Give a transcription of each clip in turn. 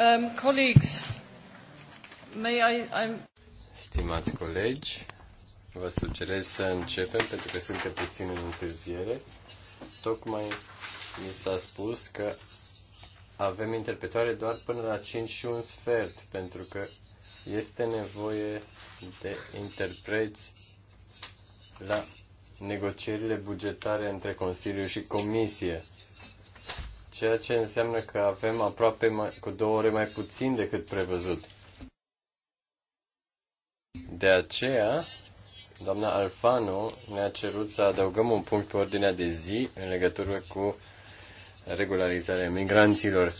Um, colleagues, may I, I'm... Stimați colegi, vă sugerez să începem pentru că sunt puțin în întârziere. Tocmai mi s-a spus că avem interpretare doar până la 5 și un sfert, pentru că este nevoie de interpreți la negocierile bugetare între Consiliu și Comisie ceea ce înseamnă că avem aproape mai, cu două ore mai puțin decât prevăzut. De aceea, doamna Alfano ne-a cerut să adăugăm un punct pe ordinea de zi în legătură cu regularizarea migranților.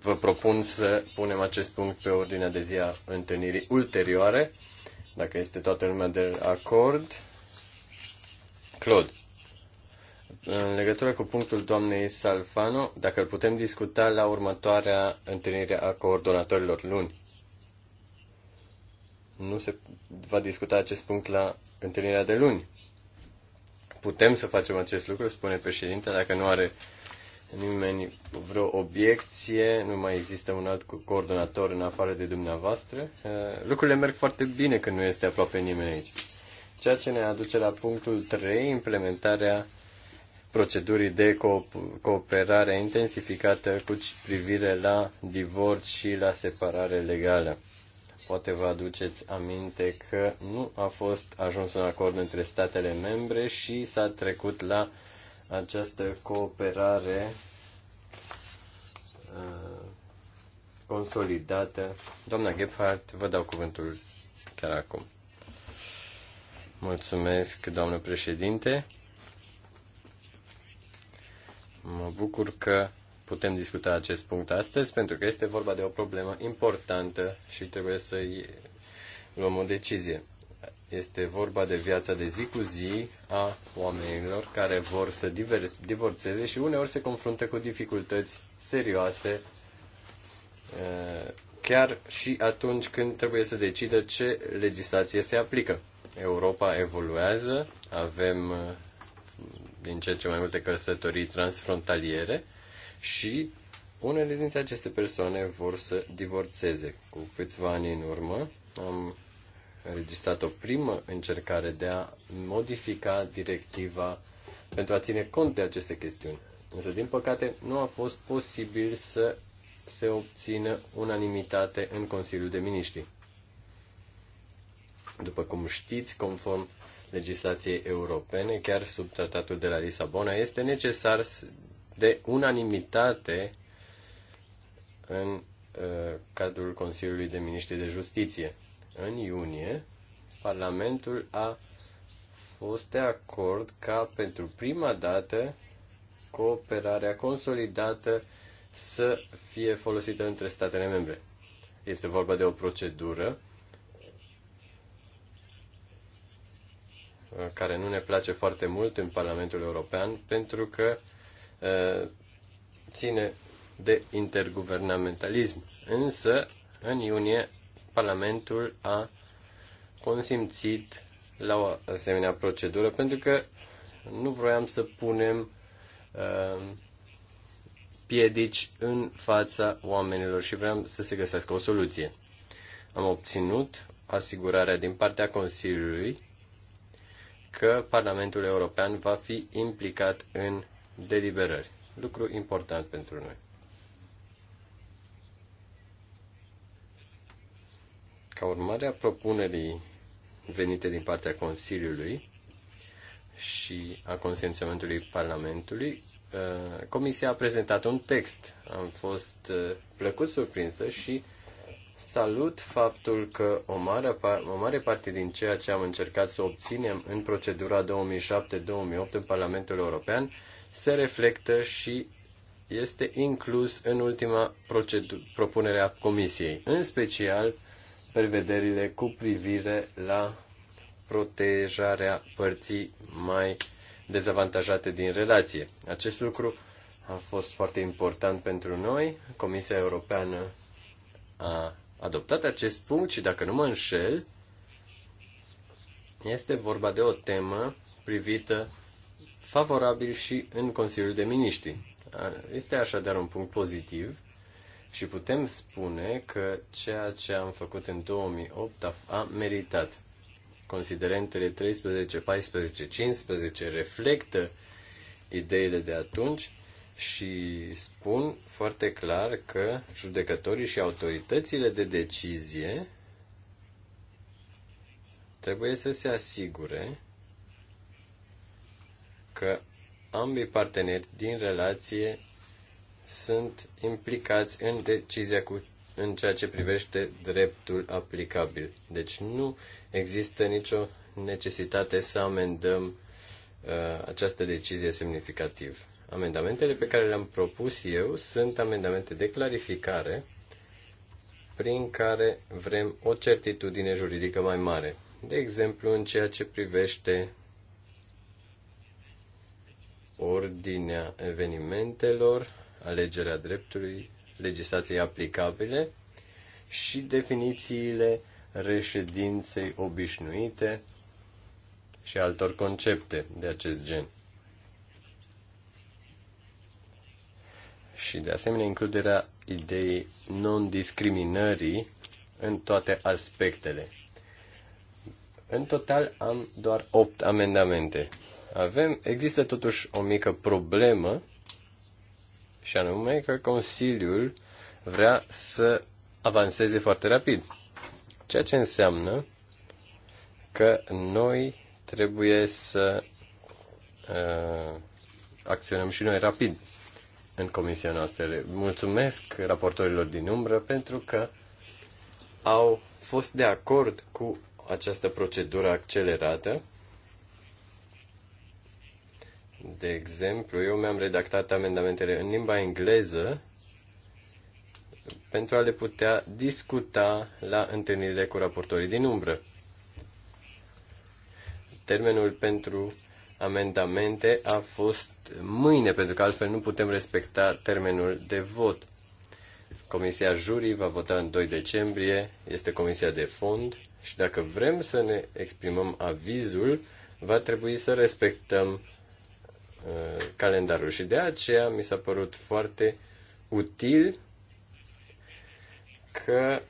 Vă propun să punem acest punct pe ordinea de zi a întâlnirii ulterioare, dacă este toată lumea de acord. Claude. În legătură cu punctul doamnei Salfano, dacă îl putem discuta la următoarea întâlnire a coordonatorilor luni. Nu se va discuta acest punct la întâlnirea de luni. Putem să facem acest lucru, spune președintele, dacă nu are nimeni vreo obiecție, nu mai există un alt coordonator în afară de dumneavoastră. Eh, lucrurile merg foarte bine când nu este aproape nimeni aici. Ceea ce ne aduce la punctul 3, implementarea procedurii de cooperare intensificată cu privire la divorț și la separare legală. Poate vă aduceți aminte că nu a fost ajuns un acord între statele membre și s-a trecut la această cooperare uh, consolidată. Doamna Gebhardt, vă dau cuvântul chiar acum. Mulțumesc, doamnă președinte. Mă bucur că putem discuta acest punct astăzi, pentru că este vorba de o problemă importantă și trebuie să luăm o decizie. Este vorba de viața de zi cu zi a oamenilor care vor să divorțeze și uneori se confruntă cu dificultăți serioase, eh, chiar și atunci când trebuie să decidă ce legislație se aplică. Europa evoluează, avem eh, din ce în ce mai multe căsătorii transfrontaliere și unele dintre aceste persoane vor să divorțeze. Cu câțiva ani în urmă am înregistrat o primă încercare de a modifica directiva pentru a ține cont de aceste chestiuni. Însă, din păcate, nu a fost posibil să se obțină unanimitate în Consiliul de Miniștri. După cum știți, conform legislației europene, chiar sub tratatul de la Lisabona, este necesar de unanimitate în uh, cadrul Consiliului de Miniștri de Justiție. În iunie, Parlamentul a fost de acord ca pentru prima dată cooperarea consolidată să fie folosită între statele membre. Este vorba de o procedură care nu ne place foarte mult în Parlamentul European pentru că ține de interguvernamentalism. Însă, în iunie, Parlamentul a consimțit la o asemenea procedură pentru că nu vroiam să punem uh, piedici în fața oamenilor și vreau să se găsească o soluție. Am obținut asigurarea din partea Consiliului că Parlamentul European va fi implicat în deliberări. Lucru important pentru noi. Ca urmare a propunerii venite din partea Consiliului și a consensuamentului Parlamentului, uh, Comisia a prezentat un text. Am fost uh, plăcut surprinsă și Salut faptul că o mare, o mare parte din ceea ce am încercat să obținem în procedura 2007-2008 în Parlamentul European se reflectă și este inclus în ultima propunere a Comisiei, în special prevederile cu privire la protejarea părții mai dezavantajate din relație. Acest lucru a fost foarte important pentru noi. Comisia Europeană a adoptat acest punct și, dacă nu mă înșel, este vorba de o temă privită favorabil și în Consiliul de Miniștri. Este așadar un punct pozitiv și putem spune că ceea ce am făcut în 2008 a meritat. Considerentele 13, 14, 15 reflectă ideile de atunci și spun foarte clar că judecătorii și autoritățile de decizie trebuie să se asigure că ambii parteneri din relație sunt implicați în decizia cu în ceea ce privește dreptul aplicabil. Deci nu există nicio necesitate să amendăm uh, această decizie semnificativă. Amendamentele pe care le-am propus eu sunt amendamente de clarificare prin care vrem o certitudine juridică mai mare. De exemplu, în ceea ce privește ordinea evenimentelor, alegerea dreptului, legislației aplicabile și definițiile reședinței obișnuite și altor concepte de acest gen. și de asemenea includerea ideii non-discriminării în toate aspectele. În total am doar 8 amendamente. Avem, există totuși o mică problemă și anume că Consiliul vrea să avanseze foarte rapid. Ceea ce înseamnă că noi trebuie să uh, acționăm și noi rapid în comisia noastră. Le mulțumesc raportorilor din umbră pentru că au fost de acord cu această procedură accelerată. De exemplu, eu mi-am redactat amendamentele în limba engleză pentru a le putea discuta la întâlnirile cu raportorii din umbră. Termenul pentru amendamente a fost mâine, pentru că altfel nu putem respecta termenul de vot. Comisia Jurii va vota în 2 decembrie, este comisia de fond și dacă vrem să ne exprimăm avizul, va trebui să respectăm uh, calendarul. Și de aceea mi s-a părut foarte util că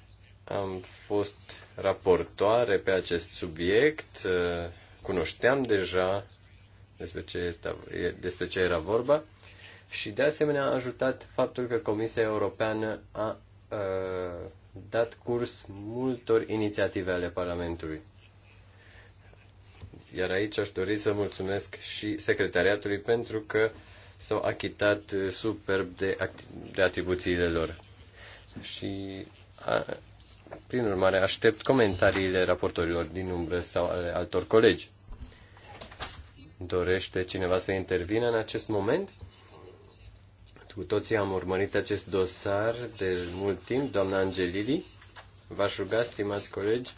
am fost raportoare pe acest subiect, uh, cunoșteam deja despre ce, este, despre ce era vorba și de asemenea a ajutat faptul că Comisia Europeană a, a dat curs multor inițiative ale Parlamentului. Iar aici aș dori să mulțumesc și secretariatului pentru că s-au achitat superb de, de atribuțiile lor. Și, a, prin urmare, aștept comentariile raportorilor din umbră sau ale altor colegi. Dorește cineva să intervină în acest moment? Cu toții am urmărit acest dosar de mult timp, doamna Angelili. V-aș ruga, stimați colegi,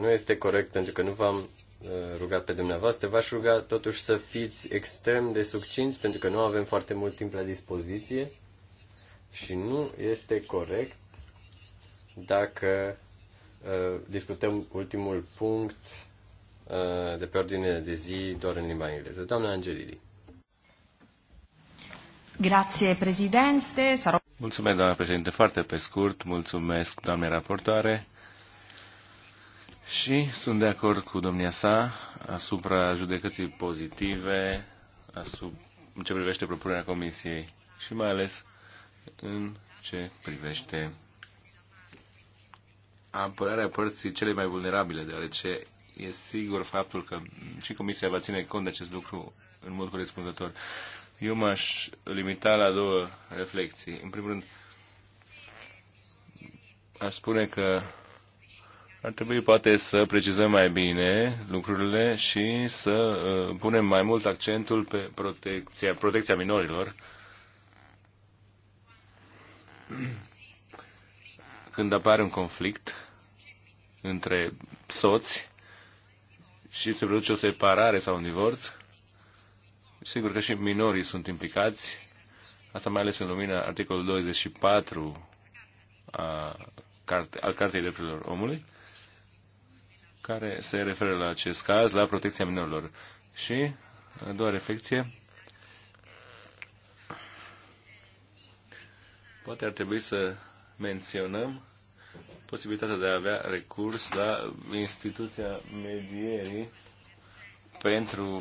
nu este corect pentru că nu v-am uh, rugat pe dumneavoastră, v-aș ruga totuși să fiți extrem de succinți pentru că nu avem foarte mult timp la dispoziție și nu este corect dacă uh, discutăm ultimul punct Uh, de pe ordine de zi doar în limba engleză. Doamna Angelili. Grazie, președinte. Sarò... Mulțumesc, doamna președinte. Foarte pe scurt, mulțumesc, doamne raportoare. Și sunt de acord cu domnia sa asupra judecății pozitive asupra, în ce privește propunerea comisiei și mai ales în ce privește apărarea părții cele mai vulnerabile, deoarece e sigur faptul că și Comisia va ține cont de acest lucru în mod corespunzător. Eu m-aș limita la două reflexii. În primul rând, aș spune că ar trebui poate să precizăm mai bine lucrurile și să uh, punem mai mult accentul pe protecția, protecția minorilor. Când apare un conflict între soți, și se produce o separare sau un divorț. Sigur că și minorii sunt implicați, asta mai ales în lumina articolul 24 a, al Cartei Drepturilor Omului, care se referă la acest caz, la protecția minorilor. Și, a doua reflecție, poate ar trebui să menționăm posibilitatea de a avea recurs la instituția medierii pentru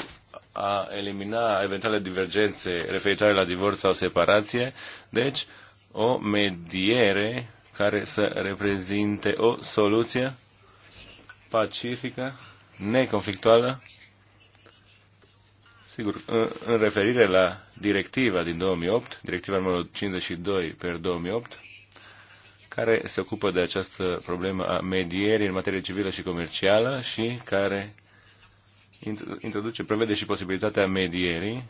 a elimina eventuale divergențe referitoare la divorț sau separație, deci o mediere care să reprezinte o soluție pacifică, neconflictuală, sigur, în, în referire la directiva din 2008, directiva numărul 52 per 2008, care se ocupă de această problemă a medierii în materie civilă și comercială și care introduce, prevede și posibilitatea medierii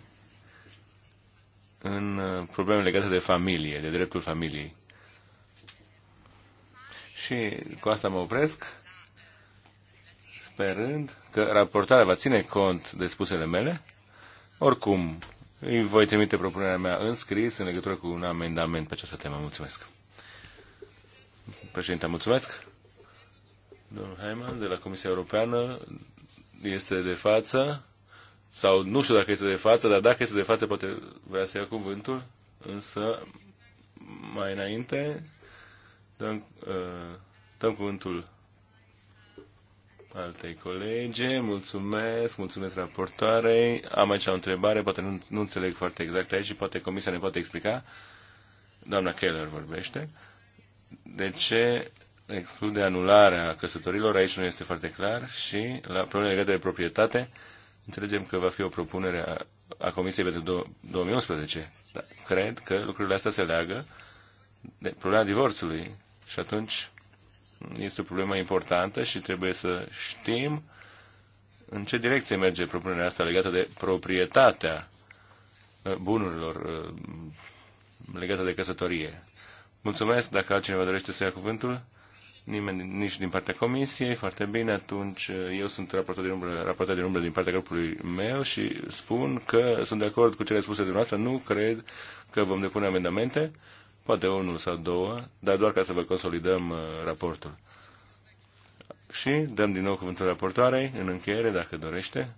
în uh, probleme legate de familie, de dreptul familiei. Și cu asta mă opresc, sperând că raportarea va ține cont de spusele mele. Oricum, îi voi trimite propunerea mea în scris în legătură cu un amendament pe această temă. Mulțumesc! Președinte, mulțumesc. Domnul Heiman de la Comisia Europeană este de față, sau nu știu dacă este de față, dar dacă este de față poate vrea să ia cuvântul, însă mai înainte dăm, uh, dăm cuvântul altei colege. Mulțumesc, mulțumesc raportoarei. Am aici o întrebare, poate nu, nu înțeleg foarte exact aici și poate comisia ne poate explica. Doamna Keller vorbește. Uh, de ce exclude anularea căsătorilor, aici nu este foarte clar, și la problemele legate de proprietate, înțelegem că va fi o propunere a, a Comisiei pentru 2011. Dar cred că lucrurile astea se leagă de problema divorțului și atunci este o problemă importantă și trebuie să știm în ce direcție merge propunerea asta legată de proprietatea uh, bunurilor uh, legată de căsătorie. Mulțumesc. Dacă altcineva dorește să ia cuvântul, nimeni nici din partea comisiei, foarte bine, atunci eh, eu sunt raportat din umbră, raportat din umbră din partea grupului meu și spun că sunt de acord cu cele spuse de noastră, nu cred că vom depune amendamente, poate unul sau două, dar doar ca să vă consolidăm eh, raportul. Și dăm din nou cuvântul raportoarei în încheiere, dacă dorește.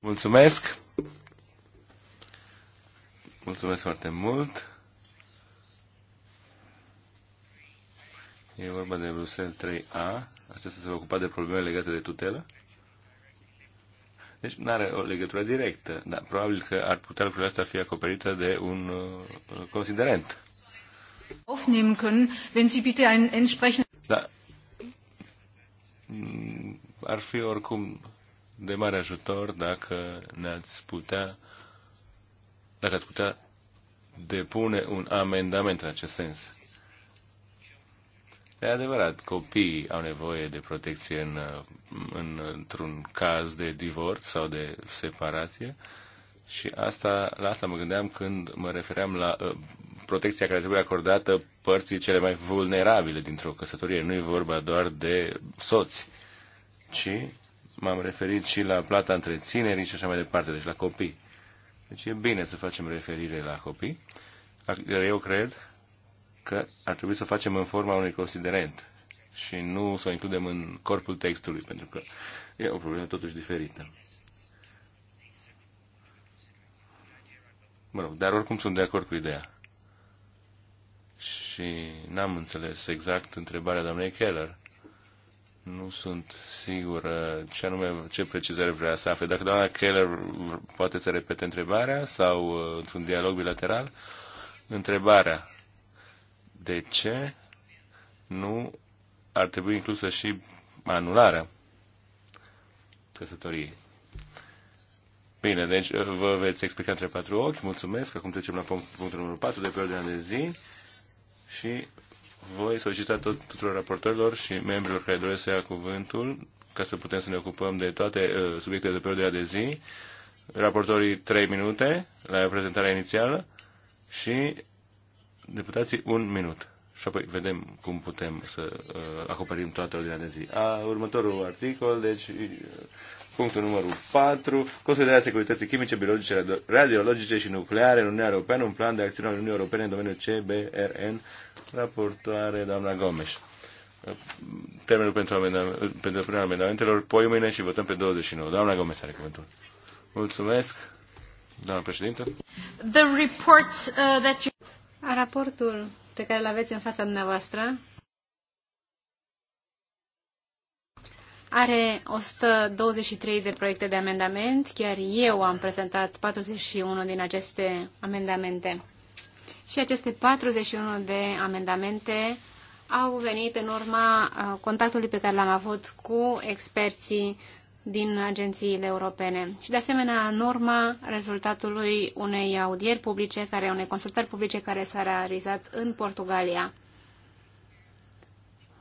Mulțumesc. Mulțumesc foarte mult. E vorba de Bruxelles 3A. Acesta se va ocupa de probleme legate de tutelă. Deci nu are o legătură directă, dar probabil că ar putea lucrurile astea fi acoperită de un uh, considerent. Aufnehmen können, wenn Sie bitte einen entsprechenden... Da. Mm, ar fi oricum de mare ajutor dacă ne-ați putea dacă ați putea depune un amendament în acest sens. E adevărat, copiii au nevoie de protecție în, în, într-un caz de divorț sau de separație și asta, la asta mă gândeam când mă refeream la uh, protecția care trebuie acordată părții cele mai vulnerabile dintr-o căsătorie. Nu e vorba doar de soți, ci m-am referit și la plata întreținerii și așa mai departe, deci la copii. Deci e bine să facem referire la copii. Dar Eu cred că ar trebui să o facem în forma unui considerent și nu să o includem în corpul textului, pentru că e o problemă totuși diferită. Mă rog, dar oricum sunt de acord cu ideea. Și n-am înțeles exact întrebarea doamnei Keller. Nu sunt sigur ce anume, ce precizare vrea să afle. Dacă doamna Keller poate să repete întrebarea sau uh, într-un dialog bilateral, întrebarea de ce nu ar trebui inclusă și anularea căsătoriei. Bine, deci uh, vă veți explica între patru ochi. Mulțumesc. Acum trecem la punctul numărul 4 de pe ordinea de zi și voi solicita tot tuturor raportorilor și membrilor care doresc să ia cuvântul, ca să putem să ne ocupăm de toate uh, subiectele de pe ordinea de zi, raportorii 3 minute la prezentarea inițială și deputații 1 minut. Și apoi vedem cum putem să uh, acoperim toată ordinea de zi. A, următorul articol, deci uh, punctul numărul 4, Considerați securității chimice, biologice, radiologice și nucleare în Uniunea Europeană, un plan de acțiune al Uniunii Europene în domeniul CBRN raportoare doamna Gomes. Termenul pentru, amendament, pentru prima amendamentelor, poi mâine și votăm pe 29. Doamna Gomes are cuvântul. Mulțumesc, doamna președintă. The report, uh, that you... Raportul pe care îl aveți în fața dumneavoastră Are 123 de proiecte de amendament, chiar eu am prezentat 41 din aceste amendamente. Și aceste 41 de amendamente au venit în urma uh, contactului pe care l-am avut cu experții din agențiile europene și, de asemenea, în urma rezultatului unei audieri publice, care, unei consultări publice care s-a realizat în Portugalia.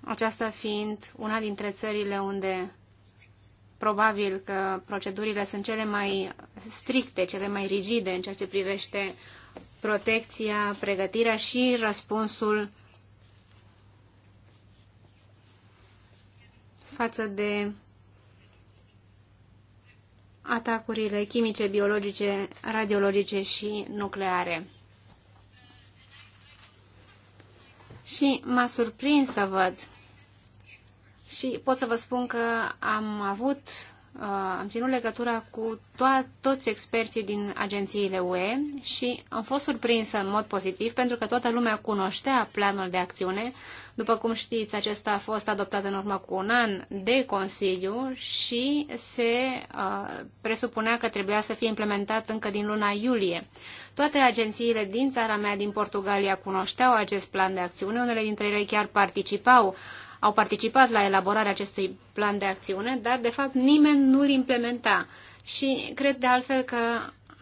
Aceasta fiind una dintre țările unde probabil că procedurile sunt cele mai stricte, cele mai rigide în ceea ce privește protecția, pregătirea și răspunsul față de atacurile chimice, biologice, radiologice și nucleare. Și m-a surprins să văd și pot să vă spun că am avut Uh, am ținut legătura cu to- toți experții din agențiile UE și am fost surprinsă în mod pozitiv pentru că toată lumea cunoștea planul de acțiune. După cum știți, acesta a fost adoptat în urmă cu un an de Consiliu și se uh, presupunea că trebuia să fie implementat încă din luna iulie. Toate agențiile din țara mea, din Portugalia, cunoșteau acest plan de acțiune, unele dintre ele chiar participau au participat la elaborarea acestui plan de acțiune, dar de fapt nimeni nu-l implementa. Și cred de altfel că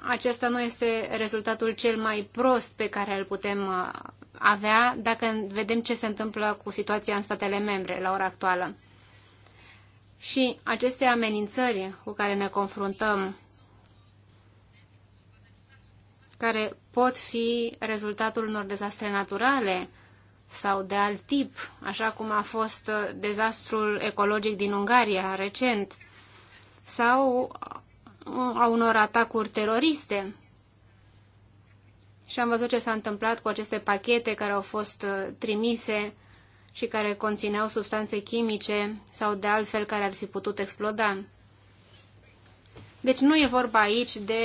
acesta nu este rezultatul cel mai prost pe care îl putem uh, avea dacă vedem ce se întâmplă cu situația în statele membre la ora actuală. Și aceste amenințări cu care ne confruntăm, care pot fi rezultatul unor dezastre naturale, sau de alt tip, așa cum a fost uh, dezastrul ecologic din Ungaria recent, sau uh, a unor atacuri teroriste. Și am văzut ce s-a întâmplat cu aceste pachete care au fost uh, trimise și care conțineau substanțe chimice sau de altfel care ar fi putut exploda. Deci nu e vorba aici de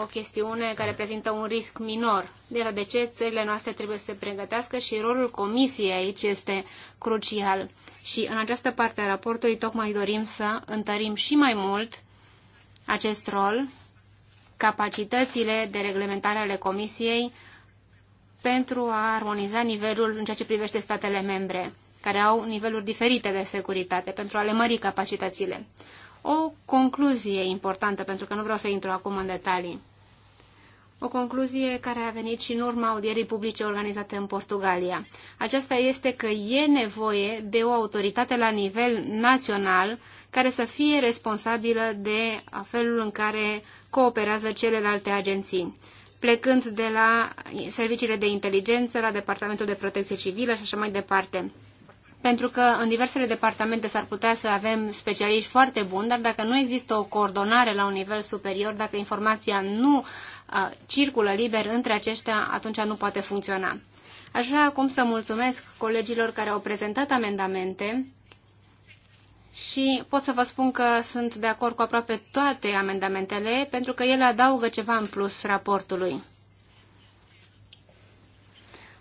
o chestiune care prezintă un risc minor. De de ce țările noastre trebuie să se pregătească și rolul comisiei aici este crucial. Și în această parte a raportului tocmai dorim să întărim și mai mult acest rol, capacitățile de reglementare ale comisiei pentru a armoniza nivelul în ceea ce privește statele membre, care au niveluri diferite de securitate, pentru a le mări capacitățile o concluzie importantă, pentru că nu vreau să intru acum în detalii. O concluzie care a venit și în urma audierii publice organizate în Portugalia. Aceasta este că e nevoie de o autoritate la nivel național care să fie responsabilă de felul în care cooperează celelalte agenții, plecând de la serviciile de inteligență, la Departamentul de Protecție Civilă și așa mai departe pentru că în diversele departamente s-ar putea să avem specialiști foarte buni, dar dacă nu există o coordonare la un nivel superior, dacă informația nu uh, circulă liber între aceștia, atunci nu poate funcționa. Aș vrea acum să mulțumesc colegilor care au prezentat amendamente și pot să vă spun că sunt de acord cu aproape toate amendamentele, pentru că ele adaugă ceva în plus raportului.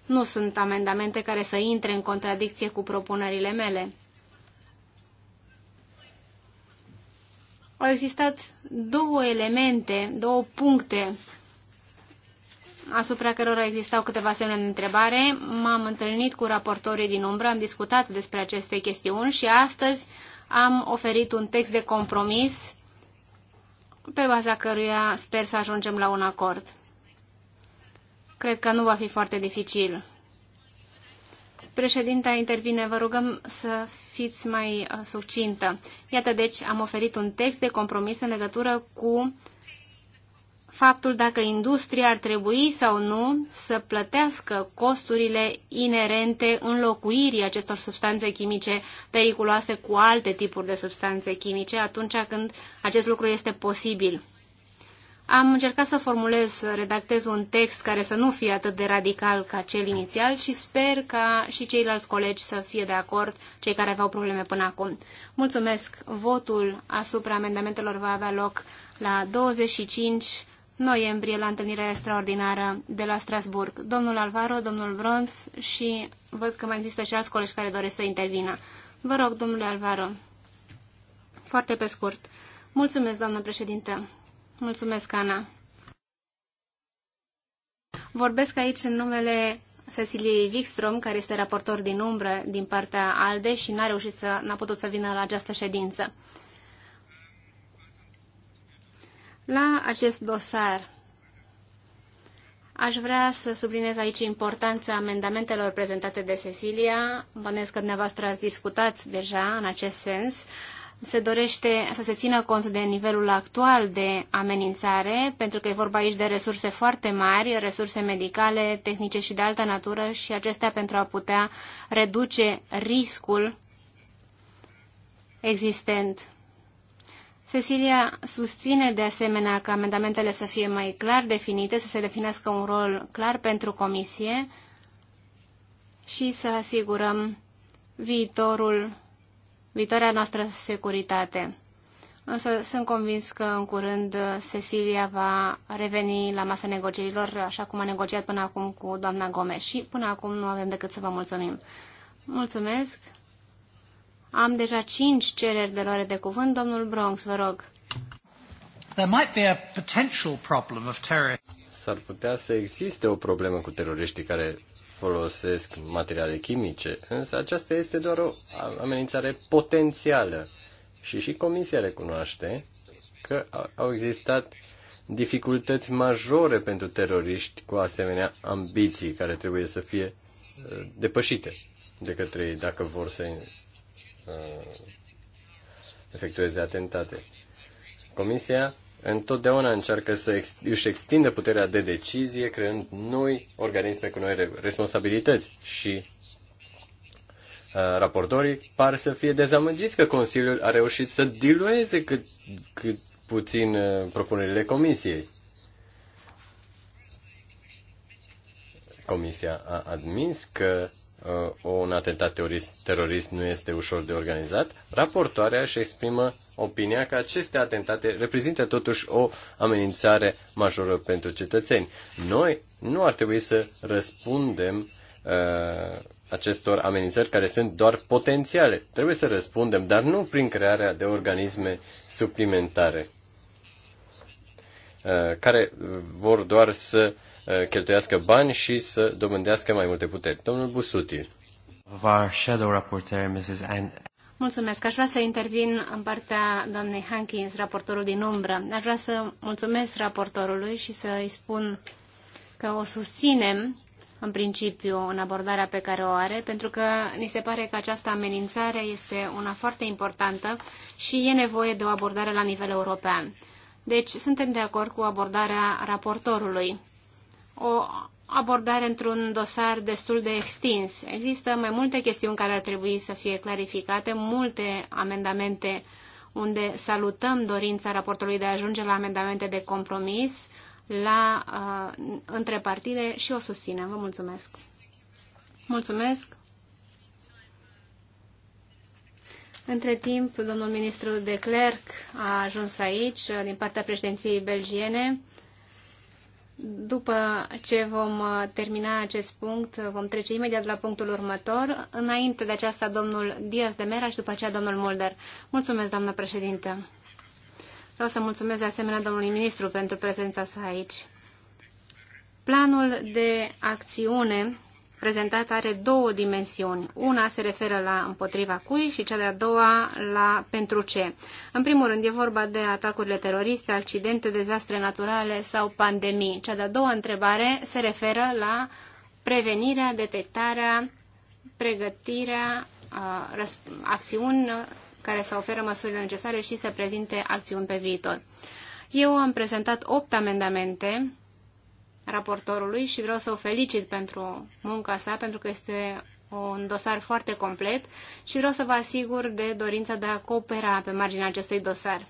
Nu sunt amendamente care să intre în contradicție cu propunerile mele. Au existat două elemente, două puncte asupra cărora existau câteva semne de întrebare. M-am întâlnit cu raportorii din umbră, am discutat despre aceste chestiuni și astăzi am oferit un text de compromis pe baza căruia sper să ajungem la un acord. Cred că nu va fi foarte dificil. Președinta intervine, vă rugăm să fiți mai uh, succintă. Iată, deci, am oferit un text de compromis în legătură cu faptul dacă industria ar trebui sau nu să plătească costurile inerente înlocuirii acestor substanțe chimice periculoase cu alte tipuri de substanțe chimice atunci când acest lucru este posibil. Am încercat să formulez, să redactez un text care să nu fie atât de radical ca cel inițial și sper ca și ceilalți colegi să fie de acord, cei care aveau probleme până acum. Mulțumesc! Votul asupra amendamentelor va avea loc la 25 noiembrie, la întâlnirea extraordinară de la Strasburg. Domnul Alvaro, domnul Bronz și văd că mai există și alți colegi care doresc să intervină. Vă rog, domnule Alvaro, foarte pe scurt. Mulțumesc, doamnă președinte. Mulțumesc, Ana. Vorbesc aici în numele Cecilie Wikström, care este raportor din umbră din partea ALDE și n-a reușit să, n-a putut să vină la această ședință. La acest dosar Aș vrea să subliniez aici importanța amendamentelor prezentate de Cecilia. Bănesc că dumneavoastră ați discutat deja în acest sens se dorește să se țină cont de nivelul actual de amenințare, pentru că e vorba aici de resurse foarte mari, resurse medicale, tehnice și de altă natură și acestea pentru a putea reduce riscul existent. Cecilia susține de asemenea că amendamentele să fie mai clar definite, să se definească un rol clar pentru comisie și să asigurăm viitorul viitoarea noastră securitate. Însă sunt convins că în curând Cecilia va reveni la masa negocierilor, așa cum a negociat până acum cu doamna Gomes. Și până acum nu avem decât să vă mulțumim. Mulțumesc! Am deja cinci cereri de luare de cuvânt. Domnul Bronx, vă rog. There might be a potential problem of terror. S-ar putea să existe o problemă cu teroriștii care folosesc materiale chimice, însă aceasta este doar o amenințare potențială. Și și Comisia recunoaște că au existat dificultăți majore pentru teroriști cu asemenea ambiții care trebuie să fie uh, depășite de către ei dacă vor să uh, efectueze atentate. Comisia întotdeauna încearcă să ex- își extindă puterea de decizie, creând noi organisme cu noi responsabilități. Și uh, raportorii par să fie dezamăgiți că Consiliul a reușit să dilueze cât, cât puțin uh, propunerile Comisiei. Comisia a admis că Uh, un atentat terorist, terorist nu este ușor de organizat, raportoarea își exprimă opinia că aceste atentate reprezintă totuși o amenințare majoră pentru cetățeni. Noi nu ar trebui să răspundem uh, acestor amenințări care sunt doar potențiale. Trebuie să răspundem, dar nu prin crearea de organisme suplimentare uh, care vor doar să uh, Uh, cheltuiască bani și să dobândească mai multe puteri. Domnul Busutil. Mulțumesc. Aș vrea să intervin în partea doamnei Hankins, raportorul din umbră. Aș vrea să mulțumesc raportorului și să îi spun că o susținem în principiu în abordarea pe care o are, pentru că ni se pare că această amenințare este una foarte importantă și e nevoie de o abordare la nivel european. Deci suntem de acord cu abordarea raportorului o abordare într-un dosar destul de extins. Există mai multe chestiuni care ar trebui să fie clarificate, multe amendamente unde salutăm dorința raportului de a ajunge la amendamente de compromis la uh, între partide și o susținem. Vă mulțumesc. Mulțumesc. Între timp, domnul ministru de Clerc a ajuns aici uh, din partea președinției belgiene. După ce vom uh, termina acest punct, uh, vom trece imediat la punctul următor. Înainte de aceasta, domnul Diaz de Mera și după aceea domnul Mulder. Mulțumesc, doamnă președintă. Vreau să mulțumesc de asemenea domnului ministru pentru prezența sa aici. Planul de acțiune prezentat are două dimensiuni. Una se referă la împotriva cui și cea de-a doua la pentru ce. În primul rând e vorba de atacurile teroriste, accidente, dezastre naturale sau pandemii. Cea de-a doua întrebare se referă la prevenirea, detectarea, pregătirea, acțiuni care să oferă măsurile necesare și să prezinte acțiuni pe viitor. Eu am prezentat opt amendamente raportorului și vreau să o felicit pentru munca sa, pentru că este un dosar foarte complet și vreau să vă asigur de dorința de a coopera pe marginea acestui dosar.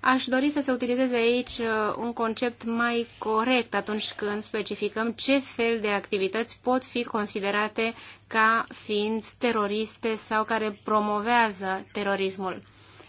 Aș dori să se utilizeze aici uh, un concept mai corect atunci când specificăm ce fel de activități pot fi considerate ca fiind teroriste sau care promovează terorismul.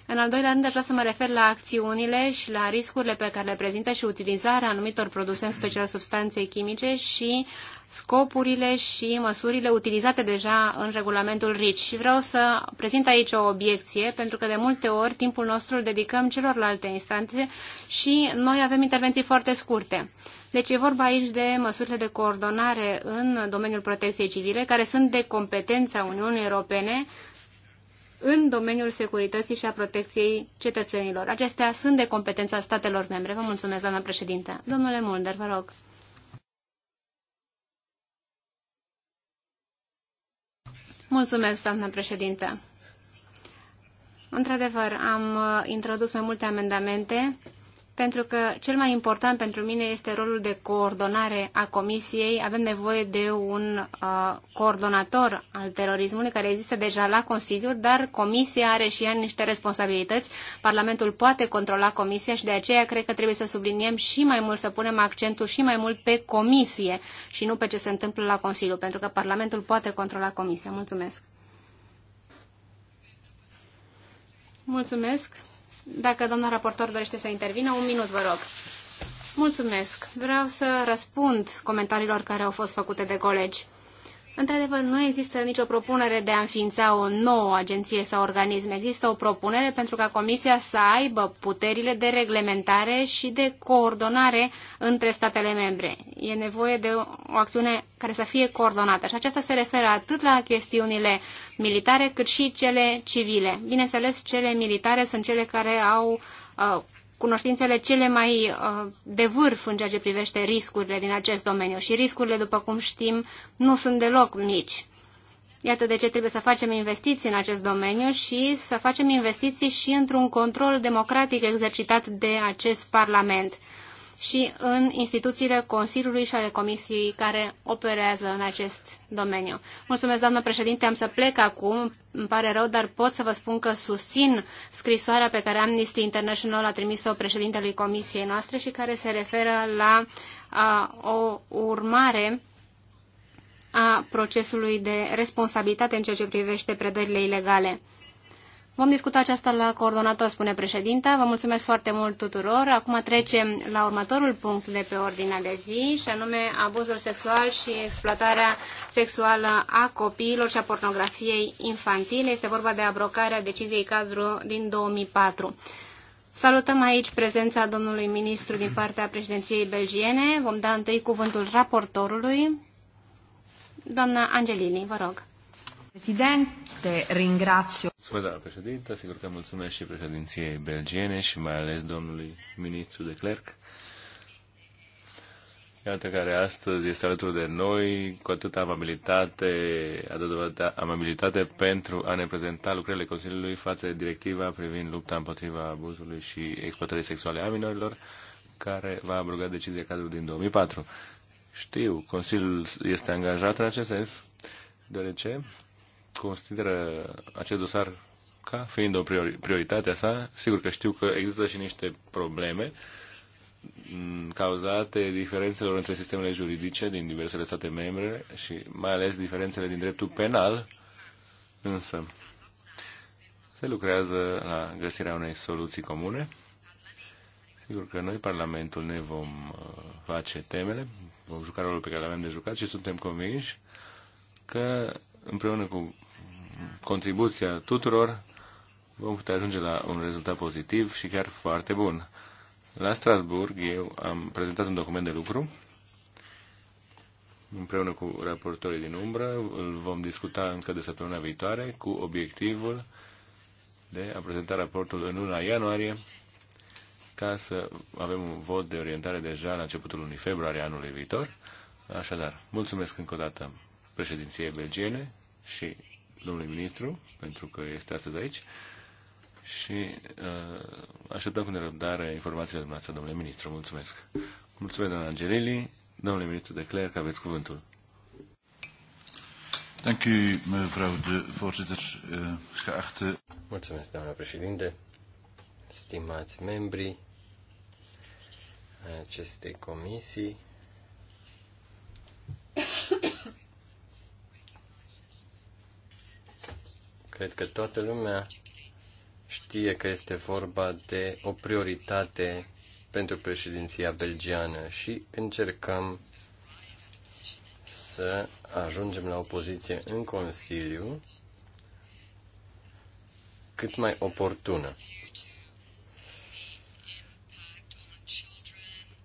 În al doilea rând, aș vrea să mă refer la acțiunile și la riscurile pe care le prezintă și utilizarea anumitor produse, în special substanțe chimice, și scopurile și măsurile utilizate deja în regulamentul RICI. Și vreau să prezint aici o obiecție, pentru că de multe ori timpul nostru îl dedicăm celorlalte instanțe și noi avem intervenții foarte scurte. Deci e vorba aici de măsurile de coordonare în domeniul protecției civile, care sunt de competența Uniunii Europene în domeniul securității și a protecției cetățenilor. Acestea sunt de competența statelor membre. Vă mulțumesc, doamna președinte. Domnule Mulder, vă rog. Mulțumesc, doamna președinte. Într-adevăr, am uh, introdus mai multe amendamente pentru că cel mai important pentru mine este rolul de coordonare a Comisiei. Avem nevoie de un uh, coordonator al terorismului care există deja la Consiliu, dar Comisia are și ea niște responsabilități. Parlamentul poate controla Comisia și de aceea cred că trebuie să subliniem și mai mult, să punem accentul și mai mult pe Comisie și nu pe ce se întâmplă la Consiliu, pentru că Parlamentul poate controla Comisia. Mulțumesc! Mulțumesc! Dacă doamna raportor dorește să intervină, un minut, vă rog. Mulțumesc. Vreau să răspund comentariilor care au fost făcute de colegi. Într-adevăr, nu există nicio propunere de a înființa o nouă agenție sau organism. Există o propunere pentru ca Comisia să aibă puterile de reglementare și de coordonare între statele membre. E nevoie de o acțiune care să fie coordonată și aceasta se referă atât la chestiunile militare cât și cele civile. Bineînțeles, cele militare sunt cele care au uh, cunoștințele cele mai uh, de vârf în ceea ce privește riscurile din acest domeniu și riscurile, după cum știm, nu sunt deloc mici. Iată de ce trebuie să facem investiții în acest domeniu și să facem investiții și într-un control democratic exercitat de acest Parlament și în instituțiile Consiliului și ale Comisiei care operează în acest domeniu. Mulțumesc, doamnă președinte, am să plec acum, îmi pare rău, dar pot să vă spun că susțin scrisoarea pe care Amnesty International a trimis-o președintelui Comisiei noastre și care se referă la a, o urmare a procesului de responsabilitate în ceea ce privește predările ilegale. Vom discuta aceasta la coordonator, spune președinta. Vă mulțumesc foarte mult tuturor. Acum trecem la următorul punct de pe ordinea de zi, și anume abuzul sexual și exploatarea sexuală a copiilor și a pornografiei infantile. Este vorba de abrocarea deciziei cadru din 2004. Salutăm aici prezența domnului ministru din partea președinției belgiene. Vom da întâi cuvântul raportorului. Doamna Angelini, vă rog. Presidente, ringrazio. Mulțumesc, doamna președintă. Sigur că mulțumesc și președinției belgiene și mai ales domnului ministru de clerc. Iată care astăzi este alături de noi cu atâta amabilitate, atâta amabilitate pentru a ne prezenta lucrările Consiliului față de directiva privind lupta împotriva abuzului și exploatării sexuale a minorilor, care va abroga decizia cadrului din 2004. Știu, Consiliul este angajat în acest sens, deoarece consideră acest dosar ca fiind o prioritate a sa. Sigur că știu că există și niște probleme mm, cauzate diferențelor între sistemele juridice din diversele state membre și mai ales diferențele din dreptul penal, însă se lucrează la găsirea unei soluții comune. Sigur că noi, Parlamentul, ne vom uh, face temele, vom juca rolul pe care l-avem de jucat și suntem convinși că împreună cu contribuția tuturor, vom putea ajunge la un rezultat pozitiv și chiar foarte bun. La Strasburg eu am prezentat un document de lucru împreună cu raportorii din umbră, îl vom discuta încă de săptămâna viitoare cu obiectivul de a prezenta raportul în luna ianuarie ca să avem un vot de orientare deja la începutul lunii februarie anului viitor. Așadar, mulțumesc încă o dată președinției belgiene și domnului ministru, pentru că este astăzi aici și uh, așteptăm cu nerăbdare informațiile dumneavoastră, domnule ministru. Mulțumesc. Mulțumesc, doamna Angelili. Domnule ministru, declar că aveți cuvântul. Thank you, mevrouw de voorzitter, eh, geachte... Mulțumesc, doamna președinte, stimați membri acestei comisii, Cred că toată lumea știe că este vorba de o prioritate pentru președinția belgiană și încercăm să ajungem la o poziție în Consiliu cât mai oportună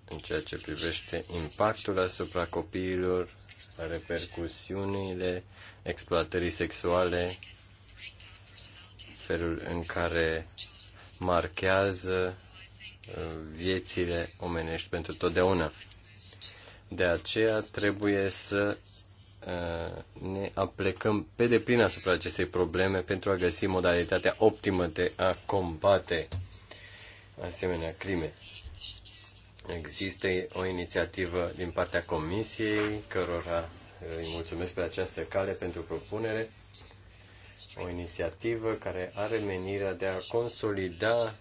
în ceea ce privește impactul asupra copiilor, repercusiunile exploatării sexuale felul în care marchează uh, viețile omenești pentru totdeauna. De aceea trebuie să uh, ne aplecăm pe deplin asupra acestei probleme pentru a găsi modalitatea optimă de a combate asemenea crime. Există o inițiativă din partea Comisiei, cărora uh, îi mulțumesc pe această cale pentru propunere o inițiativă care are menirea de a consolida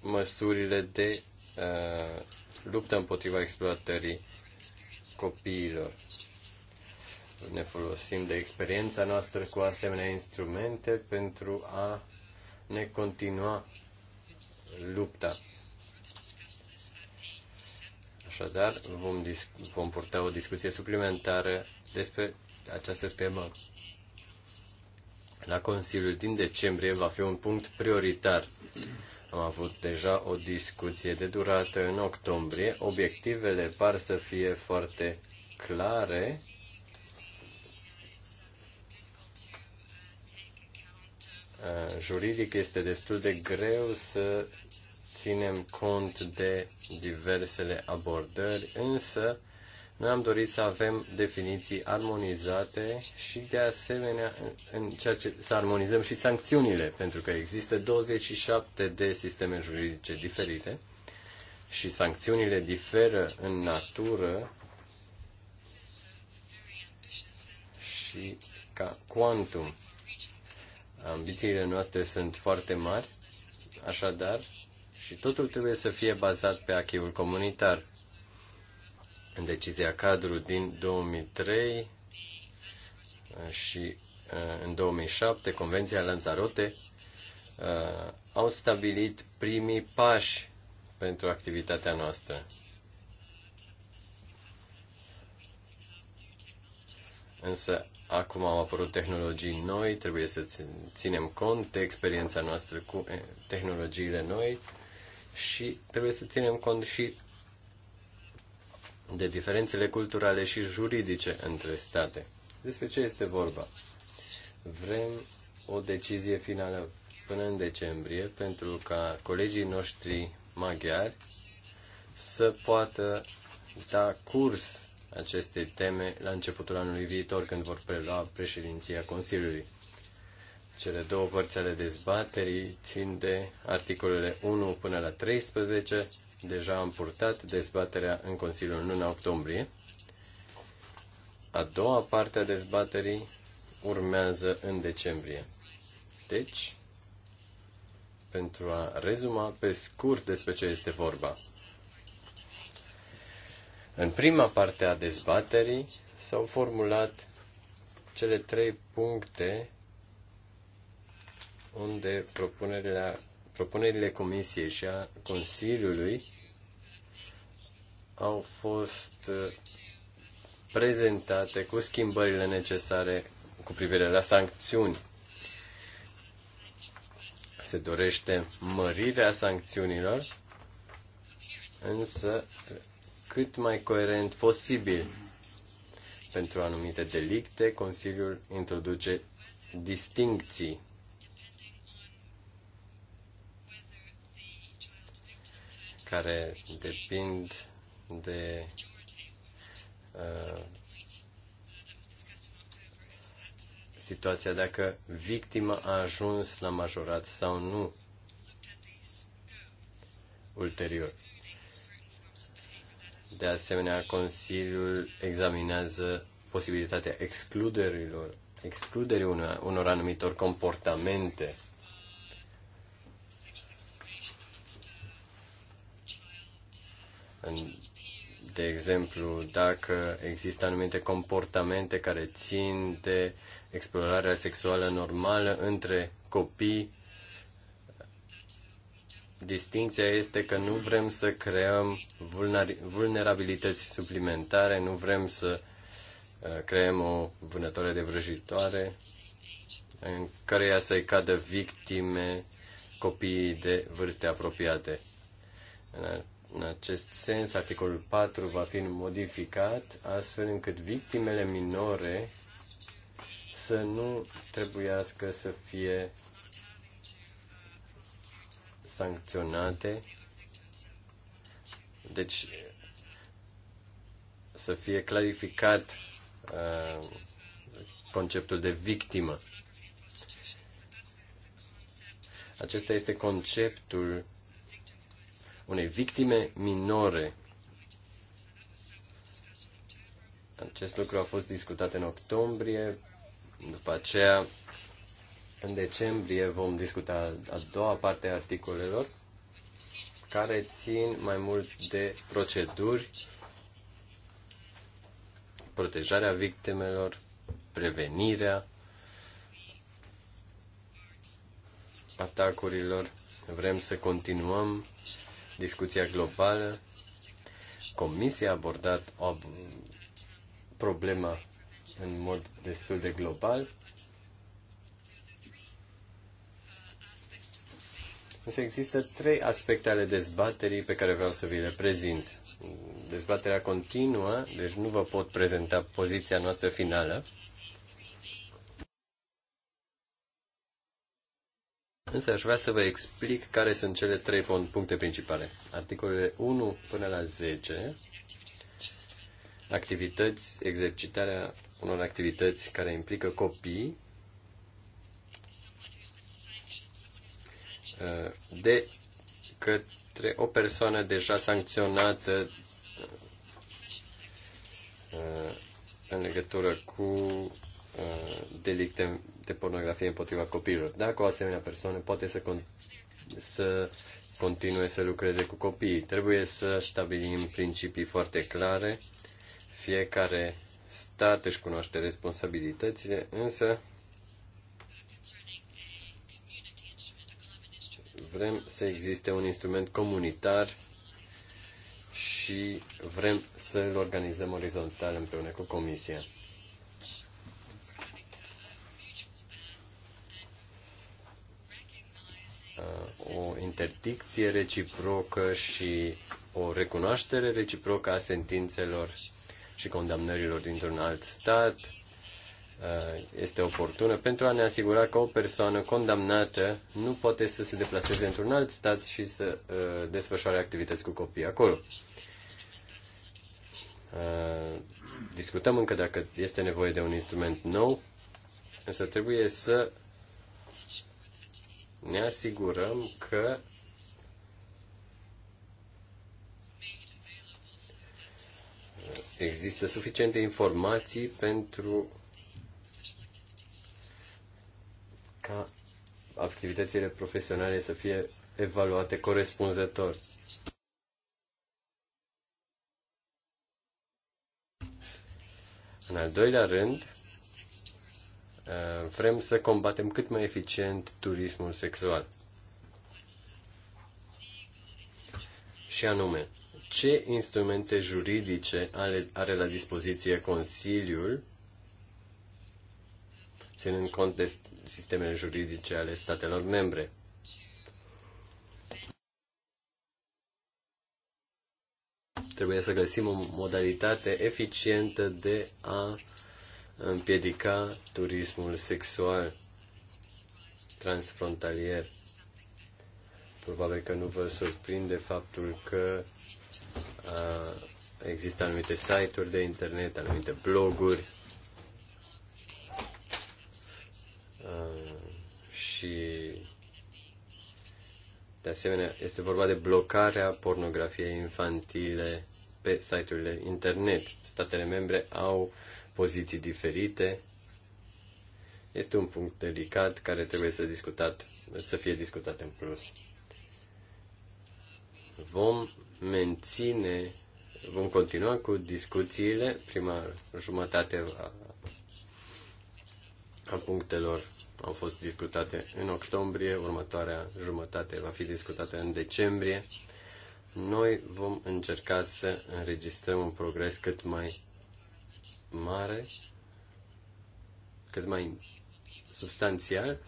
măsurile de uh, luptă împotriva exploatării copiilor. Ne folosim de experiența noastră cu asemenea instrumente pentru a ne continua lupta. Așadar, vom, vom purta o discuție suplimentară despre această temă la Consiliul din decembrie va fi un punct prioritar. Am avut deja o discuție de durată în octombrie. Obiectivele par să fie foarte clare. Juridic este destul de greu să ținem cont de diversele abordări, însă noi am dorit să avem definiții armonizate și de asemenea în ceea ce, să armonizăm și sancțiunile, pentru că există 27 de sisteme juridice diferite și sancțiunile diferă în natură și ca quantum. Ambițiile noastre sunt foarte mari, așadar, și totul trebuie să fie bazat pe acheul comunitar în decizia cadru din 2003 uh, și uh, în 2007, Convenția Lanzarote, uh, au stabilit primii pași pentru activitatea noastră. Însă acum au apărut tehnologii noi, trebuie să ținem cont de experiența noastră cu eh, tehnologiile noi și trebuie să ținem cont și de diferențele culturale și juridice între state. Despre ce este vorba? Vrem o decizie finală până în decembrie pentru ca colegii noștri maghiari să poată da curs aceste teme la începutul anului viitor, când vor prelua președinția Consiliului. Cele două părți ale dezbaterii țin de articolele 1 până la 13 Deja am purtat dezbaterea în Consiliul în luna octombrie. A doua parte a dezbaterii urmează în decembrie. Deci, pentru a rezuma pe scurt despre ce este vorba. În prima parte a dezbaterii s-au formulat cele trei puncte unde propunerea Propunerile Comisiei și a Consiliului au fost uh, prezentate cu schimbările necesare cu privire la sancțiuni. Se dorește mărirea sancțiunilor, însă cât mai coerent posibil. Pentru anumite delicte, Consiliul introduce distincții care depind de uh, situația dacă victima a ajuns la majorat sau nu ulterior. De asemenea, Consiliul examinează posibilitatea excluderilor, excluderii unor, unor anumitor comportamente de exemplu, dacă există anumite comportamente care țin de explorarea sexuală normală între copii, distinția este că nu vrem să creăm vulnerabilități suplimentare, nu vrem să uh, creăm o vânătoare de vrăjitoare în ea să-i cadă victime copiii de vârste apropiate. În acest sens, articolul 4 va fi modificat astfel încât victimele minore să nu trebuiască să fie sancționate. Deci, să fie clarificat uh, conceptul de victimă. Acesta este conceptul unei victime minore. Acest lucru a fost discutat în octombrie, după aceea în decembrie vom discuta a doua parte a articolelor care țin mai mult de proceduri, protejarea victimelor, prevenirea atacurilor. Vrem să continuăm discuția globală. Comisia a abordat o problema în mod destul de global. Însă există trei aspecte ale dezbaterii pe care vreau să vi le prezint. Dezbaterea continuă, deci nu vă pot prezenta poziția noastră finală, Însă aș vrea să vă explic care sunt cele trei puncte principale. Articolele 1 până la 10, activități, exercitarea unor activități care implică copii, uh, de către o persoană deja sancționată uh, în legătură cu Uh, delicte de pornografie împotriva copiilor. Dacă o asemenea persoană poate să, con- să continue să lucreze cu copiii, trebuie să stabilim principii foarte clare. Fiecare stat își cunoaște responsabilitățile, însă vrem să existe un instrument comunitar și vrem să-l organizăm orizontal împreună cu Comisia. o interdicție reciprocă și o recunoaștere reciprocă a sentințelor și condamnărilor dintr-un alt stat uh, este oportună pentru a ne asigura că o persoană condamnată nu poate să se deplaseze într-un alt stat și să uh, desfășoare activități cu copii acolo. Uh, discutăm încă dacă este nevoie de un instrument nou, însă trebuie să ne asigurăm că există suficiente informații pentru ca activitățile profesionale să fie evaluate corespunzător. În al doilea rând, Eh, vrem să combatem cât mai eficient turismul sexual. Și anume, ce instrumente juridice are, are la dispoziție Consiliul, ținând cont de sistemele juridice ale statelor membre? Trebuie să găsim o modalitate eficientă de a uh, împiedica turismul sexual transfrontalier. Probabil că nu vă surprinde faptul că a, există anumite site-uri de internet, anumite bloguri a, și de asemenea este vorba de blocarea pornografiei infantile pe site-urile internet. Statele membre au poziții diferite. Este un punct delicat care trebuie să, discutat, să fie discutat în plus. Vom menține, vom continua cu discuțiile prima jumătate a, a punctelor au fost discutate în octombrie, următoarea jumătate va fi discutată în decembrie. Noi vom încerca să înregistrăm un progres cât mai mare, cât mai substanțial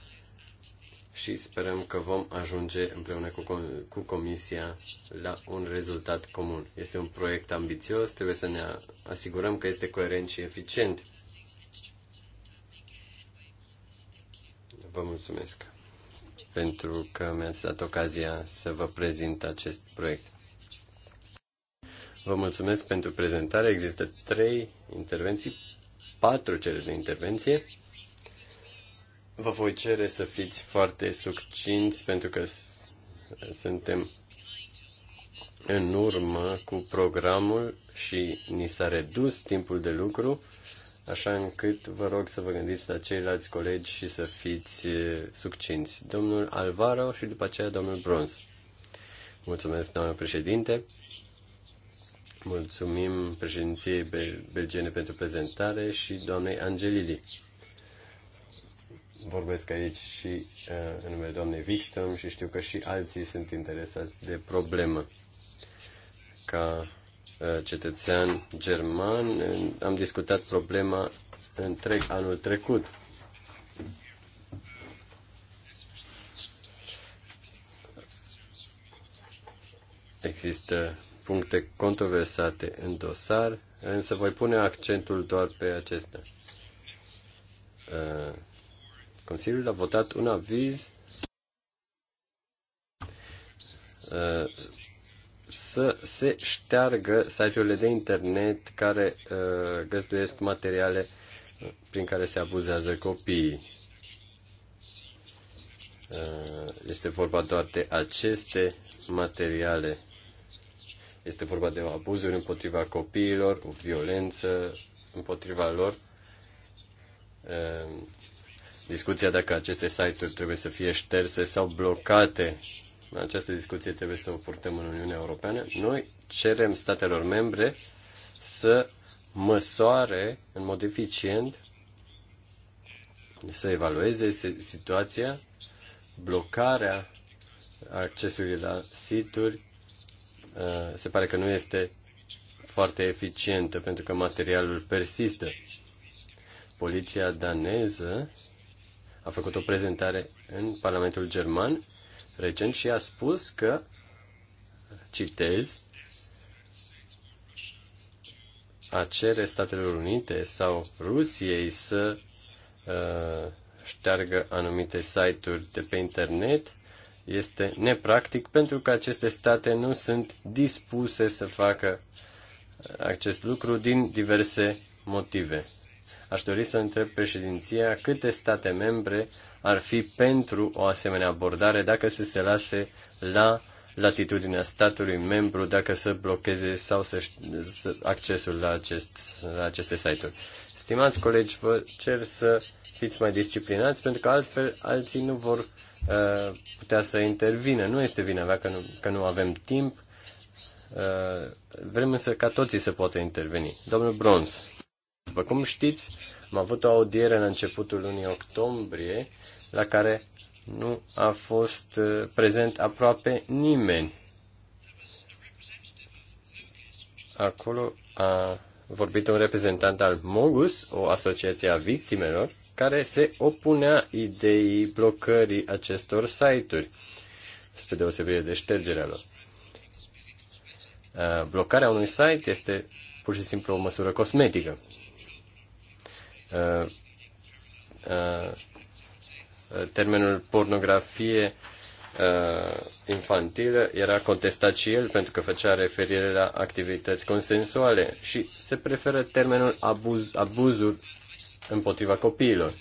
și sperăm că vom ajunge împreună cu, cu Comisia la un rezultat comun. Este un proiect ambițios, trebuie să ne asigurăm că este coerent și eficient. Vă mulțumesc pentru că mi-ați dat ocazia să vă prezint acest proiect. Vă mulțumesc pentru prezentare. Există trei intervenții, patru cereri de intervenție. Vă voi cere să fiți foarte succinți pentru că suntem în urmă cu programul și ni s-a redus timpul de lucru, așa încât vă rog să vă gândiți la ceilalți colegi și să fiți eh, succinți. Domnul Alvaro și după aceea domnul Bronz. Mulțumesc, doamnă președinte. Mulțumim președinției belgene pentru prezentare și doamnei Angelidi. Vorbesc aici și uh, în numele doamnei Wikström și știu că și alții sunt interesați de problemă. Ca uh, cetățean german uh, am discutat problema întreg anul trecut. Există puncte controversate în dosar, însă voi pune accentul doar pe acestea. Uh, Consiliul a votat un aviz uh, să se șteargă site-urile de internet care uh, găzduiesc materiale prin care se abuzează copiii. este vorba doar de aceste materiale este vorba de abuzuri împotriva copiilor, o violență împotriva lor. Ehm, discuția dacă aceste site-uri trebuie să fie șterse sau blocate, această discuție trebuie să o purtăm în Uniunea Europeană. Noi cerem statelor membre să măsoare în mod eficient, să evalueze situația, blocarea accesului la situri Eh, se pare că nu este foarte eficientă pentru că materialul persistă. Poliția daneză a făcut o prezentare în Parlamentul German recent și a spus că, citez, a cere Statelor Unite sau Rusiei să uh, șteargă anumite site-uri de pe internet este nepractic pentru că aceste state nu sunt dispuse să facă acest lucru din diverse motive. Aș dori să întreb președinția câte state membre ar fi pentru o asemenea abordare dacă să se lase la latitudinea statului membru dacă să blocheze sau să, accesul la, acest, la aceste site-uri. Stimați colegi, vă cer să fiți mai disciplinați, pentru că altfel alții nu vor uh, putea să intervină. Nu este vina mea că nu, că nu avem timp. Uh, vrem însă ca toții să poată interveni. Domnul Bronz, după cum știți, am avut o audiere în începutul lunii octombrie, la care nu a fost uh, prezent aproape nimeni. Acolo a vorbit un reprezentant al Mogus, o asociație a victimelor, care se opunea ideii blocării acestor site-uri, spre deosebire de ștergerea lor. Uh, blocarea unui site este pur și simplu o măsură cosmetică. Uh, uh, termenul pornografie infantilă era contestat și el pentru că făcea referire la activități consensuale și se preferă termenul abuz, abuzuri împotriva copiilor.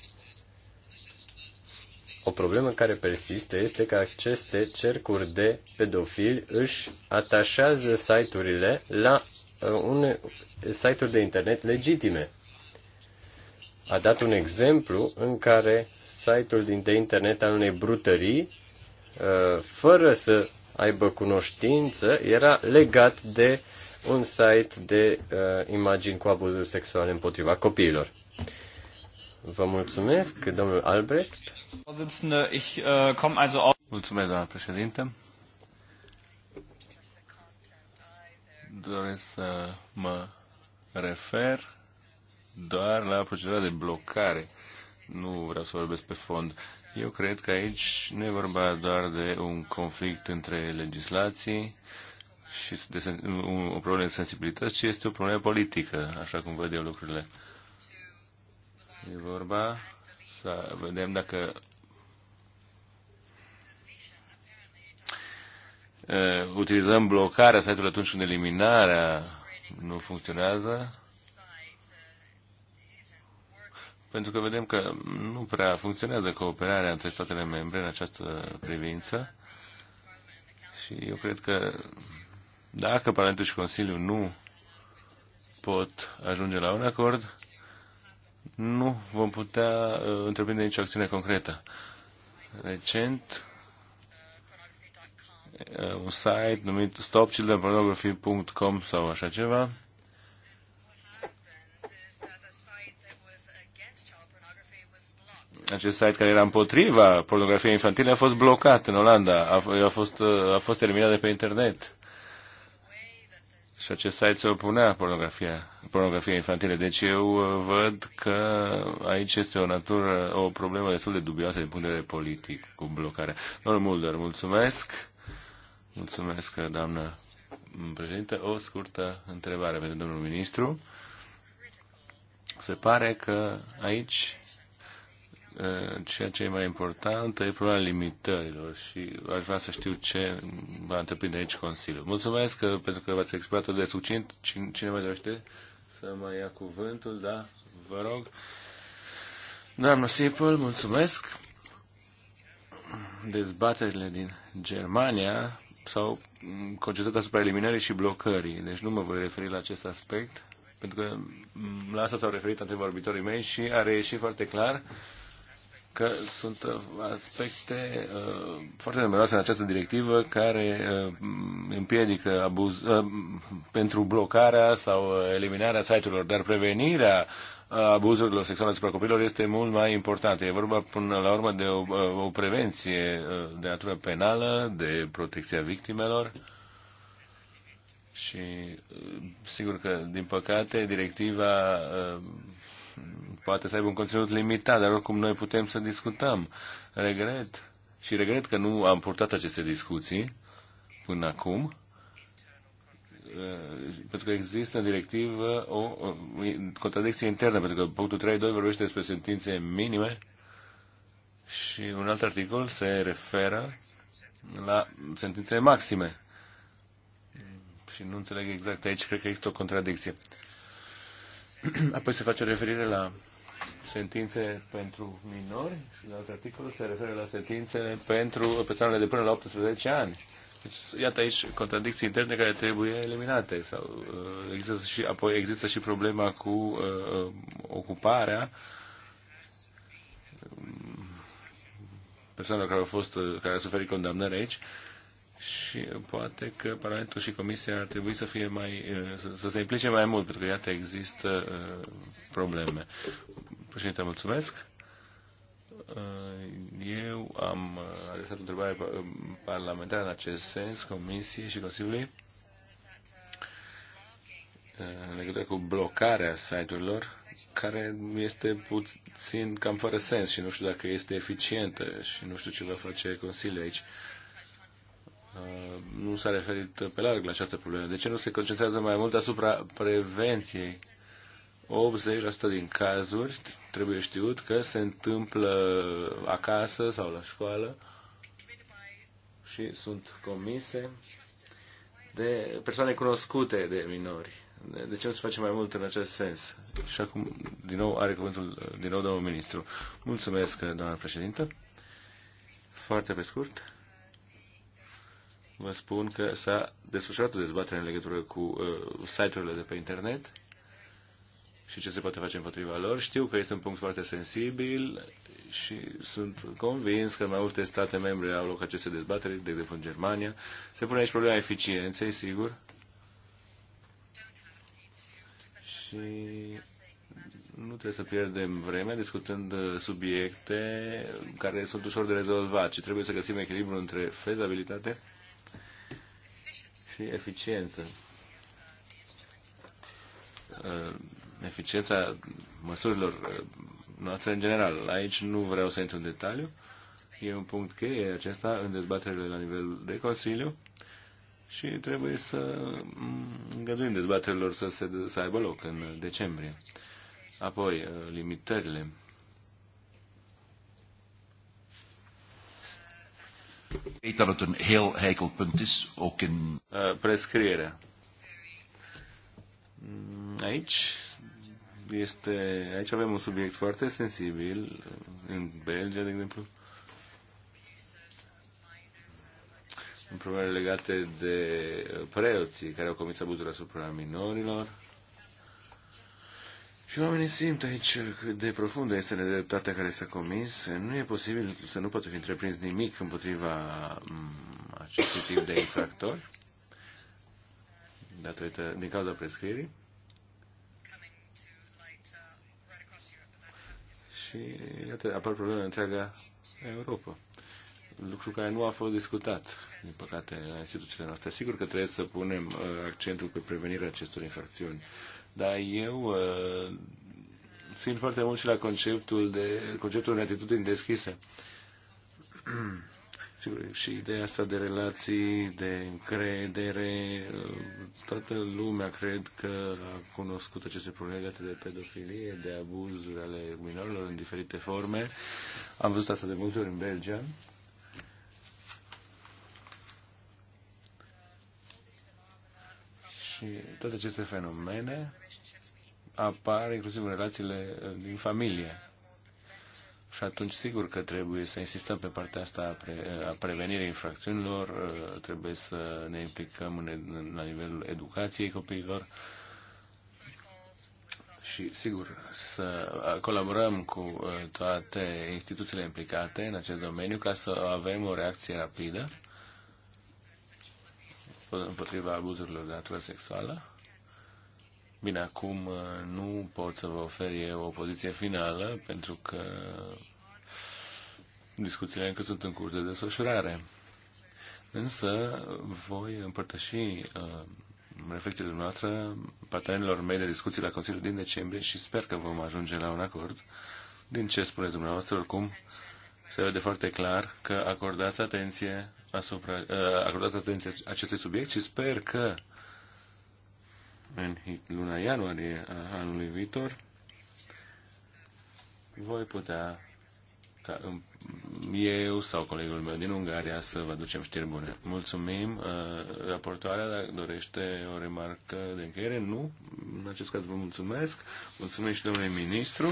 O problemă care persistă este că aceste cercuri de pedofili își atașează site-urile la uh, un site-uri de internet legitime. A dat un exemplu în care site-ul de internet al unei brutării, uh, fără să aibă cunoștință, era legat de un site de uh, imagini cu abuzuri sexuale împotriva copiilor. Vă mulțumesc, domnul Albrecht. Äh, mulțumesc, doamna președinte. Doresc să mă refer doar la procedura de blocare. Nu vreau să vorbesc pe fond. Eu cred că aici nu e vorba doar de un conflict între legislații și de o problemă de sensibilități, ci este o problemă politică, așa cum văd eu lucrurile. E vorba să vedem dacă utilizăm blocarea site-ului atunci când eliminarea nu funcționează. Pentru că vedem că nu prea funcționează cooperarea între statele membre în această privință. Și eu cred că dacă Parlamentul și Consiliul nu pot ajunge la un acord, nu vom putea uh, întreprinde nicio acțiune concretă. Recent, uh, un site numit stopchildrenpornography.com sau așa ceva, acest site care era împotriva pornografiei infantile a fost blocat în Olanda, a, a, fost, uh, a fost eliminat de pe internet și acest site se opunea pornografia, pornografia infantilă. Deci eu uh, văd că aici este o natură, o problemă destul de dubioasă din punct de vedere politic cu blocarea. Domnul Mulder, mulțumesc. Mulțumesc, doamnă președinte. O scurtă întrebare pentru domnul ministru. Se pare că aici ceea ce e mai important e problema limitărilor și aș vrea să știu ce va întreprinde aici Consiliul. Mulțumesc că, pentru că v-ați exprimat de succint. Cine mai dorește să mai ia cuvântul? Da? Vă rog. Doamna Sipul, mulțumesc. Dezbaterile din Germania s-au concentrat asupra eliminării și blocării. Deci nu mă voi referi la acest aspect, pentru că la asta s-au referit vorbitorii mei și a reieșit foarte clar că sunt uh, aspecte uh, foarte numeroase în această directivă care uh, împiedică abuz, uh, pentru blocarea sau uh, eliminarea site-urilor, dar prevenirea uh, abuzurilor sexuale asupra copilor este mult mai importantă. E vorba până la urmă de o, o prevenție de natură penală, de protecția victimelor. Și sigur că, din păcate, directiva poate să aibă un conținut limitat, dar oricum noi putem să discutăm. Regret și regret că nu am purtat aceste discuții până acum, eh, pentru că există în directivă o, o contradicție internă, pentru că punctul 3.2 vorbește despre sentințe minime și un alt articol se referă la sentințe maxime. Și nu înțeleg exact aici, cred că există o contradicție. Apoi se face referire la sentințe pentru minori și la alt articol se referă la sentințe pentru persoanele de până la 18 ani. Deci, iată aici contradicții interne care trebuie eliminate. Sau, uh, există și, apoi există și problema cu uh, uh ocuparea persoanelor care au fost, uh, care au suferit condamnări aici. Uh, și poate că Parlamentul și Comisia ar trebui să fie mai eh, să, să se implice mai mult, pentru că iată există uh, probleme. Președinte, mulțumesc. Eh, eu am adresat o întrebare parlamentară în acest sens, comisie și Consiliului, în legătură cu blocarea site-urilor, care este puțin cam fără sens și nu știu dacă este eficientă și nu știu ce va face Consiliul aici. Uh, Uh, nu s-a referit pe larg la această problemă. De ce nu se concentrează mai mult asupra prevenției? 80% din cazuri, trebuie știut, că se întâmplă acasă sau la școală și sunt comise de persoane cunoscute de minori. De ce nu se face mai mult în acest sens? Și acum, din nou, are cuvântul din nou domnul ministru. Mulțumesc, doamna președintă. Foarte pe scurt vă spun că s-a desfășurat o dezbatere în legătură cu uh, site-urile de pe internet și ce se poate face împotriva lor. Știu că este un punct foarte sensibil și sunt convins că mai multe state membre au loc aceste dezbateri, de exemplu în Germania. Se pune aici problema eficienței, sigur. Și nu trebuie să pierdem vreme discutând uh, subiecte care sunt ușor de rezolvat, ci trebuie să găsim echilibru între fezabilitate și eficiență. Uh, eficiența măsurilor uh, noastre în general. Aici nu vreau să intru în detaliu. E un punct cheie acesta în dezbaterile la nivel de Consiliu și trebuie să mm, îngăduim dezbaterilor să, se, să aibă loc în decembrie. Apoi, uh, limitările Ik Weet dat het een heel heikel punt is, ook in... Uh, prescriere. Mm, aici este, aici avem un subiect foarte sensibil eh, în Belgia, de exemplu. În probleme legate de eh, preoții care au comis abuzuri asupra minorilor. Și oamenii simt aici cât de profundă este nedreptatea care s-a comis. Nu e posibil să nu poată fi întreprins nimic împotriva mm, acestui tip de infractori datorită, din cauza prescrierii. Și iată, apar problema în întreaga Europa. Lucru care nu a fost discutat, din păcate, în instituțiile noastre. Sigur că trebuie să punem uh, accentul pe prevenirea acestor infracțiuni. Dar eu uh, țin foarte mult și la conceptul, de, conceptul unei atitudini deschise. Sigur, și ideea asta de relații, de încredere, uh, toată lumea cred că a cunoscut aceste probleme legate de pedofilie, de abuzuri ale minorilor în diferite forme. Am văzut asta de multe ori în Belgia. Și toate aceste fenomene apar inclusiv în relațiile uh, din familie. Și atunci, sigur că trebuie să insistăm pe partea asta a, pre, uh, a prevenirii infracțiunilor, uh, trebuie să ne implicăm în, în, la nivelul educației copiilor și, sigur, să colaborăm cu toate instituțiile implicate în acest domeniu ca să avem o reacție rapidă împotriva abuzurilor de natură sexuală Bine, acum uh, nu pot să vă ofer eu o poziție finală, pentru că discuțiile încă sunt în curs de desfășurare. Însă voi împărtăși uh, reflecțiile noastre partenerilor mei de discuții la Consiliul din decembrie și sper că vom ajunge la un acord. Din ce spuneți dumneavoastră, oricum, se vede foarte clar că acordați atenție asupra, uh, acordați atenție acestui subiect și sper că în luna ianuarie a anului viitor, voi putea ca eu sau colegul meu din Ungaria să vă ducem știri bune. Mulțumim. Uh, raportoarea, dacă dorește o remarcă de încheiere, nu. În acest caz vă mulțumesc. Mulțumesc și domnului ministru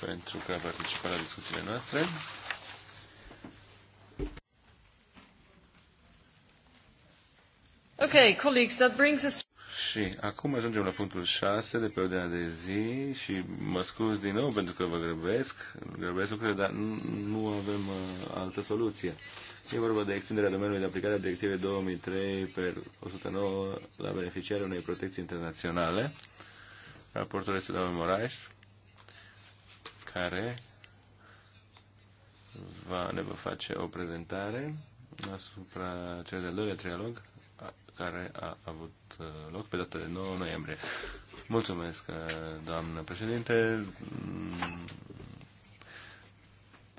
pentru că a participat la discuțiile noastre. Okay, colleagues, that brings us... Și acum ajungem la punctul 6 de pe ordinea de zi și mă scuz din nou pentru că vă grăbesc, grăbesc lucrurile, dar nu avem uh, altă soluție. E vorba de extinderea domeniului de aplicare a directivei 2003 pe 109 la beneficiarea unei protecții internaționale. Raportul este domnul Moraes, care va, ne va face o prezentare asupra cel de-al doilea trialog care a avut uh, loc pe data de 9 noiembrie. Mulțumesc, uh, doamnă președinte. Mm,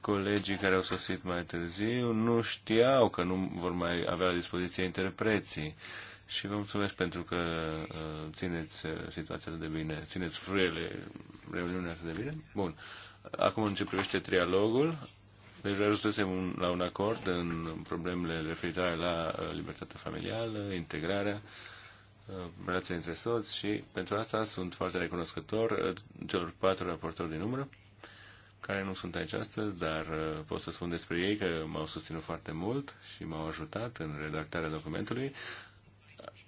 colegii care au sosit mai târziu nu știau că nu vor mai avea la dispoziție interpreții. Și vă mulțumesc pentru că uh, țineți situația atât de bine, țineți frâiele reuniunea atât de bine. Bun. Acum în ce privește trialogul, deci ajunsesem la un acord în problemele referitoare la uh, libertatea familială, integrarea, uh, relația între soți și pentru asta sunt foarte recunoscător uh, celor patru raportori din umbră care nu sunt aici astăzi, dar pot să spun despre ei că m-au susținut foarte mult și m-au ajutat în redactarea documentului,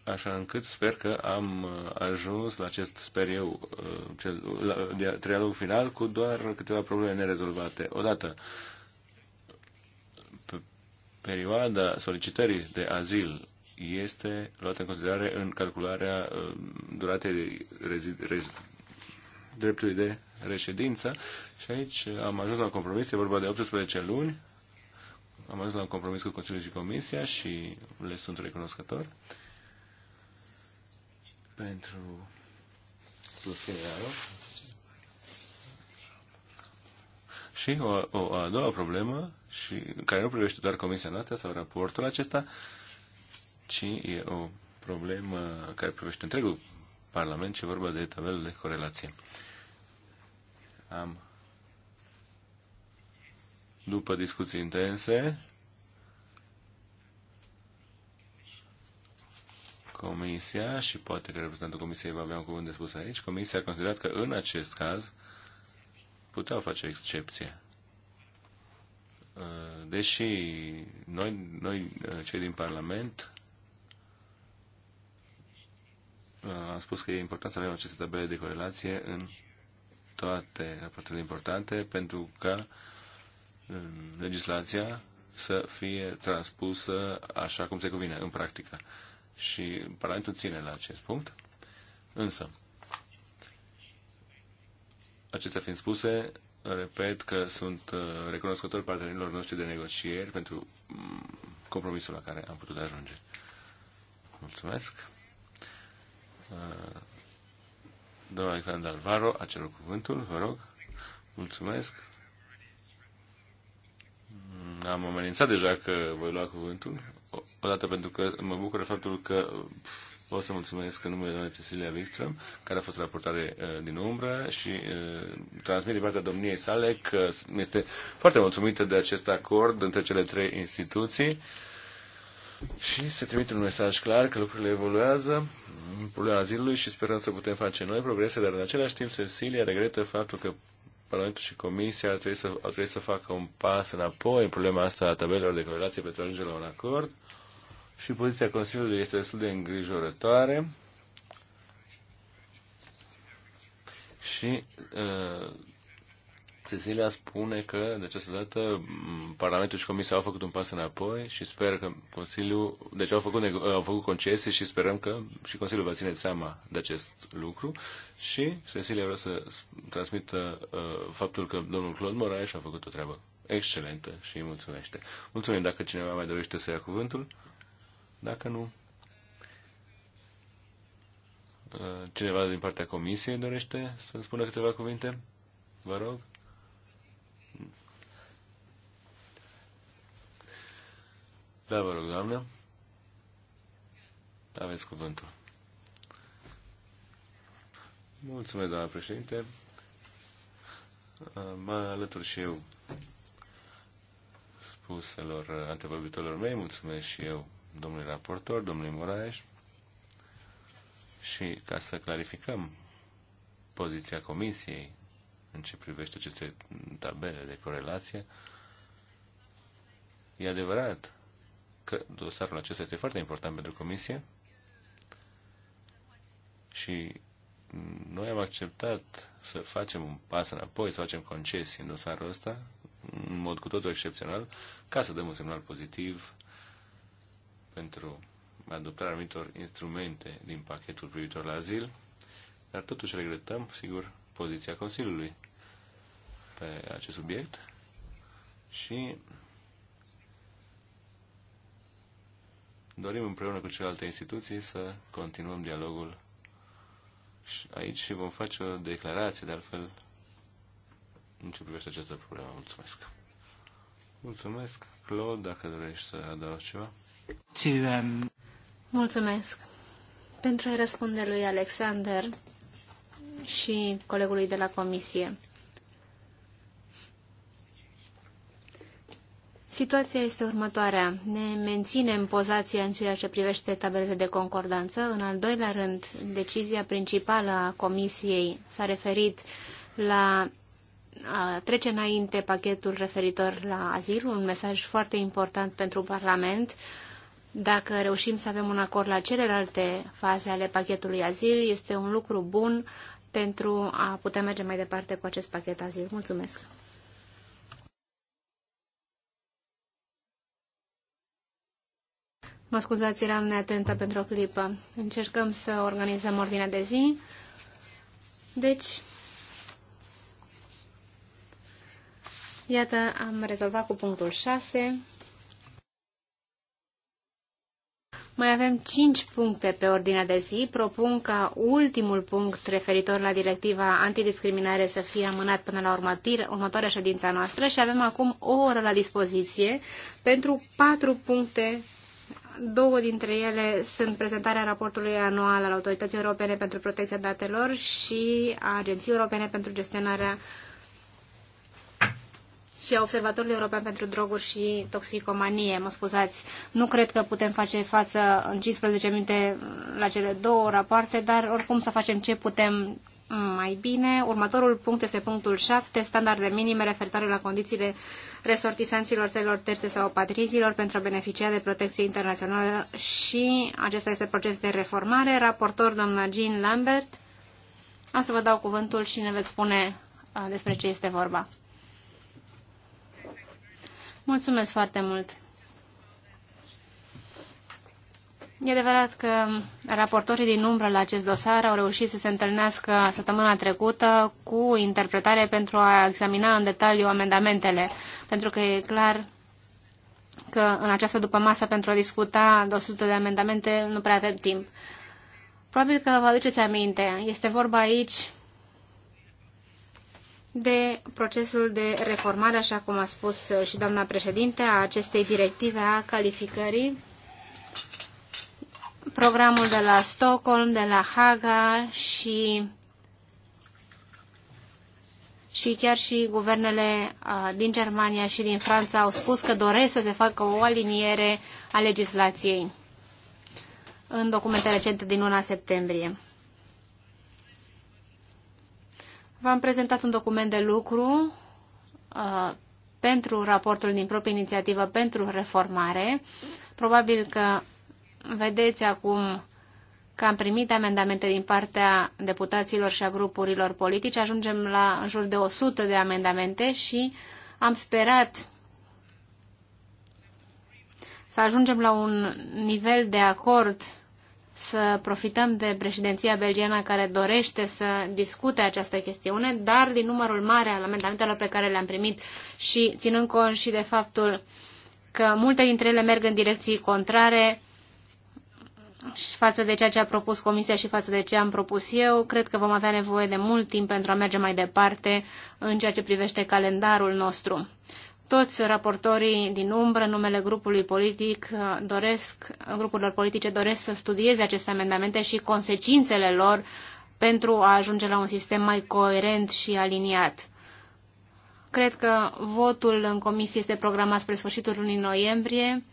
așa încât sper că am ajuns la acest, sper eu, cel, la, trialog final cu doar câteva probleme nerezolvate. Odată, perioada solicitării de azil este luată în considerare în calcularea uh, duratei dreptului de reședință și aici uh, am ajuns la un compromis, e vorba de 18 luni, am ajuns la un compromis cu Consiliul și Comisia și le sunt recunoscător pentru susținerea Și o, o a doua problemă, și, care nu privește doar Comisia noastră sau raportul acesta, ci e o problemă care privește întregul Parlament și vorba de tabelul de corelație. Am, după discuții intense, Comisia, și poate că reprezentantul Comisiei va avea un cuvânt de spus aici, Comisia a considerat că în acest caz, puteau face excepție. Uh, deși noi, noi uh, cei din Parlament, uh, am spus că e important să avem aceste tabele de corelație în toate rapoartele importante pentru ca legislația să fie transpusă așa cum se cuvine, în practică. Și Parlamentul ține la acest punct. Însă, Acestea fiind spuse, repet că sunt uh, recunoscător partenerilor noștri de negocieri pentru mm, compromisul la care am putut ajunge. Mulțumesc. Uh, domnul Alexandru Alvaro a cerut cuvântul, vă rog. Mulțumesc. Mm, am amenințat deja că voi lua cuvântul, odată pentru că mă bucură faptul că Pot să mulțumesc în numele doamnei Cecilia Victrăm, care a fost raportare eh, din umbră și uh, transmit din partea domniei sale că este foarte mulțumită de acest acord între cele trei instituții și se trimite un mesaj clar că lucrurile evoluează în problema zilului și sperăm să putem face noi progrese, dar în același timp Cecilia regretă faptul că Parlamentul și Comisia ar trebui să, ar trebui să facă un pas înapoi în problema asta a tabelelor de corelație pentru a ajunge la un acord. Uh, și poziția Consiliului este destul de îngrijorătoare și uh, Cecilia spune că de această dată Parlamentul și Comisia au făcut un pas înapoi și sper că Consiliul, deci au făcut, au făcut concesii și sperăm că și Consiliul va ține seama de acest lucru și Cecilia vrea să transmită uh, faptul că domnul Claude Moraes a făcut o treabă excelentă și îi mulțumește. Mulțumim dacă cineva mai dorește să ia cuvântul. Dacă nu, uh, cineva din partea comisiei dorește să spună câteva cuvinte? Vă rog. Da, vă rog, doamnă. Aveți cuvântul. Mulțumesc, doamna președinte. Uh, mă alătur și eu spuselor uh, antevorbitorilor mei. Mulțumesc și eu domnului raportor, domnului Moraes, și ca să clarificăm poziția Comisiei în ce privește aceste tabele de corelație, e adevărat că dosarul acesta este foarte important pentru Comisie și noi am acceptat să facem un pas înapoi, să facem concesii în dosarul ăsta, în mod cu totul excepțional, ca să dăm un semnal pozitiv pentru adoptarea anumitor instrumente din pachetul privitor la azil, dar totuși regretăm, sigur, poziția Consiliului pe acest subiect și dorim împreună cu celelalte instituții să continuăm dialogul și aici și vom face o declarație, de altfel, nu ce privește această problemă. Mulțumesc! Mulțumesc! Claude, dacă dorești să adaugi ceva. Um, Mulțumesc. Pentru a răspunde lui Alexander și colegului de la comisie. Situația este următoarea. Ne menținem pozația în ceea ce privește tabelele de concordanță. În al doilea rând, decizia principală a Comisiei s-a referit la trece înainte pachetul referitor la azil, un mesaj foarte important pentru Parlament. Dacă reușim să avem un acord la celelalte faze ale pachetului azil, este un lucru bun pentru a putea merge mai departe cu acest pachet azil. Mulțumesc! Mă scuzați, eram neatentă pentru o clipă. Încercăm să organizăm ordinea de zi. Deci, Iată, am rezolvat cu punctul 6. Mai avem 5 puncte pe ordinea de zi. Propun ca ultimul punct referitor la directiva antidiscriminare să fie amânat până la următoarea ședința noastră și avem acum o oră la dispoziție pentru 4 puncte. Două dintre ele sunt prezentarea raportului anual al Autorității Europene pentru Protecția Datelor și a Agenției Europene pentru Gestionarea și a Observatorului European pentru Droguri și Toxicomanie, mă scuzați. Nu cred că putem face față în 15 minute la cele două rapoarte, dar oricum să facem ce putem mai bine. Următorul punct este punctul 7, standarde minime referitoare la condițiile resortisanților țărilor terțe sau patrizilor pentru a beneficia de protecție internațională și acesta este proces de reformare. Raportor doamna Jean Lambert. Am să vă dau cuvântul și ne veți spune uh, despre ce este vorba. Mulțumesc foarte mult! E adevărat că raportorii din umbră la acest dosar au reușit să se întâlnească săptămâna trecută cu interpretare pentru a examina în detaliu amendamentele, pentru că e clar că în această după masă pentru a discuta 200 de amendamente nu prea avem timp. Probabil că vă aduceți aminte, este vorba aici de procesul de reformare, așa cum a spus și doamna președinte, a acestei directive a calificării, programul de la Stockholm, de la Haga și, și chiar și guvernele din Germania și din Franța au spus că doresc să se facă o aliniere a legislației în documentele recente din luna septembrie. V-am prezentat un document de lucru uh, pentru raportul din proprie inițiativă pentru reformare. Probabil că vedeți acum că am primit amendamente din partea deputaților și a grupurilor politice. Ajungem la în jur de 100 de amendamente și am sperat să ajungem la un nivel de acord să profităm de președinția belgiană care dorește să discute această chestiune, dar din numărul mare al amendamentelor pe care le-am primit și ținând cont și de faptul că multe dintre ele merg în direcții contrare și față de ceea ce a propus Comisia și față de ce am propus eu, cred că vom avea nevoie de mult timp pentru a merge mai departe în ceea ce privește calendarul nostru toți raportorii din umbră, în numele grupului politic, uh, doresc, uh, grupurilor politice doresc să studieze aceste amendamente și consecințele lor pentru a ajunge la un sistem mai coerent și aliniat. Cred că votul în comisie este programat spre sfârșitul lunii noiembrie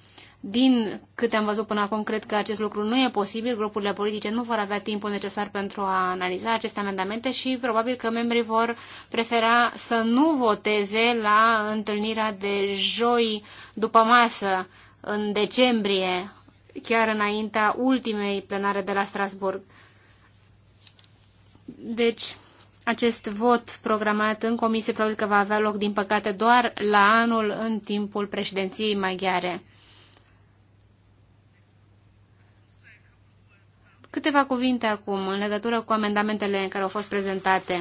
din câte am văzut până acum, cred că acest lucru nu e posibil. Grupurile politice nu vor avea timpul necesar pentru a analiza aceste amendamente și probabil că membrii vor prefera să nu voteze la întâlnirea de joi după masă în decembrie, chiar înaintea ultimei plenare de la Strasburg. Deci, acest vot programat în comisie probabil că va avea loc, din păcate, doar la anul în timpul președinției maghiare. Câteva cuvinte acum în legătură cu amendamentele care au fost prezentate.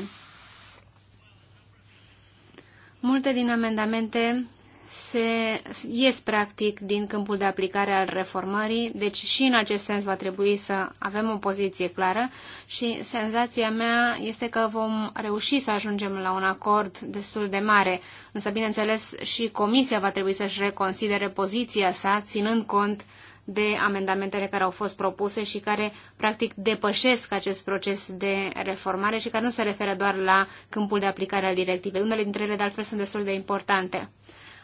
Multe din amendamente se ies practic din câmpul de aplicare al reformării, deci și în acest sens va trebui să avem o poziție clară și senzația mea este că vom reuși să ajungem la un acord destul de mare, însă bineînțeles și Comisia va trebui să-și reconsidere poziția sa, ținând cont de amendamentele care au fost propuse și care practic depășesc acest proces de reformare și care nu se referă doar la câmpul de aplicare al directivei. Unele dintre ele, de altfel, sunt destul de importante.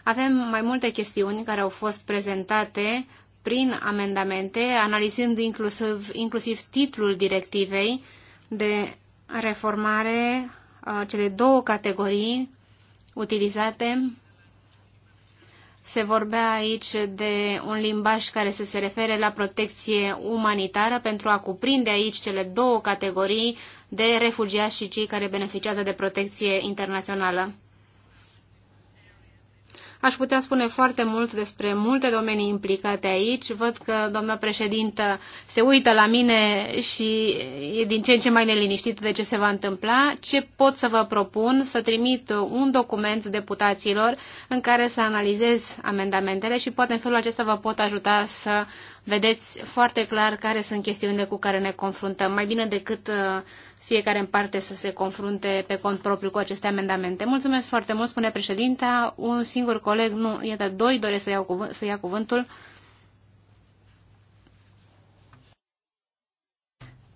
Avem mai multe chestiuni care au fost prezentate prin amendamente, analizând inclusiv, inclusiv titlul directivei de reformare, uh, cele două categorii utilizate se vorbea aici de un limbaj care să se refere la protecție umanitară pentru a cuprinde aici cele două categorii de refugiați și cei care beneficiază de protecție internațională. Aș putea spune foarte mult despre multe domenii implicate aici. Văd că doamna președintă se uită la mine și e din ce în ce mai neliniștită de ce se va întâmpla. Ce pot să vă propun? Să trimit un document deputaților în care să analizez amendamentele și poate în felul acesta vă pot ajuta să vedeți foarte clar care sunt chestiunile cu care ne confruntăm, mai bine decât uh, fiecare în parte să se confrunte pe cont propriu cu aceste amendamente. Mulțumesc foarte mult, spune președinta. Un singur coleg, nu, de doi doresc să, iau cuvânt, să ia cuvântul.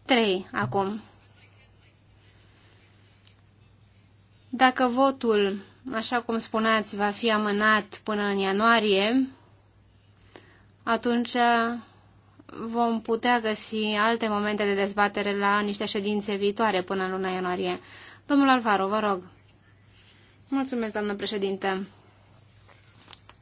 Trei acum. Dacă votul, așa cum spuneați, va fi amânat până în ianuarie, atunci vom putea găsi alte momente de dezbatere la niște ședințe viitoare până în luna ianuarie. Domnul Alvaro, vă rog. Mulțumesc, doamnă președinte.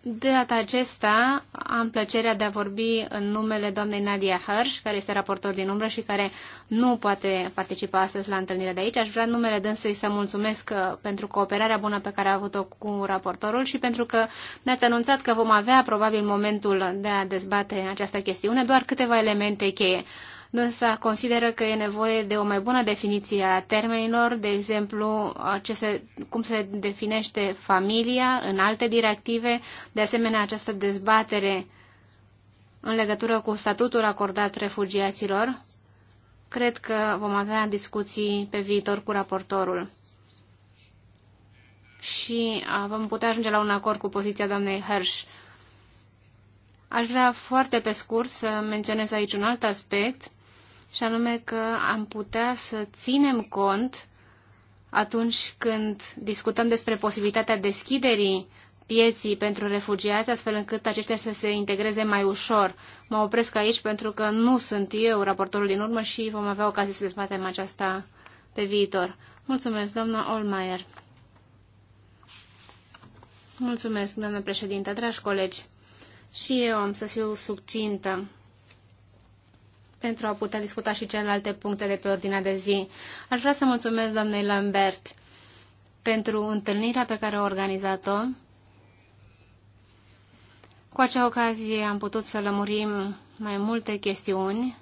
De data acesta am plăcerea de a vorbi în numele doamnei Nadia Hărș, care este raportor din umbră și care nu poate participa astăzi la întâlnirea de aici. Aș vrea numele dânsei să mulțumesc uh, pentru cooperarea bună pe care a avut-o cu raportorul și pentru că ne-ați anunțat că vom avea probabil momentul de a dezbate această chestiune, doar câteva elemente cheie. Dânsa consideră că e nevoie de o mai bună definiție a termenilor, de exemplu ce se, cum se definește familia în alte directive. De asemenea, această dezbatere în legătură cu statutul acordat refugiaților. Cred că vom avea discuții pe viitor cu raportorul și vom putea ajunge la un acord cu poziția doamnei Hirsch. Aș vrea foarte pe scurt să menționez aici un alt aspect și anume că am putea să ținem cont atunci când discutăm despre posibilitatea deschiderii pieții pentru refugiați, astfel încât aceștia să se integreze mai ușor. Mă opresc aici pentru că nu sunt eu raportorul din urmă și vom avea ocazie să dezbatem aceasta pe viitor. Mulțumesc, doamna Olmaier. Mulțumesc, doamnă președinte, dragi colegi. Și eu am să fiu succintă pentru a putea discuta și celelalte puncte de pe ordinea de zi. Aș vrea să mulțumesc doamnei Lambert pentru întâlnirea pe care a organizat-o. Cu acea ocazie am putut să lămurim mai multe chestiuni.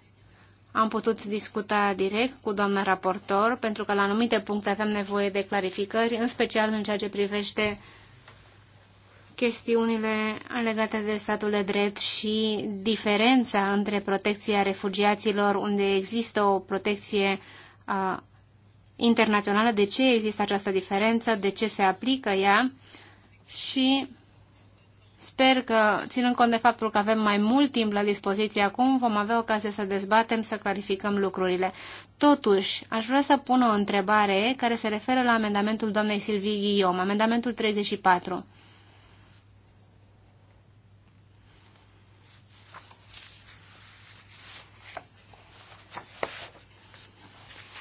Am putut discuta direct cu doamna raportor, pentru că la anumite puncte aveam nevoie de clarificări, în special în ceea ce privește chestiunile legate de statul de drept și diferența între protecția refugiaților, unde există o protecție uh, internațională, de ce există această diferență, de ce se aplică ea și sper că, ținând cont de faptul că avem mai mult timp la dispoziție acum, vom avea ocazia să dezbatem, să clarificăm lucrurile. Totuși, aș vrea să pun o întrebare care se referă la amendamentul doamnei Silvii Ghiom, amendamentul 34.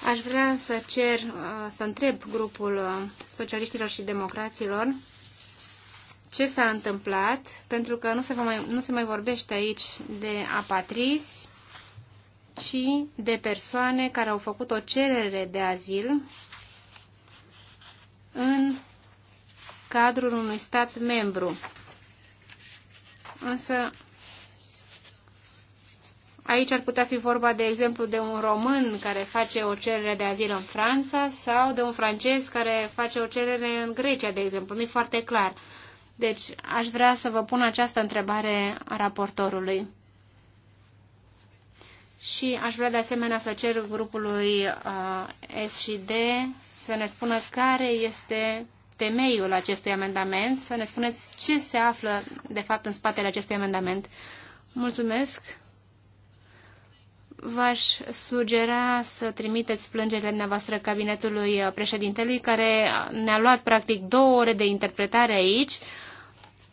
Aș vrea să cer, uh, să întreb grupul uh, socialiștilor și democraților ce s-a întâmplat, pentru că nu se, mai, nu se mai vorbește aici de apatrizi, ci de persoane care au făcut o cerere de azil în cadrul unui stat membru. Însă Aici ar putea fi vorba, de exemplu, de un român care face o cerere de azil în Franța sau de un francez care face o cerere în Grecia, de exemplu. Nu-i foarte clar. Deci aș vrea să vă pun această întrebare a raportorului. Și aș vrea de asemenea să cer grupului uh, S și D să ne spună care este temeiul acestui amendament, să ne spuneți ce se află de fapt în spatele acestui amendament. Mulțumesc! v-aș sugera să trimiteți plângerile dumneavoastră cabinetului uh, președintelui, care ne-a luat practic două ore de interpretare aici.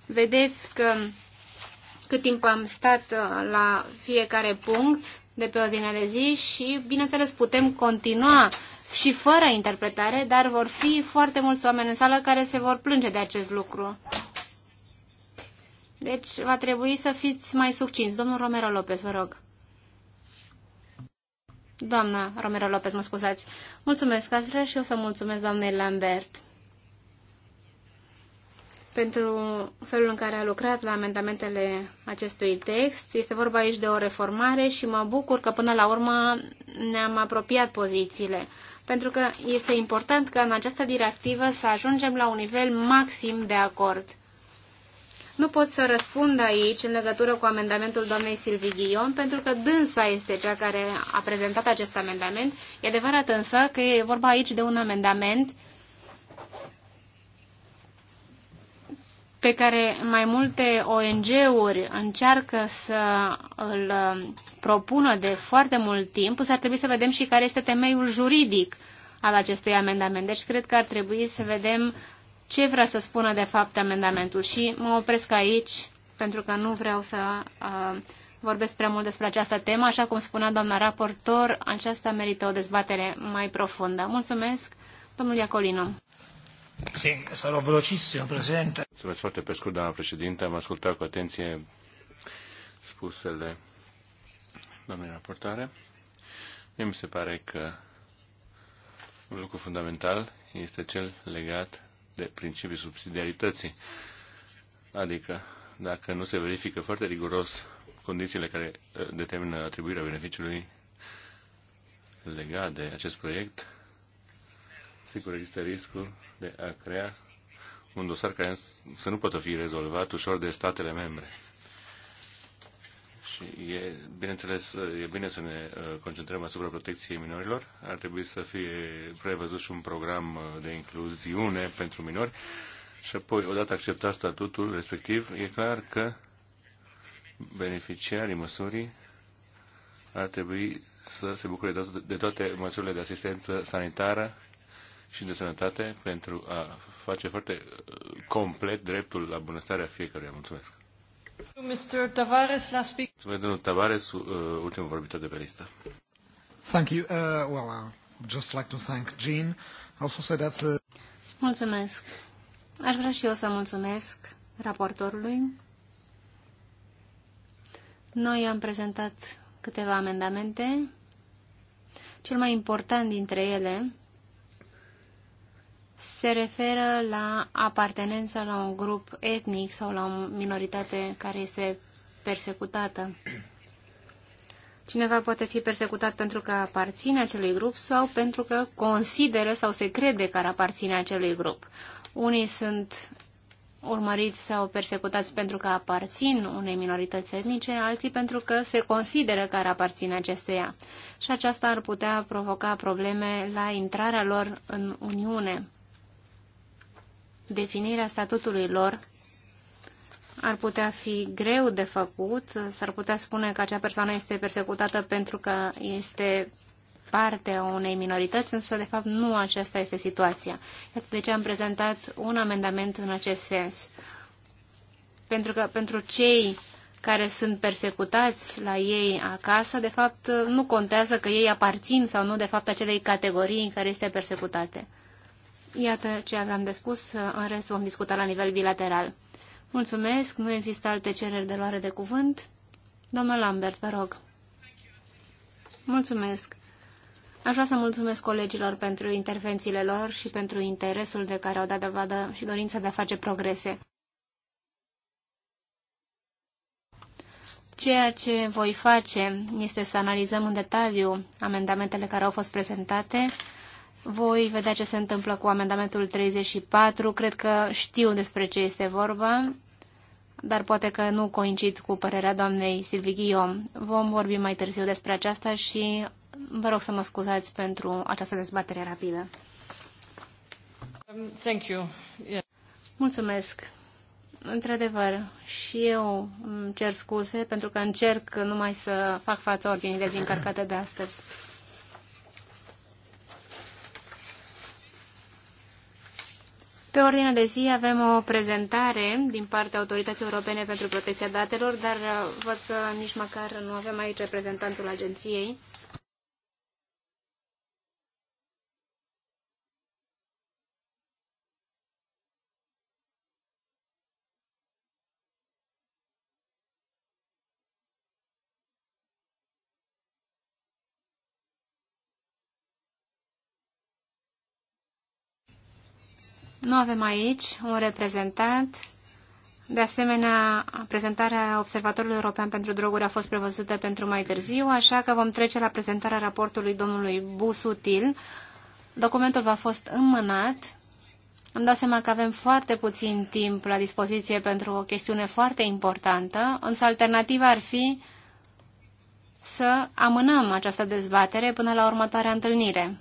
Vedeți că cât timp am stat uh, la fiecare punct de pe ordinea de zi și, bineînțeles, putem continua și fără interpretare, dar vor fi foarte mulți oameni în sală care se vor plânge de acest lucru. Deci va trebui să fiți mai succinți. Domnul Romero Lopez, vă rog. Doamna Romero Lopez, mă scuzați. Mulțumesc, Cazlea, și eu să mulțumesc doamnei Lambert pentru felul în care a lucrat la amendamentele acestui text. Este vorba aici de o reformare și mă bucur că până la urmă ne-am apropiat pozițiile, pentru că este important că în această directivă să ajungem la un nivel maxim de acord. Nu pot să răspund aici în legătură cu amendamentul doamnei Silvi Ghion, pentru că dânsa este cea care a prezentat acest amendament. E adevărat însă că e vorba aici de un amendament pe care mai multe ONG-uri încearcă să îl um, propună de foarte mult timp, însă ar trebui să vedem și care este temeiul juridic al acestui amendament. Deci cred că ar trebui să vedem ce vrea să spună de fapt amendamentul și mă opresc aici pentru că nu vreau să uh, vorbesc prea mult despre această temă. Așa cum spunea doamna raportor, aceasta merită o dezbatere mai profundă. Mulțumesc, domnul Iacolino. Sì, sarò velocissimo, Presidente. Mulțumesc foarte pe scurt, doamna președinte. Am ascultat cu atenție spusele doamnei raportare. Mie mi se pare că un lucru fundamental este cel legat de principiul subsidiarității. Adică, dacă nu se verifică foarte riguros condițiile care uh, determină atribuirea beneficiului legat de acest proiect, sigur există riscul de a crea un dosar care să nu poată fi rezolvat ușor de statele membre. Și e, bineînțeles, e bine să ne uh, concentrăm asupra protecției minorilor. Ar trebui să fie prevăzut și un program uh, de incluziune pentru minori. Și apoi, odată acceptat statutul respectiv, e clar că beneficiarii măsurii ar trebui să se bucure de toate măsurile de asistență sanitară și de sănătate pentru a face foarte uh, complet dreptul la bunăstarea fiecăruia. Mulțumesc! Mr. Tavares, last speaker. Mulțumesc, domnul Tavares, uh, ultimul vorbitor de pe listă. Thank you. Uh, well, I'd just like to thank Jean. Also say that's a... Mulțumesc. Aș vrea și eu să mulțumesc raportorului. Noi am prezentat câteva amendamente. Cel mai important dintre ele se referă la apartenența la un grup etnic sau la o minoritate care este persecutată. Cineva poate fi persecutat pentru că aparține acelui grup sau pentru că consideră sau se crede că ar aparține acelui grup. Unii sunt urmăriți sau persecutați pentru că aparțin unei minorități etnice, alții pentru că se consideră că ar aparține acesteia. Și aceasta ar putea provoca probleme la intrarea lor în Uniune definirea statutului lor ar putea fi greu de făcut, s-ar putea spune că acea persoană este persecutată pentru că este partea unei minorități, însă de fapt nu aceasta este situația. de ce am prezentat un amendament în acest sens. Pentru că pentru cei care sunt persecutați la ei acasă, de fapt nu contează că ei aparțin sau nu de fapt acelei categorii în care este persecutate. Iată ce aveam de spus, în rest vom discuta la nivel bilateral. Mulțumesc, nu există alte cereri de luare de cuvânt. Domnul Lambert, vă rog. Mulțumesc. Aș vrea să mulțumesc colegilor pentru intervențiile lor și pentru interesul de care au dat dovadă și dorința de a face progrese. Ceea ce voi face este să analizăm în detaliu amendamentele care au fost prezentate voi vedea ce se întâmplă cu amendamentul 34. Cred că știu despre ce este vorba, dar poate că nu coincid cu părerea doamnei Silvii Ghiom. Vom vorbi mai târziu despre aceasta și vă rog să mă scuzați pentru această dezbatere rapidă. Um, thank you. Yeah. Mulțumesc. Într-adevăr, și eu îmi cer scuze pentru că încerc numai să fac față ordinii dezincărcate de astăzi. Pe ordinea de zi avem o prezentare din partea Autorității Europene pentru Protecția Datelor, dar uh, văd că nici măcar nu avem aici reprezentantul agenției. Nu avem aici un reprezentant. De asemenea, prezentarea Observatorului European pentru Droguri a fost prevăzută pentru mai târziu, așa că vom trece la prezentarea raportului domnului Busutil. Documentul va fost înmânat. Îmi dau seama că avem foarte puțin timp la dispoziție pentru o chestiune foarte importantă, însă alternativa ar fi să amânăm această dezbatere până la următoarea întâlnire.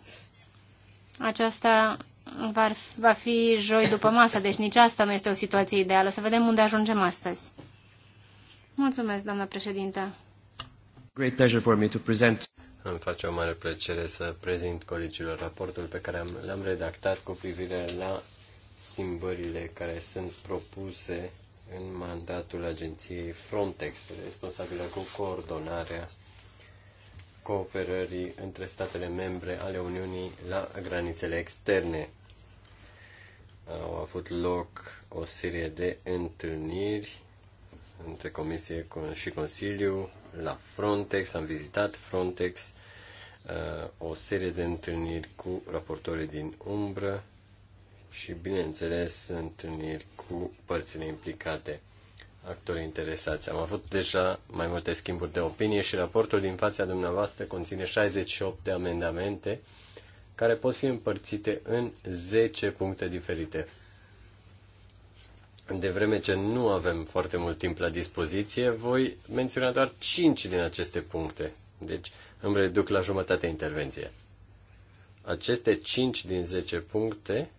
Aceasta va, fi joi după masă, deci nici asta nu este o situație ideală. Să vedem unde ajungem astăzi. Mulțumesc, doamna președintă. Great pleasure for me to present. Îmi face o mare plăcere să prezint colegilor raportul pe care l-am redactat cu privire la schimbările care sunt propuse în mandatul agenției Frontex, responsabilă cu coordonarea cooperării între statele membre ale Uniunii la granițele externe au avut loc o serie de întâlniri între Comisie și Consiliu la Frontex. Am vizitat Frontex, uh, o serie de întâlniri cu raportorii din umbră și, bineînțeles, întâlniri cu părțile implicate, actorii interesați. Am avut deja mai multe schimburi de opinie și raportul din fața dumneavoastră conține 68 de amendamente care pot fi împărțite în 10 puncte diferite. De vreme ce nu avem foarte mult timp la dispoziție, voi menționa doar 5 din aceste puncte. Deci îmi reduc la jumătate intervenție. Aceste 5 din 10 puncte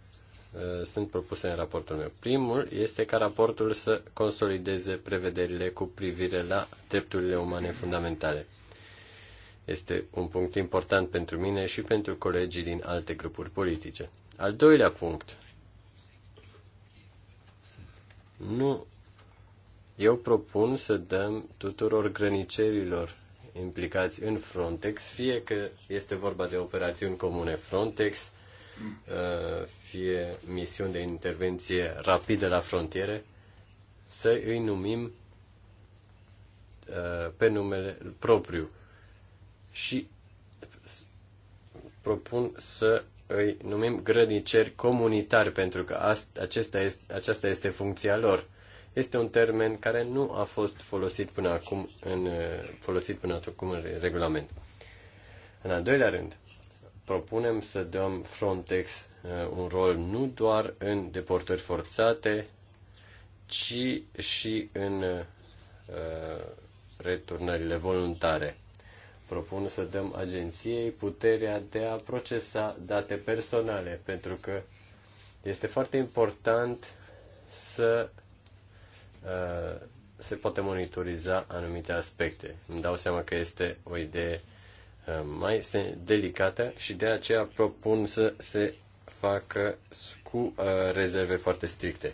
uh, sunt propuse în raportul meu. Primul este ca raportul să consolideze prevederile cu privire la drepturile umane fundamentale. Este un punct important pentru mine și pentru colegii din alte grupuri politice. Al doilea punct. Nu. Eu propun să dăm tuturor grănicerilor implicați în Frontex, fie că este vorba de operațiuni comune Frontex, uh, fie misiuni de intervenție rapidă la frontiere, să îi numim uh, pe numele propriu și propun să îi numim grădiceri comunitari, pentru că acesta este, aceasta este funcția lor. Este un termen care nu a fost folosit până acum în, folosit până acum în regulament. În al doilea rând, propunem să dăm Frontex uh, un rol nu doar în deportări forțate, ci și în uh, returnările voluntare propun să dăm agenției puterea de a procesa date personale, pentru că este foarte important să uh, se poate monitoriza anumite aspecte. Îmi dau seama că este o idee uh, mai delicată și de aceea propun să se facă cu uh, rezerve foarte stricte.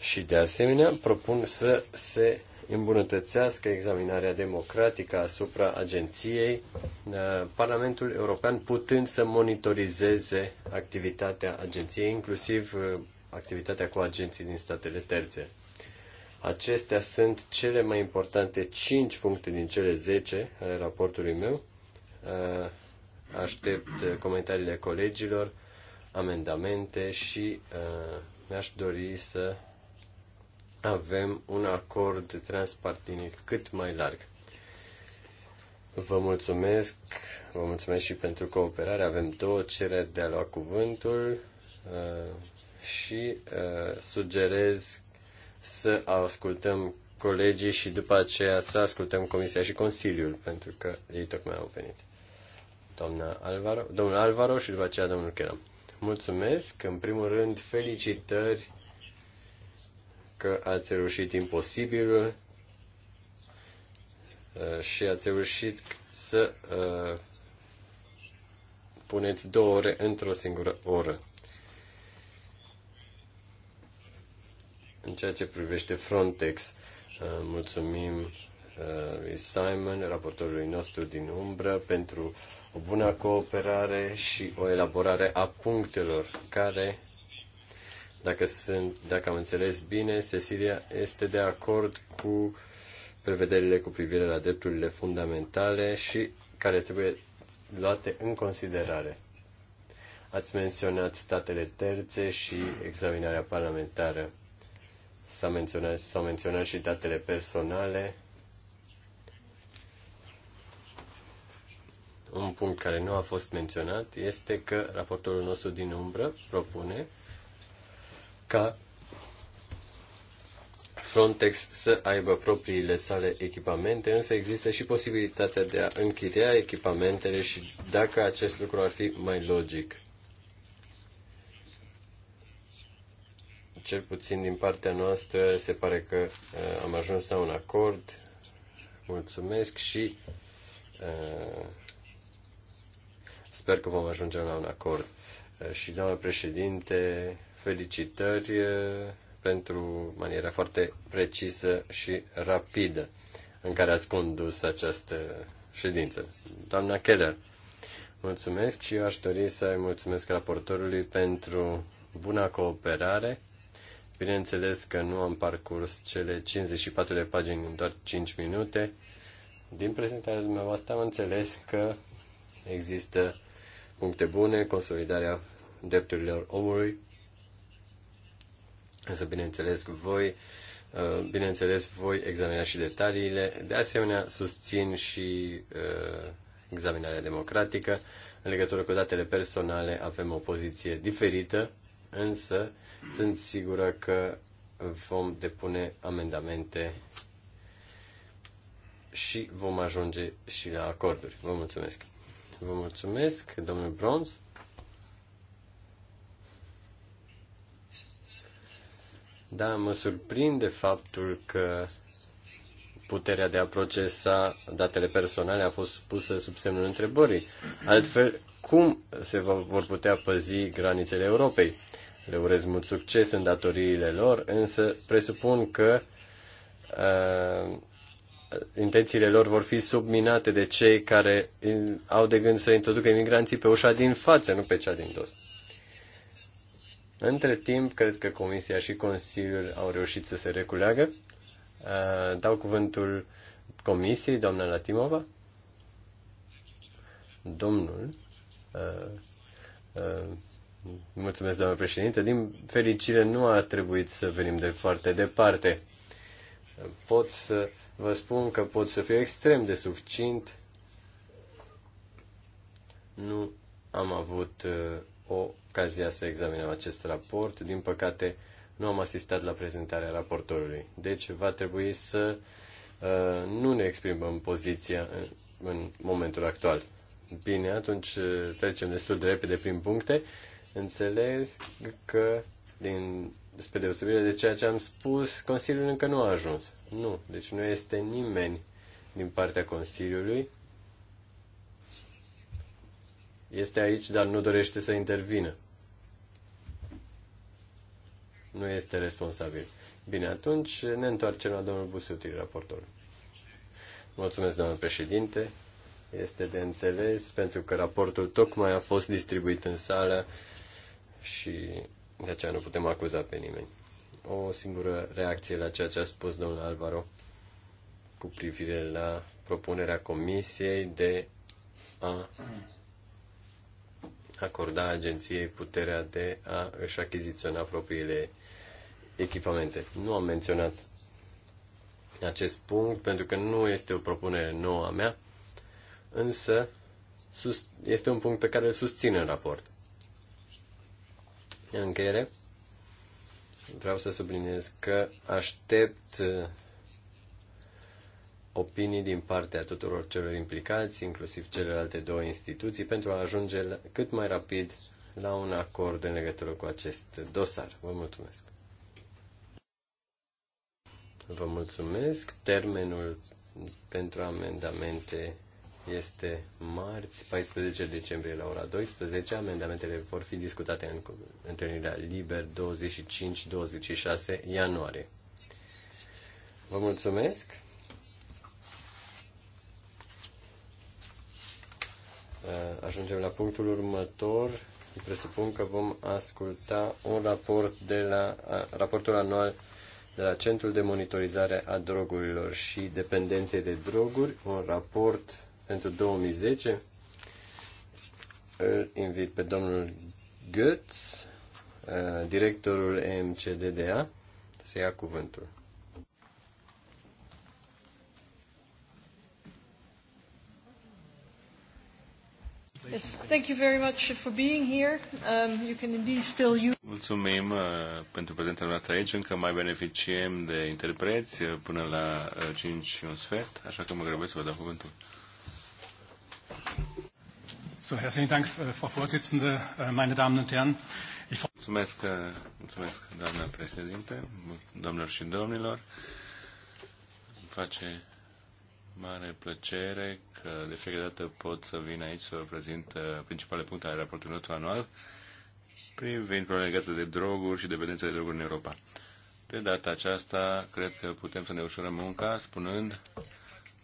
Și de asemenea propun să se îmbunătățească examinarea democratică asupra agenției, uh, Parlamentul European putând să monitorizeze activitatea agenției, inclusiv uh, activitatea cu agenții din statele terțe. Acestea sunt cele mai importante 5 puncte din cele 10 ale raportului meu. Uh, aștept comentariile colegilor, amendamente și mi-aș dori să avem un acord transpartinic cât mai larg. Vă mulțumesc, vă mulțumesc și pentru cooperare. Avem două cereri de a lua cuvântul uh, și uh, sugerez să ascultăm colegii și după aceea să ascultăm Comisia și Consiliul, pentru că ei tocmai au venit. Doamna Alvaro, domnul Alvaro și după aceea domnul Chelam. Mulțumesc, în primul rând felicitări că ați reușit imposibilul uh, și ați reușit să uh, puneți două ore într-o singură oră. În ceea ce privește Frontex, uh, mulțumim lui Simon, raportorului nostru din umbră, pentru o bună cooperare și o elaborare a punctelor care dacă, sunt, dacă am înțeles bine, Cecilia este de acord cu prevederile cu privire la drepturile fundamentale și care trebuie luate în considerare. Ați menționat statele terțe și examinarea parlamentară. S-au menționat, s a menționat și datele personale. Un punct care nu a fost menționat este că raportorul nostru din umbră propune ca Frontex să aibă propriile sale echipamente, însă există și posibilitatea de a închiria echipamentele și dacă acest lucru ar fi mai logic. Cel puțin din partea noastră se pare că uh, am ajuns la un acord. Mulțumesc și uh, sper că vom ajunge la un acord. Uh, și doamna președinte, felicitări pentru maniera foarte precisă și rapidă în care ați condus această ședință. Doamna Keller, mulțumesc și eu aș dori să-i mulțumesc raportorului pentru buna cooperare. Bineînțeles că nu am parcurs cele 54 de pagini în doar 5 minute. Din prezentarea dumneavoastră am înțeles că există puncte bune, consolidarea drepturilor omului, Însă, bineînțeles, voi, uh, bineînțeles, voi examina și detaliile. De asemenea, susțin și uh, examinarea democratică. În legătură cu datele personale avem o poziție diferită, însă sunt sigură că vom depune amendamente și vom ajunge și la acorduri. Vă mulțumesc! Vă mulțumesc, domnul Bronz. Da, mă surprinde faptul că puterea de a procesa datele personale a fost pusă sub semnul întrebării. Altfel, cum se vor putea păzi granițele Europei? Le urez mult succes în datoriile lor, însă presupun că uh, intențiile lor vor fi subminate de cei care uh, au de gând să introducă imigranții pe ușa din față, nu pe cea din dos. Între timp, cred că Comisia și Consiliul au reușit să se reculeagă. Dau cuvântul Comisiei, doamna Latimova. Domnul. Mulțumesc, doamna președinte. Din fericire, nu a trebuit să venim de foarte departe. Pot să vă spun că pot să fiu extrem de succint. Nu am avut o ocazia să examinăm acest raport. Din păcate, nu am asistat la prezentarea raportorului. Deci va trebui să uh, nu ne exprimăm poziția în, în momentul actual. Bine, atunci uh, trecem destul de repede prin puncte. Înțeles că, din, spre deosebire de ceea ce am spus, Consiliul încă nu a ajuns. Nu, deci nu este nimeni din partea Consiliului. Este aici, dar nu dorește să intervină nu este responsabil. Bine, atunci ne întoarcem la domnul Busuti, raportorul. Mulțumesc, domnul președinte. Este de înțeles pentru că raportul tocmai a fost distribuit în sală și de aceea nu putem acuza pe nimeni. O singură reacție la ceea ce a spus domnul Alvaro cu privire la propunerea comisiei de a acorda agenției puterea de a își achiziționa propriile echipamente. Nu am menționat acest punct pentru că nu este o propunere nouă a mea, însă este un punct pe care îl susțin în raport. În încheiere, vreau să subliniez că aștept uh, opinii din partea tuturor celor implicați, inclusiv celelalte două instituții, pentru a ajunge cât mai rapid la un acord în legătură cu acest dosar. Vă mulțumesc! Vă mulțumesc. Termenul pentru amendamente este marți, 14 decembrie la ora 12. Amendamentele vor fi discutate în întâlnirea liber 25-26 ianuarie. Vă mulțumesc. Uh, ajungem la punctul următor. Presupun că vom asculta un raport de la uh, raportul anual de la Centrul de Monitorizare a Drogurilor și Dependenței de Droguri, un raport pentru 2010. Îl invit pe domnul Götz, uh, directorul MCDDA, să ia cuvântul. Yes, thank you very much for being here. Um, you can indeed still use... Mulțumim uh, pentru prezența noastră aici. Încă mai beneficiem de interpreți uh, până la uh, 5 și un sfert, așa că mă grăbesc să vă dau cuvântul. So, herzlichen Dank, äh, Frau Vorsitzende, äh, meine Damen und Herren. Ich... Mulțumesc, uh, mulțumesc, doamna președinte, doamnelor și domnilor. Îmi face mare plăcere că de fiecare dată pot să vin aici să vă prezint uh, principalele puncte ale raportului nostru anual privind probleme legate de droguri și dependența de droguri în Europa. De data aceasta, cred că putem să ne ușurăm munca spunând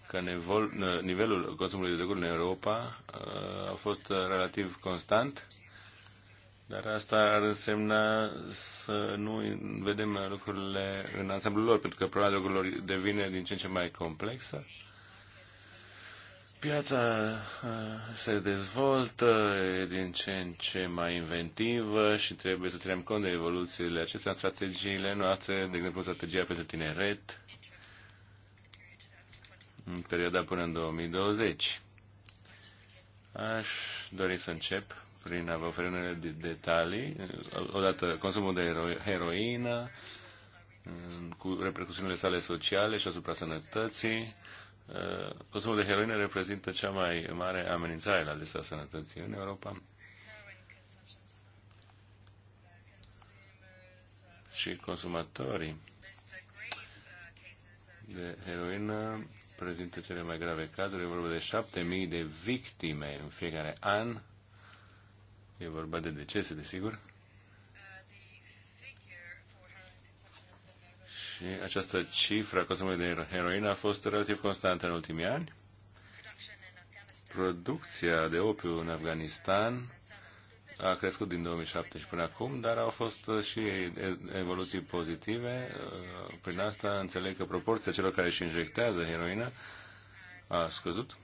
că uh, nivelul consumului de droguri în Europa uh, a fost relativ constant, dar asta ar însemna să nu vedem lucrurile în ansamblul lor, pentru că problema drogurilor devine din ce în ce mai complexă Piața uh, se dezvoltă, e din ce în ce mai inventivă și trebuie să ținem cont de evoluțiile acestea în strategiile noastre, de exemplu strategia pentru tineret, în perioada până în 2020. Aș dori să încep prin a vă oferi unele detalii. Odată, consumul de heroină, mm, cu repercusiunile sale sociale și asupra sănătății, Uh, consumul de heroină reprezintă cea mai mare amenințare la adresa sănătății în Europa. Și consumatorii de heroină prezintă cele mai grave cazuri. E vorba de 7.000 de victime în fiecare an. E vorba de decese, desigur. sigur Și această cifră a consumului de heroină a fost relativ constantă în ultimii ani. Producția de opiu în Afganistan a crescut din 2007 și până acum, dar au fost și evoluții pozitive. Prin asta înțeleg că proporția celor care își injectează heroină a scăzut.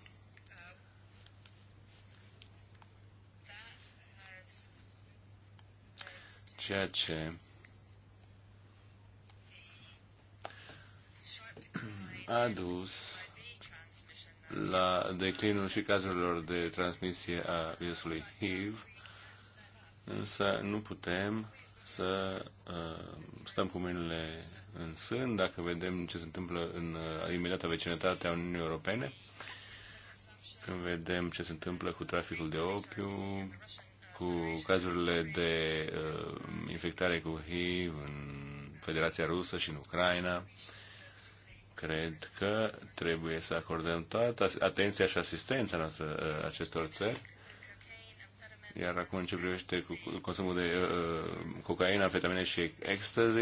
Ceea ce a dus la declinul și cazurilor de transmisie a virusului HIV, însă nu putem să uh, stăm cu mâinile în sân dacă vedem ce se întâmplă în uh, imediata vecinătate a Uniunii Europene, când vedem ce se întâmplă cu traficul de opiu, cu cazurile de uh, infectare cu HIV în Federația Rusă și în Ucraina, uh, cred că trebuie să acordăm toată atenția și asistența noastră uh, acestor țări. Iar acum în ce privește cu consumul de uh, uh, cocaină, amfetamine și ecstasy,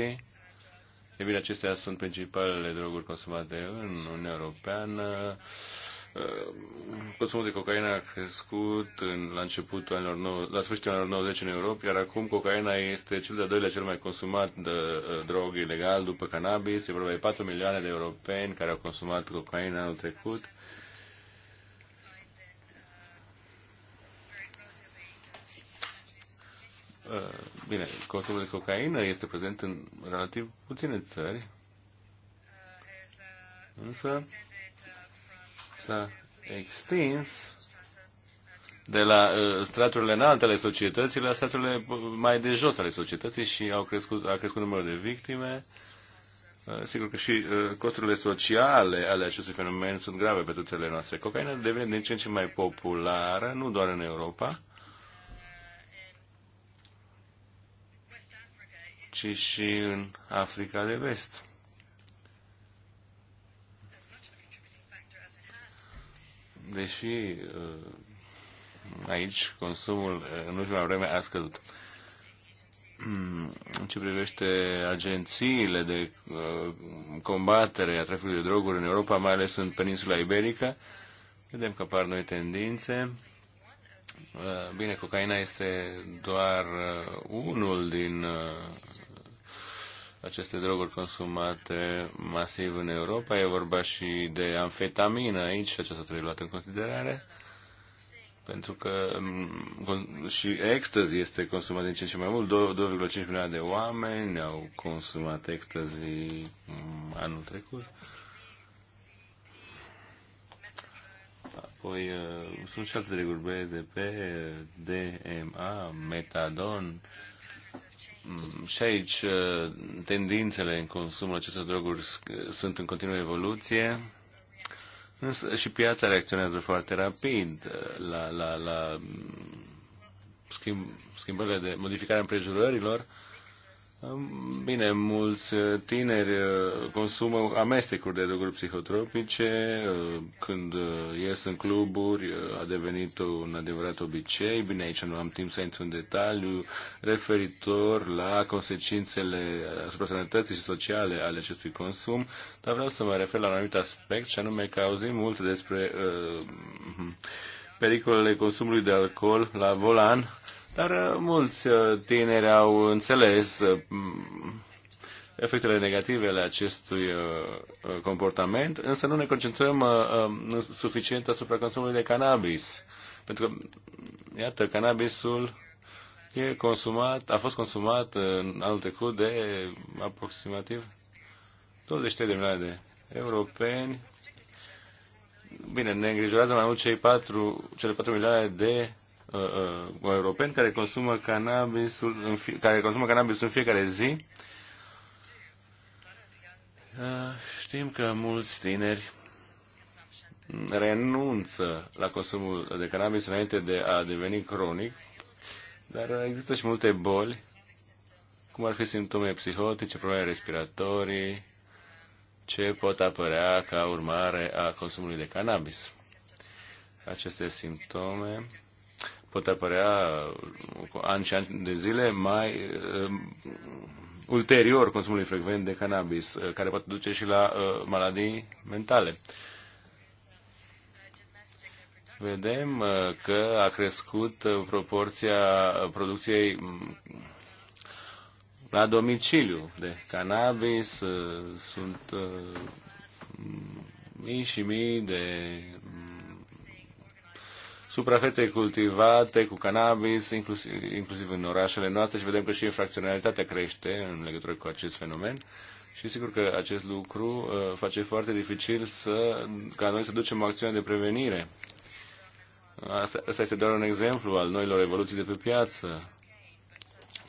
e bine, acestea sunt principalele droguri consumate în Uniunea Europeană. Uh, Uh, consumul de cocaină a crescut în, la începutul anilor 90, la sfârșitul anilor 90 în Europa, iar acum cocaina este cel de-al doilea cel mai consumat de uh, drog ilegal după cannabis. E vorba de 4 milioane de europeni care au consumat cocaina anul trecut. Uh, bine, consumul de cocaină este prezent în relativ puține țări, însă s-a extins de la uh, straturile înalte ale societății la straturile uh, mai de jos ale societății și au crescut, a crescut numărul de victime. Uh, sigur că și uh, costurile sociale ale acestui fenomen sunt grave pentru țările noastre. Cocaina devine din ce în ce mai populară, nu doar în Europa, ci și în Africa de Vest. deși uh, aici consumul uh, în ultima vreme a scăzut. Mm, în ce privește agențiile de uh, combatere a traficului de droguri în Europa, mai ales în peninsula iberică, vedem că apar noi tendințe. Bine, cocaina este doar unul din aceste droguri consumate masiv în Europa. E vorba și de amfetamină aici aceasta trebuie luată în considerare. Pentru că mm, și ecstasy este consumat din ce în ce mai mult. 2,5 milioane de oameni au consumat ecstasy mm, anul trecut. Apoi eh, sunt și alte reguli, BDP, DMA, metadon. Mm, și aici uh, tendințele în consumul acestor droguri sunt în continuă evoluție. Însă și piața reacționează foarte rapid uh, la, la, la mm, schimb, schimbările de modificare împrejurărilor. Bine, mulți uh, tineri uh, consumă amestecuri de droguri psihotropice, uh, când ies în cluburi a devenit un adevărat obicei. Bine, aici nu am timp să intru în detaliu referitor la consecințele asupra sănătății și sociale ale acestui consum, dar vreau să mă refer la un anumit aspect și anume că auzim mult despre uh, pericolele consumului de alcool la volan dar uh, mulți uh, tineri au înțeles uh, efectele negative ale acestui comportament, însă nu ne concentrăm suficient asupra consumului de cannabis. Pentru că, iată, cannabisul e consumat, a fost consumat în anul trecut de aproximativ 23 de milioane de europeni. Bine, ne îngrijorează mai mult cei 4, cele 4 milioane de uh, uh, europeni care consumă cannabisul în, fi, care consumă cannabisul în fiecare zi. Uh, știm că mulți tineri renunță la consumul de cannabis înainte de a deveni cronic, dar există și multe boli, cum ar fi simptome psihotice, probleme respiratorii, ce pot apărea ca urmare a consumului de cannabis. Aceste simptome pot apărea ani și ani de zile mai uh, ulterior consumului frecvent de cannabis, uh, care poate duce și la uh, maladii mentale. Vedem uh, că a crescut uh, proporția producției mm, la domiciliu de cannabis. Uh, sunt uh, mii și mii de mm, suprafețe cultivate cu cannabis, inclusiv, inclusiv în orașele noastre și vedem că și infracționalitatea crește în legătură cu acest fenomen. Și sigur că acest lucru uh, face foarte dificil să, ca noi să ducem o acțiune de prevenire. Asta, asta este doar un exemplu al noilor evoluții de pe piață.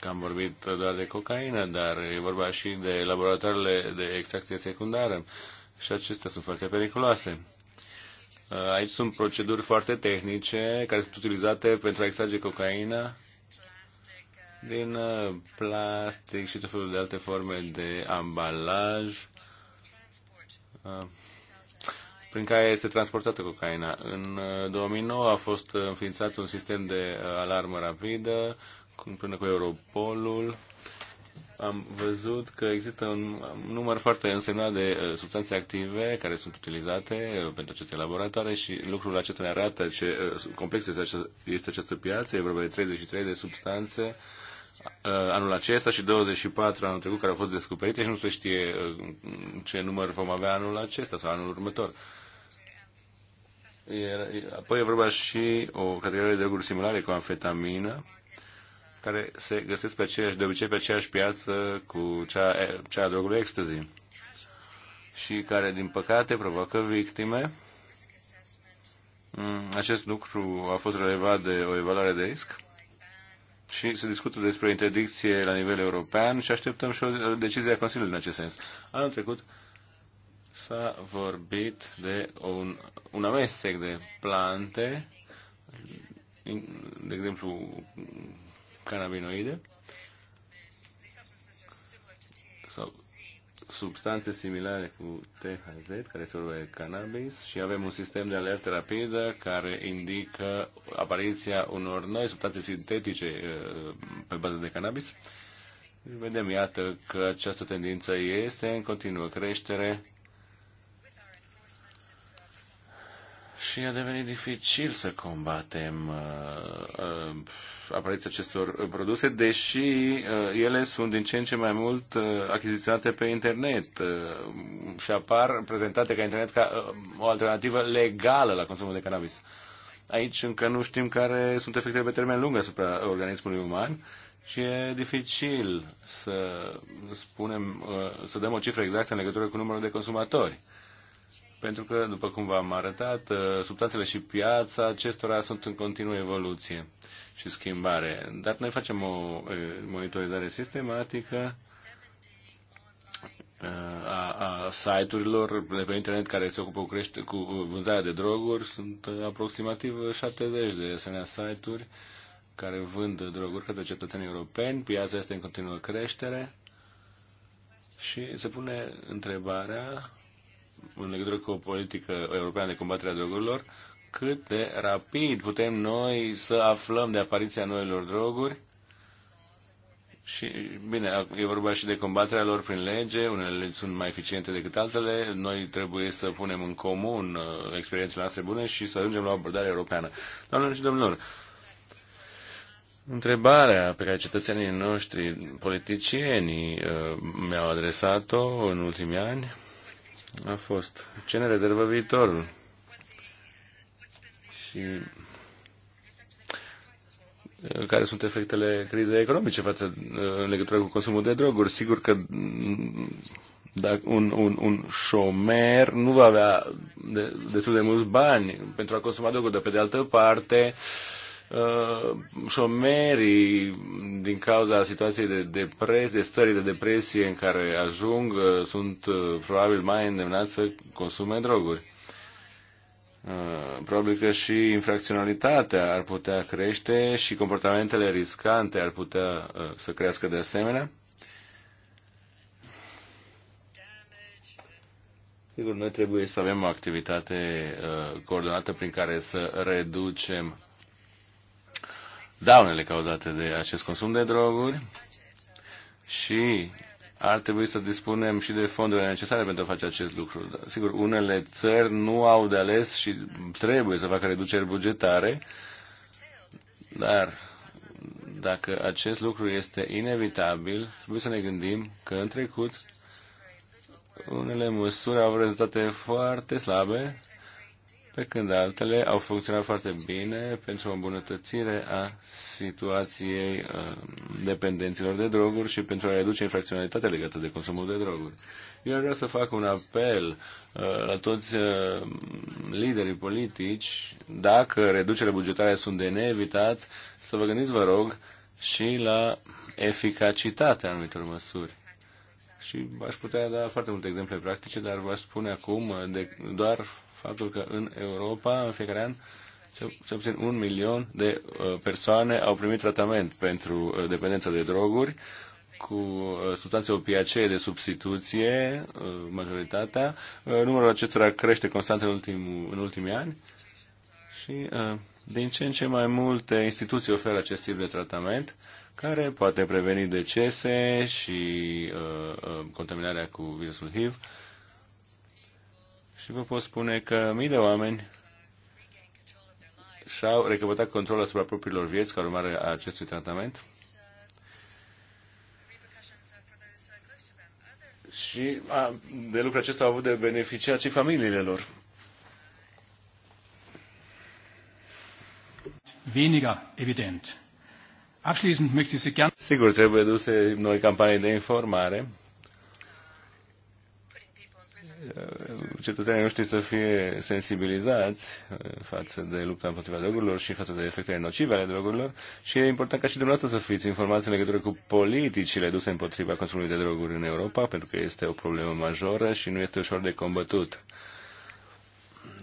Că am vorbit doar de cocaină, dar e vorba și de laboratoarele de extracție secundară. Și acestea sunt foarte periculoase. Uh, aici sunt proceduri foarte tehnice care sunt utilizate pentru a extrage cocaina din uh, plastic și tot felul de alte forme de ambalaj uh, prin care este transportată cocaina. În 2009 a fost înființat un sistem de alarmă rapidă împreună cu Europolul am văzut că există un număr foarte însemnat de uh, substanțe active care sunt utilizate uh, pentru aceste laboratoare și lucrul acesta ne arată ce uh, complex este această, piață. E vorba de 33 de substanțe anul acesta și 24 anul trecut care au fost descoperite și nu se știe ce număr vom avea anul acesta sau anul următor. Apoi e vorba și o categorie de droguri similare cu amfetamină care se găsesc pe aceeași, de obicei pe aceeași piață cu cea, cea a drogului ecstasy și care, din păcate, provoacă victime. Mm, acest lucru a fost relevat de o evaluare de risc și se discută despre interdicție la nivel european și așteptăm și o decizie a Consiliului în acest sens. Anul trecut s-a vorbit de un, un amestec de plante, de exemplu Canabinoide, sau substanțe similare cu THZ, care se de cannabis, și avem un sistem de alertă rapidă care indică apariția unor noi substanțe sintetice uh, pe bază de cannabis. Vedem, iată, că această tendință este în continuă creștere și a devenit dificil să combatem uh, uh, apariția acestor produse, deși uh, ele sunt din ce în ce mai mult uh, achiziționate pe internet uh, și apar prezentate ca internet ca uh, o alternativă legală la consumul de cannabis. Aici încă nu știm care sunt efectele pe termen lung asupra organismului uman și e dificil să spunem, uh, să dăm o cifră exactă în legătură cu numărul de consumatori. Uh, pentru că, după cum v-am arătat, uh, substanțele și piața acestora sunt în continuă evoluție și schimbare. Dar noi facem o monitorizare sistematică uh, a, a site-urilor de pe internet care se ocupă cu, crește, cu vânzarea de droguri. Sunt uh, aproximativ 70 de asemenea site-uri care vând droguri către cetățenii europeni. Piața este în continuă creștere și se pune întrebarea în legătură cu o politică europeană de combatere a drogurilor, cât de rapid putem noi să aflăm de apariția noilor droguri și, bine, e vorba și de combaterea lor prin lege, unele legi sunt mai eficiente decât altele, noi trebuie să punem în comun uh, experiențele noastre bune și să ajungem la o abordare europeană. Doamnelor și domnilor, Întrebarea pe care cetățenii noștri, politicienii, uh, mi-au adresat-o în ultimii ani a fost ce ne rezervă viitorul. Și care sunt efectele crizei economice față în legătură cu consumul de droguri. Sigur că mm, dacă un, un, un șomer nu va avea de, destul de mulți bani pentru a consuma droguri, dar pe de altă parte uh, Uh, șomerii din cauza situației de, depres, de stării de depresie în care ajung uh, sunt uh, probabil mai îndemnați să consume droguri. Probabil că și infracționalitatea ar putea crește și comportamentele riscante ar putea să crească de asemenea. Sigur, noi trebuie să avem o activitate uh, coordonată prin care să reducem daunele cauzate de acest consum de droguri și ar trebui să dispunem și de fondurile necesare pentru a face acest lucru. Da, sigur, unele țări nu au de ales și trebuie să facă reduceri bugetare, dar dacă acest lucru este inevitabil, trebuie să ne gândim că în trecut unele măsuri au rezultate foarte slabe pe când altele au funcționat foarte bine pentru o îmbunătățire a situației uh, dependenților de droguri și pentru a reduce infracționalitatea legată de consumul de droguri. Eu vreau să fac un apel uh, la toți uh, liderii politici, dacă reducerea bugetare sunt de neevitat, să vă gândiți, vă rog, și la eficacitatea anumitor măsuri. Și aș putea da foarte multe exemple practice, dar vă spune acum de doar faptul că în Europa, în fiecare an, cel puțin un milion de uh, persoane au primit tratament pentru uh, dependența de droguri cu uh, substanțe opiacee de substituție, majoritatea. Numărul acestora crește constant în, ultimul, în ultimii ani și din ce în ce mai multe instituții oferă acest tip de tratament care poate preveni decese și contaminarea cu virusul HIV și vă pot spune că mii de oameni și-au recăpătat controlul asupra propriilor vieți ca urmare a acestui tratament. Și a, de lucru acesta au avut de beneficiat și familiile lor. Weniger, evident. Abschließend möchte ich Sie gern... Sigur, trebuie duse noi campanii de informare cetățenii noștri să fie sensibilizați uh, față de lupta împotriva drogurilor și față de efectele nocive ale drogurilor și e important ca și dumneavoastră să fiți informați în legătură cu politicile duse împotriva consumului de droguri în Europa, pentru că este o problemă majoră și nu este ușor de combătut.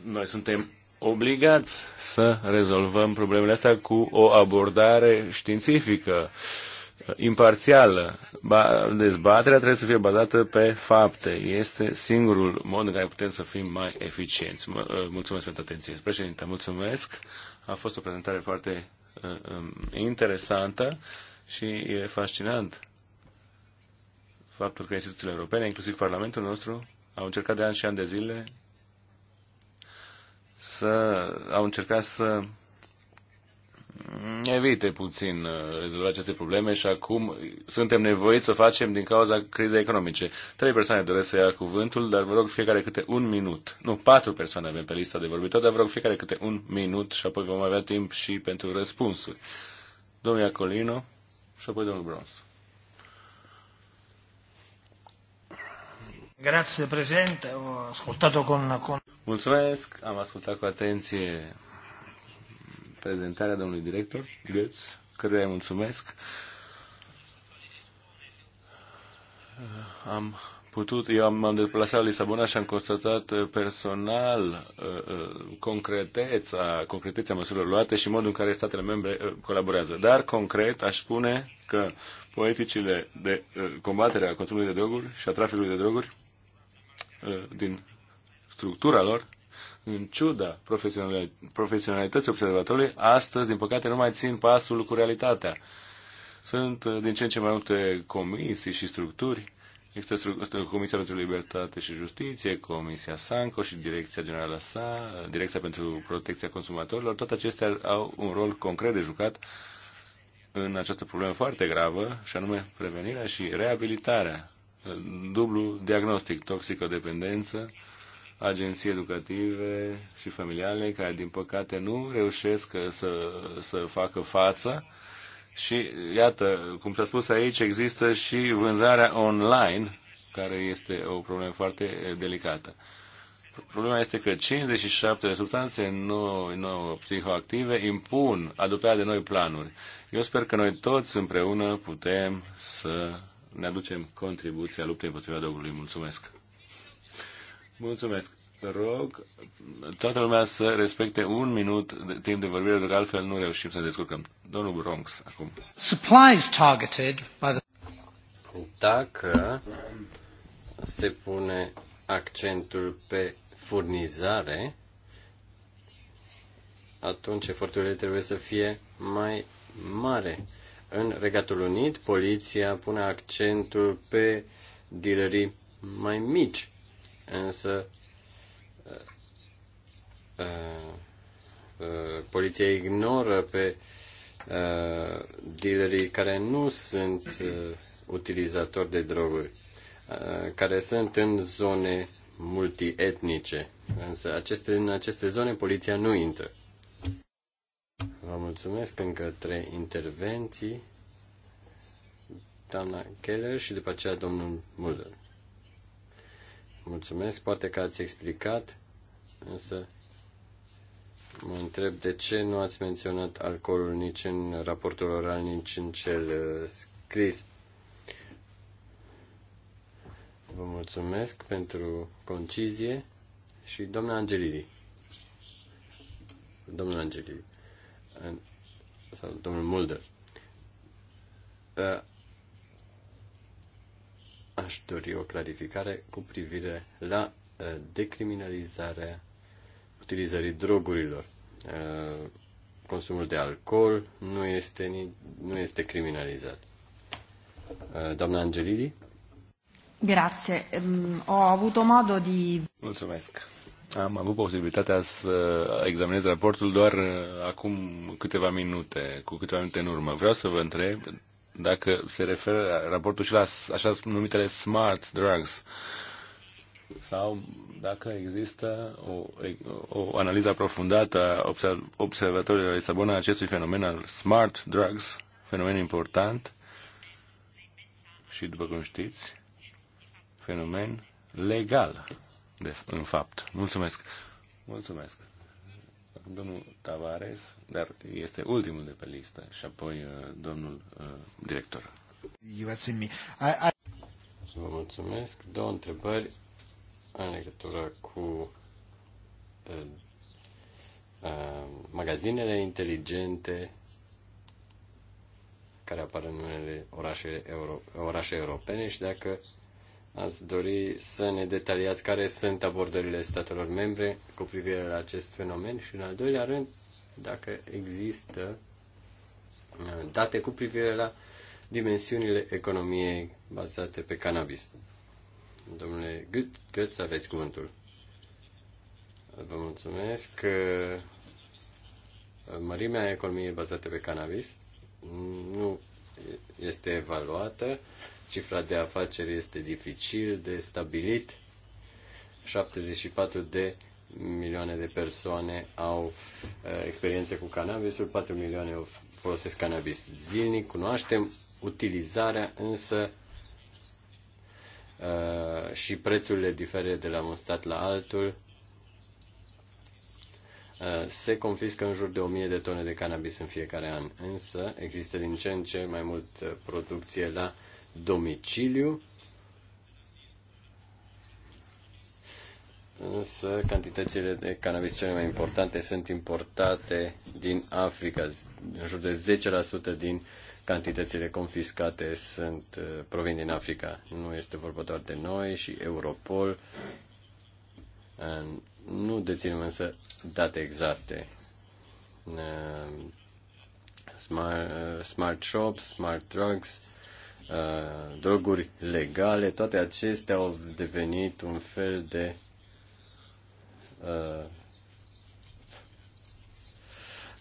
Noi suntem obligați să rezolvăm problemele astea cu o abordare științifică. Uh, imparțială. Ba, dezbaterea trebuie să fie bazată pe fapte. Este singurul mod în care putem să fim mai eficienți. Uh, mulțumesc pentru atenție. Președinte, mulțumesc. A fost o prezentare foarte uh, um, interesantă și e fascinant faptul că instituțiile europene, inclusiv Parlamentul nostru, au încercat de ani și ani de zile să au încercat să evite puțin uh, rezolvarea aceste probleme și acum suntem nevoiți să o facem din cauza crizei economice. Trei persoane doresc să ia cuvântul, dar vă rog fiecare câte un minut. Nu, patru persoane avem pe lista de vorbitori, dar vă rog fiecare câte un minut și apoi vom avea timp și pentru răspunsuri. Domnul Iacolino și apoi domnul Brons. Grazie, prezent. Ho ascoltato con... Mulțumesc, am ascultat cu atenție prezentarea domnului director Götz, căruia îi mulțumesc. Am putut, eu am, am deplasat la Lisabona și am constatat uh, personal uh, uh, concreteța, concreteța măsurilor luate și modul în care statele membre colaborează. Dar concret aș spune că politicile de combatere a consumului de droguri și a traficului de droguri din structura lor în ciuda profesionalității observatorului, astăzi, din păcate, nu mai țin pasul cu realitatea. Sunt uh, din ce în ce mai multe comisii și structuri. Există Comisia pentru Libertate și Justiție, Comisia Sanco și Direcția Generală sa, Direcția pentru Protecția Consumatorilor. Toate acestea au un rol concret de jucat în această problemă foarte gravă, și anume prevenirea și reabilitarea, dublu diagnostic, toxicodependență, agenții educative și familiale care, din păcate, nu reușesc uh, să, să facă față și, iată, cum s-a spus aici, există și vânzarea online, care este o problemă foarte eh, delicată. Problema este că 57 de substanțe noi, noi psihoactive impun adoptarea de noi planuri. Eu sper că noi toți împreună putem să ne aducem contribuția luptei împotriva drogului. Mulțumesc! Mulțumesc. Rog toată lumea să respecte un minut de timp de vorbire, pentru că altfel nu reușim să ne descurcăm. Domnul Bronx, acum. Supplies targeted by the... Dacă se pune accentul pe furnizare, atunci eforturile trebuie să fie mai mare. În Regatul Unit, poliția pune accentul pe dealerii mai mici însă uh, uh, uh, poliția ignoră pe dealerii care nu sunt utilizatori de droguri, care sunt în zone multietnice. Însă aceste, în aceste zone poliția nu intră. Vă mulțumesc încă trei intervenții. Doamna Keller și după aceea domnul Mulder. Mulțumesc, poate că ați explicat, însă mă întreb de ce nu ați menționat alcoolul nici în raportul oral, nici în cel uh, scris. Vă mulțumesc pentru concizie și domnul Angelili. Domnul Angelili. Sau domnul Mulder. Uh, aș dori o clarificare cu privire la uh, decriminalizarea utilizării drogurilor. Uh, consumul de alcool nu este, nu este criminalizat. Uh, doamna Angelili? Grazie. Ehm, ho avuto modo di... Mulțumesc. Am avut posibilitatea să examinez raportul doar acum câteva minute, cu câteva minute în urmă. Vreau să vă întreb dacă se referă raportul și la așa numitele smart drugs sau dacă există o, o analiză aprofundată a observatorilor Lisabona acestui fenomen al smart drugs, fenomen important și, după cum știți, fenomen legal, de, în fapt. Mulțumesc! Mulțumesc! domnul Tavares, dar este ultimul de pe listă și apoi uh, domnul uh, director. I, I... Vă mulțumesc. Două întrebări în legătură cu uh, uh, magazinele inteligente care apar în unele orașe, euro, orașe europene și dacă Ați dori să ne detaliați care sunt abordările statelor membre cu privire la acest fenomen și, în al doilea rând, dacă există uh, date cu privire la dimensiunile economiei bazate pe cannabis. Domnule să aveți cuvântul. Vă mulțumesc. Uh, mărimea economiei bazate pe cannabis nu este evaluată cifra de afaceri este dificil de stabilit. 74 de milioane de persoane au uh, experiențe cu cannabisul, 4 milioane folosesc cannabis zilnic, cunoaștem utilizarea, însă uh, și prețurile diferă de la un stat la altul. Uh, se confiscă în jur de 1000 de tone de cannabis în fiecare an, însă există din ce în ce mai mult producție la domiciliu, însă cantitățile de cannabis cele mai importante sunt importate din Africa. În jur de 10% din cantitățile confiscate sunt, uh, provin din Africa. Nu este vorba doar de noi și Europol. Uh, nu deținem însă date exacte. Uh, smart, smart shops, smart drugs, Uh, droguri legale, toate acestea au devenit un fel de uh,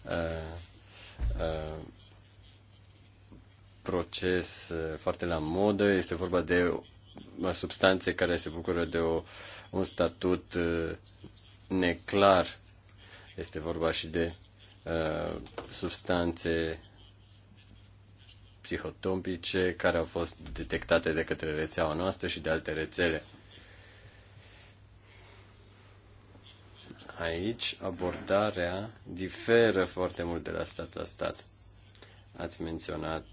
uh, proces foarte la modă. Este vorba de substanțe care se bucură de o, un statut neclar. Este vorba și de substanțe psihotompice care au fost detectate de către rețeaua noastră și de alte rețele. Aici abordarea diferă foarte mult de la stat la stat. Ați menționat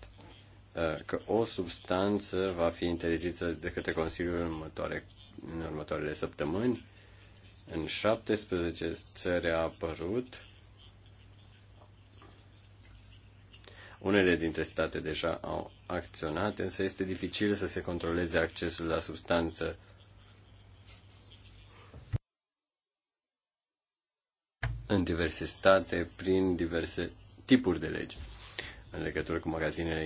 uh, că o substanță va fi interzisă de către Consiliul în, următoare, în următoarele săptămâni. În 17 țări a apărut Unele dintre state deja au acționat, însă este dificil să se controleze accesul la substanță. în diverse state, prin diverse tipuri de legi. În legătură cu magazinele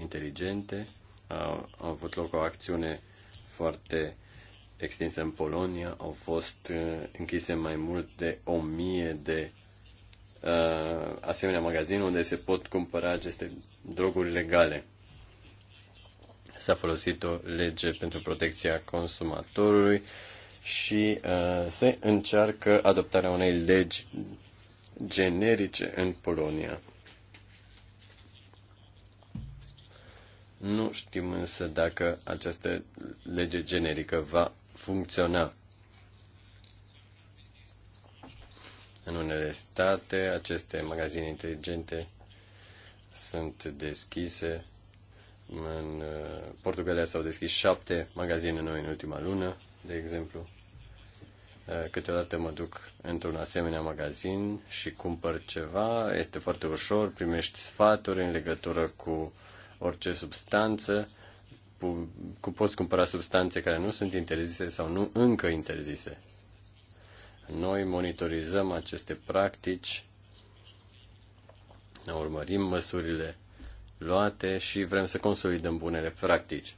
inteligente, au au avut loc o acțiune foarte extinsă în Polonia, au fost uh, închise mai mult de o mie de Uh, asemenea magazine unde se pot cumpăra aceste droguri legale. S-a folosit o lege pentru protecția consumatorului și uh, se încearcă adoptarea unei legi generice în Polonia. Nu știm însă dacă această lege generică va funcționa. În unele state, aceste magazine inteligente sunt deschise. În uh, Portugalia s-au deschis șapte magazine noi în ultima lună, de exemplu. Uh, câteodată mă duc într-un asemenea magazin și cumpăr ceva, este foarte ușor, primești sfaturi în legătură cu orice substanță, cu, poți cumpăra substanțe care nu sunt interzise sau nu încă interzise. Noi monitorizăm aceste practici, ne urmărim măsurile luate și vrem să consolidăm bunele practici.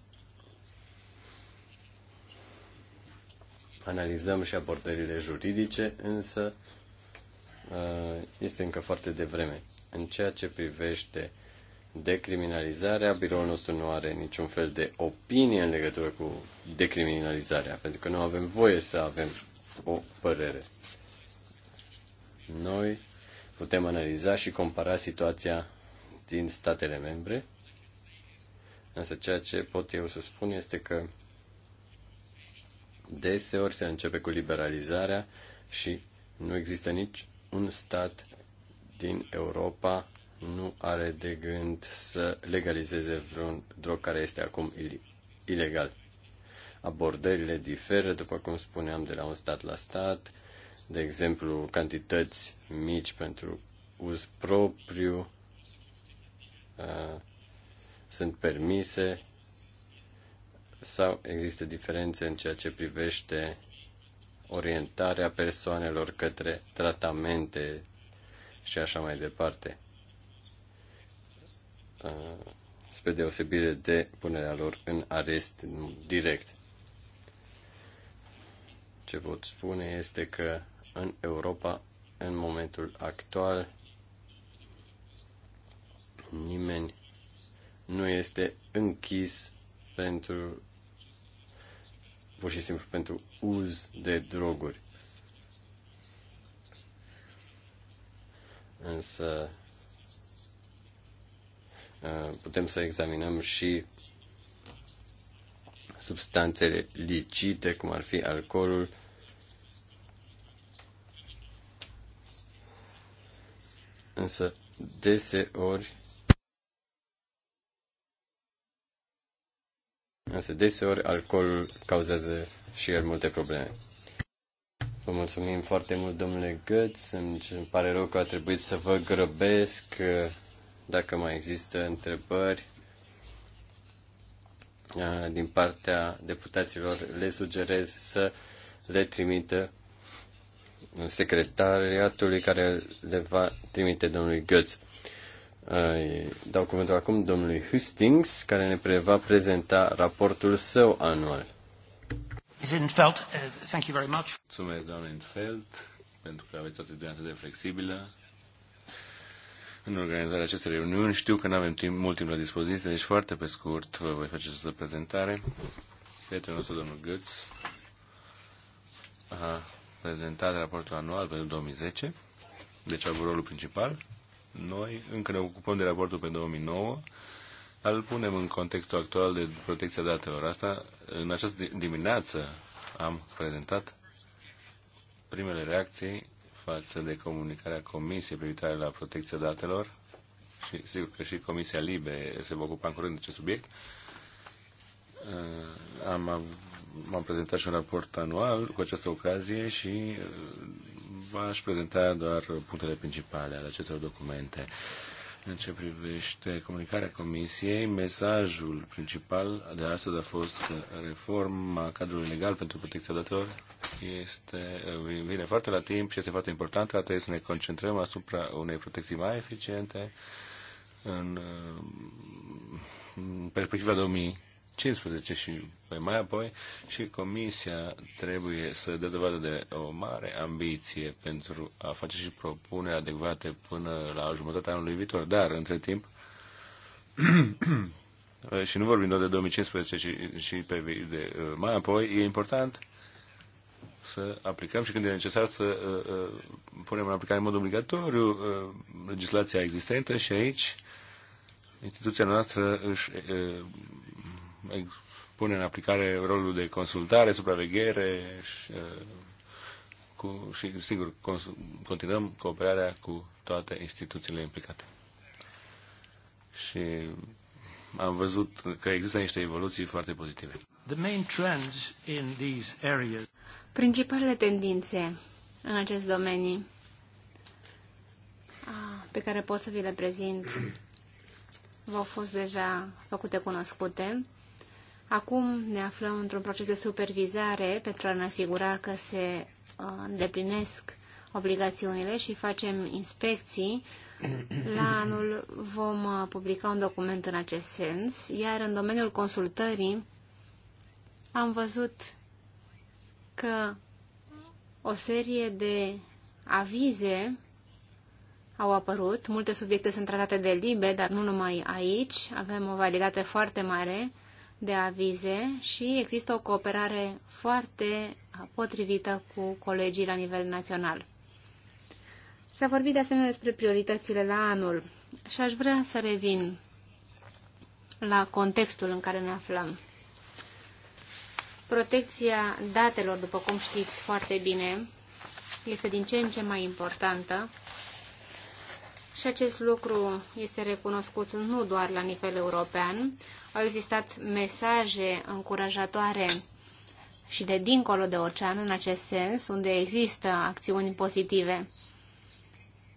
Analizăm și abordările juridice, însă uh, este încă foarte devreme. În ceea ce privește decriminalizarea, biroul nostru nu are niciun fel de opinie în legătură cu decriminalizarea, pentru că nu avem voie să avem o părere. Noi putem analiza și compara situația din statele membre, însă ceea ce pot eu să spun este că deseori se începe cu liberalizarea și nu există nici un stat din Europa nu are de gând să legalizeze vreun drog care este acum ilegal abordările diferă, după cum spuneam, de la un stat la stat, de exemplu, cantități mici pentru uz propriu uh, sunt permise sau există diferențe în ceea ce privește orientarea persoanelor către tratamente și așa mai departe, uh, spre deosebire de punerea lor în arest direct ce pot spune este că în Europa, în momentul actual, nimeni nu este închis pentru pur și simplu pentru uz de droguri. Însă uh, putem să examinăm și substanțele licite, cum ar fi alcoolul. Însă, deseori, însă deseori alcoolul cauzează și el multe probleme. Vă mulțumim foarte mult, domnule Götz. Îmi pare rău că a trebuit să vă grăbesc. Dacă mai există întrebări, Uh, din partea deputaților le sugerez să le trimită secretariatului care le va trimite domnului Götz. Uh, dau cuvântul acum domnului Hustings, care ne va prezenta raportul său anual. Uh, Mulțumesc, doamne Infeld, pentru că aveți o atitudine atât de flexibilă în organizarea acestei reuniuni. Știu că nu avem timp, mult timp la dispoziție, deci foarte pe scurt vă voi face această prezentare. Prietenul nostru, domnul Gâț, a prezentat raportul anual pentru 2010, deci a avut rolul principal. Noi încă ne ocupăm de raportul pe 2009, dar îl punem în contextul actual de protecția datelor. Asta, în această dimineață am prezentat primele reacții față de comunicarea Comisiei privitoare la protecția datelor și sigur că și Comisia Libe se va ocupa în curând de acest subiect. Uh, am, am prezentat și un raport anual cu această ocazie și uh, v-aș prezenta doar punctele principale ale acestor documente. În ce privește comunicarea Comisiei, mesajul principal de astăzi a fost că reforma cadrului legal pentru protecția datelor este, vine foarte la timp și este foarte important. Trebuie să ne concentrăm asupra unei protecții mai eficiente în, în perspectiva 2000 15 și mai apoi și Comisia trebuie să dea dovadă de o mare ambiție pentru a face și propuneri adecvate până la jumătatea anului viitor. Dar, între timp, și nu vorbim doar de 2015 și, și pe, de, uh, mai apoi, e important să aplicăm și când e necesar să uh, uh, punem în aplicare în mod obligatoriu uh, legislația existentă și aici instituția noastră își uh, pune în aplicare rolul de consultare, supraveghere și, uh, cu, și sigur, continuăm cooperarea cu toate instituțiile implicate. Și am văzut că există niște evoluții foarte pozitive. The main trends in these areas. Principalele tendințe în acest domeniu pe care pot să vi le prezint v-au fost deja făcute cunoscute. Acum ne aflăm într-un proces de supervizare pentru a ne asigura că se uh, îndeplinesc obligațiunile și facem inspecții. La anul vom uh, publica un document în acest sens, iar în domeniul consultării am văzut că o serie de avize au apărut. Multe subiecte sunt tratate de LIBE, dar nu numai aici. Avem o validitate foarte mare de avize și există o cooperare foarte potrivită cu colegii la nivel național. S-a vorbit de asemenea despre prioritățile la anul și aș vrea să revin la contextul în care ne aflăm. Protecția datelor, după cum știți foarte bine, este din ce în ce mai importantă și acest lucru este recunoscut nu doar la nivel european. Au existat mesaje încurajatoare și de dincolo de ocean în acest sens, unde există acțiuni pozitive.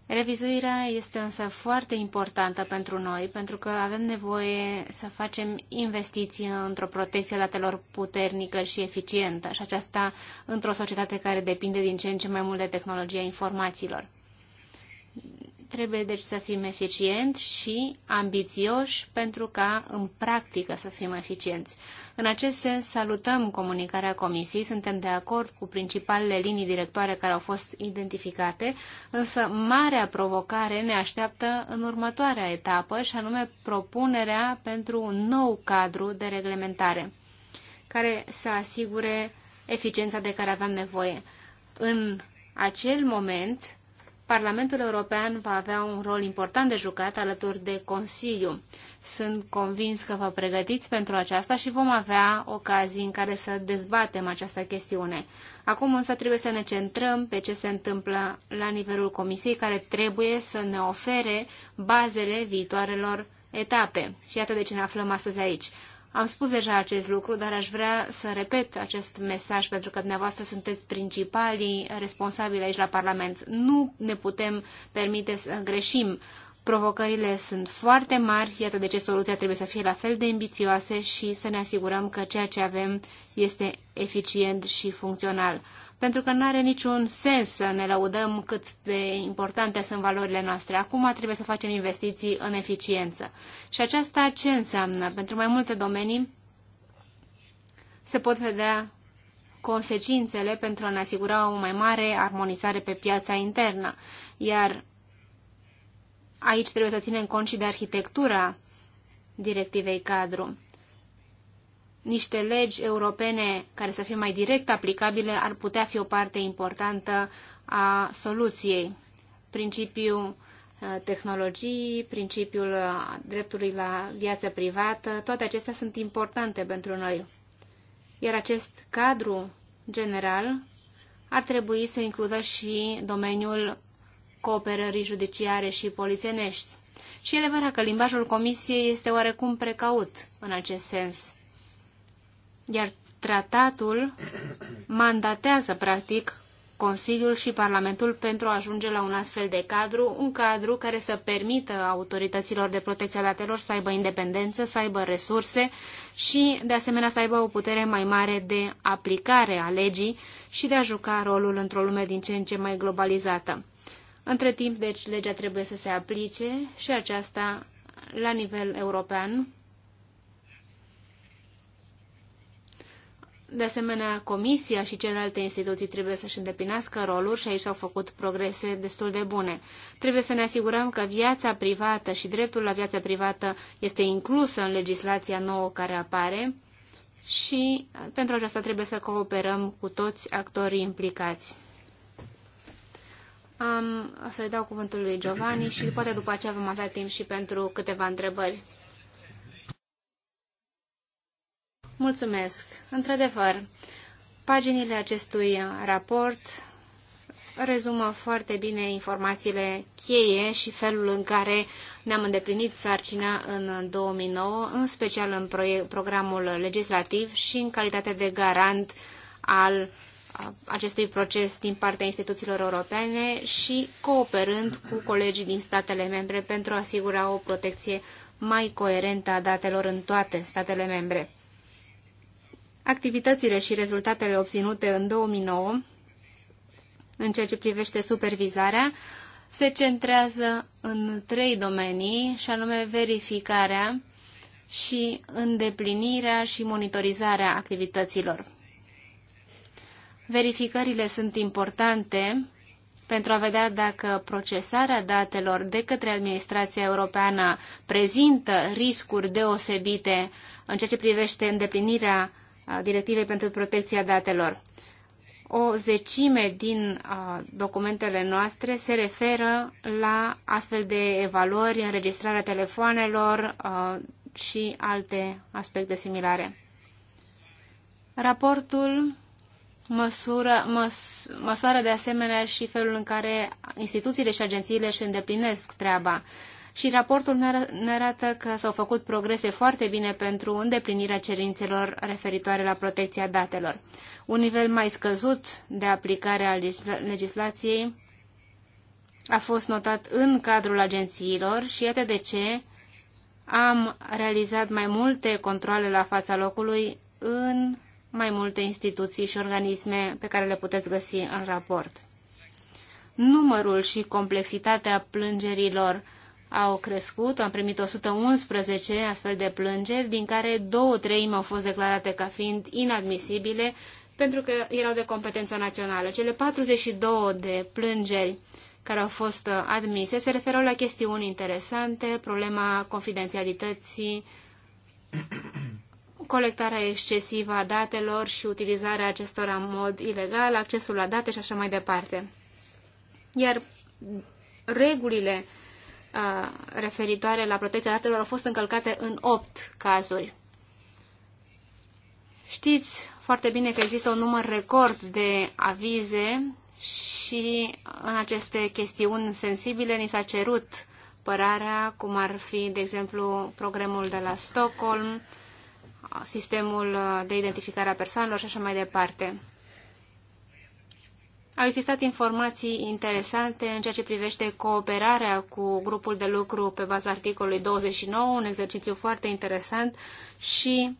Revizuirea este însă foarte importantă pentru noi, pentru că avem nevoie să facem investiții într-o protecție datelor puternică și eficientă, și aceasta într-o societate care depinde din ce în ce mai mult de tehnologia informațiilor. Trebuie deci să fim eficienți și ambițioși pentru ca în practică să fim eficienți. În acest sens salutăm comunicarea Comisiei, suntem de acord cu principalele linii directoare care au fost identificate, însă marea provocare ne așteaptă în următoarea etapă și anume propunerea pentru un nou cadru de reglementare care să asigure eficiența de care aveam nevoie. În acel moment, Parlamentul European va avea un rol important de jucat alături de Consiliu. Sunt convins că vă pregătiți pentru aceasta și vom avea ocazii în care să dezbatem această chestiune. Acum însă trebuie să ne centrăm pe ce se întâmplă la nivelul Comisiei, care trebuie să ne ofere bazele viitoarelor etape. Și iată de ce ne aflăm astăzi aici. Am spus deja acest lucru, dar aș vrea să repet acest mesaj, pentru că dumneavoastră sunteți principalii responsabili aici la Parlament. Nu ne putem permite să greșim. Provocările sunt foarte mari, iată de ce soluția trebuie să fie la fel de ambițioase și să ne asigurăm că ceea ce avem este eficient și funcțional pentru că nu are niciun sens să ne lăudăm cât de importante sunt valorile noastre. Acum trebuie să facem investiții în eficiență. Și aceasta ce înseamnă? Pentru mai multe domenii se pot vedea consecințele pentru a ne asigura o mai mare armonizare pe piața internă. Iar aici trebuie să ținem cont și de arhitectura directivei cadru niște legi europene care să fie mai direct aplicabile ar putea fi o parte importantă a soluției. Principiul uh, tehnologii, principiul uh, dreptului la viață privată, toate acestea sunt importante pentru noi. Iar acest cadru general ar trebui să includă și domeniul cooperării judiciare și polițienești. Și e adevărat că limbajul comisiei este oarecum precaut în acest sens. Iar tratatul mandatează, practic, Consiliul și Parlamentul pentru a ajunge la un astfel de cadru, un cadru care să permită autorităților de protecție a datelor să aibă independență, să aibă resurse și, de asemenea, să aibă o putere mai mare de aplicare a legii și de a juca rolul într-o lume din ce în ce mai globalizată. Între timp, deci, legea trebuie să se aplice și aceasta la nivel european, De asemenea, Comisia și celelalte instituții trebuie să-și îndeplinească rolul și aici s-au făcut progrese destul de bune. Trebuie să ne asigurăm că viața privată și dreptul la viața privată este inclusă în legislația nouă care apare și pentru aceasta trebuie să cooperăm cu toți actorii implicați. Um, o să-i dau cuvântul lui Giovanni și poate după aceea vom avea timp și pentru câteva întrebări. Mulțumesc. Într-adevăr, paginile acestui raport rezumă foarte bine informațiile cheie și felul în care ne-am îndeplinit sarcina în 2009, în special în programul legislativ și în calitate de garant al acestui proces din partea instituțiilor europene și cooperând cu colegii din statele membre pentru a asigura o protecție mai coerentă a datelor în toate statele membre. Activitățile și rezultatele obținute în 2009 în ceea ce privește supervizarea se centrează în trei domenii, și anume verificarea și îndeplinirea și monitorizarea activităților. Verificările sunt importante pentru a vedea dacă procesarea datelor de către administrația europeană prezintă riscuri deosebite în ceea ce privește îndeplinirea Directivei pentru Protecția Datelor. O zecime din documentele noastre se referă la astfel de evaluări, înregistrarea telefoanelor și alte aspecte similare. Raportul măsură, măs, măsoară de asemenea și felul în care instituțiile și agențiile își îndeplinesc treaba și raportul ne arată că s-au făcut progrese foarte bine pentru îndeplinirea cerințelor referitoare la protecția datelor. Un nivel mai scăzut de aplicare a legislației a fost notat în cadrul agențiilor și iată de ce am realizat mai multe controle la fața locului în mai multe instituții și organisme pe care le puteți găsi în raport. Numărul și complexitatea plângerilor au crescut, am primit 111 astfel de plângeri, din care două treimi au fost declarate ca fiind inadmisibile pentru că erau de competență națională. Cele 42 de plângeri care au fost uh, admise se referau la chestiuni interesante, problema confidențialității, colectarea excesivă a datelor și utilizarea acestora în mod ilegal, accesul la date și așa mai departe. Iar regulile referitoare la protecția datelor au fost încălcate în 8 cazuri. Știți foarte bine că există un număr record de avize și în aceste chestiuni sensibile ni s-a cerut părarea, cum ar fi, de exemplu, programul de la Stockholm, sistemul de identificare a persoanelor și așa mai departe. Au existat informații interesante în ceea ce privește cooperarea cu grupul de lucru pe baza articolului 29, un exercițiu foarte interesant și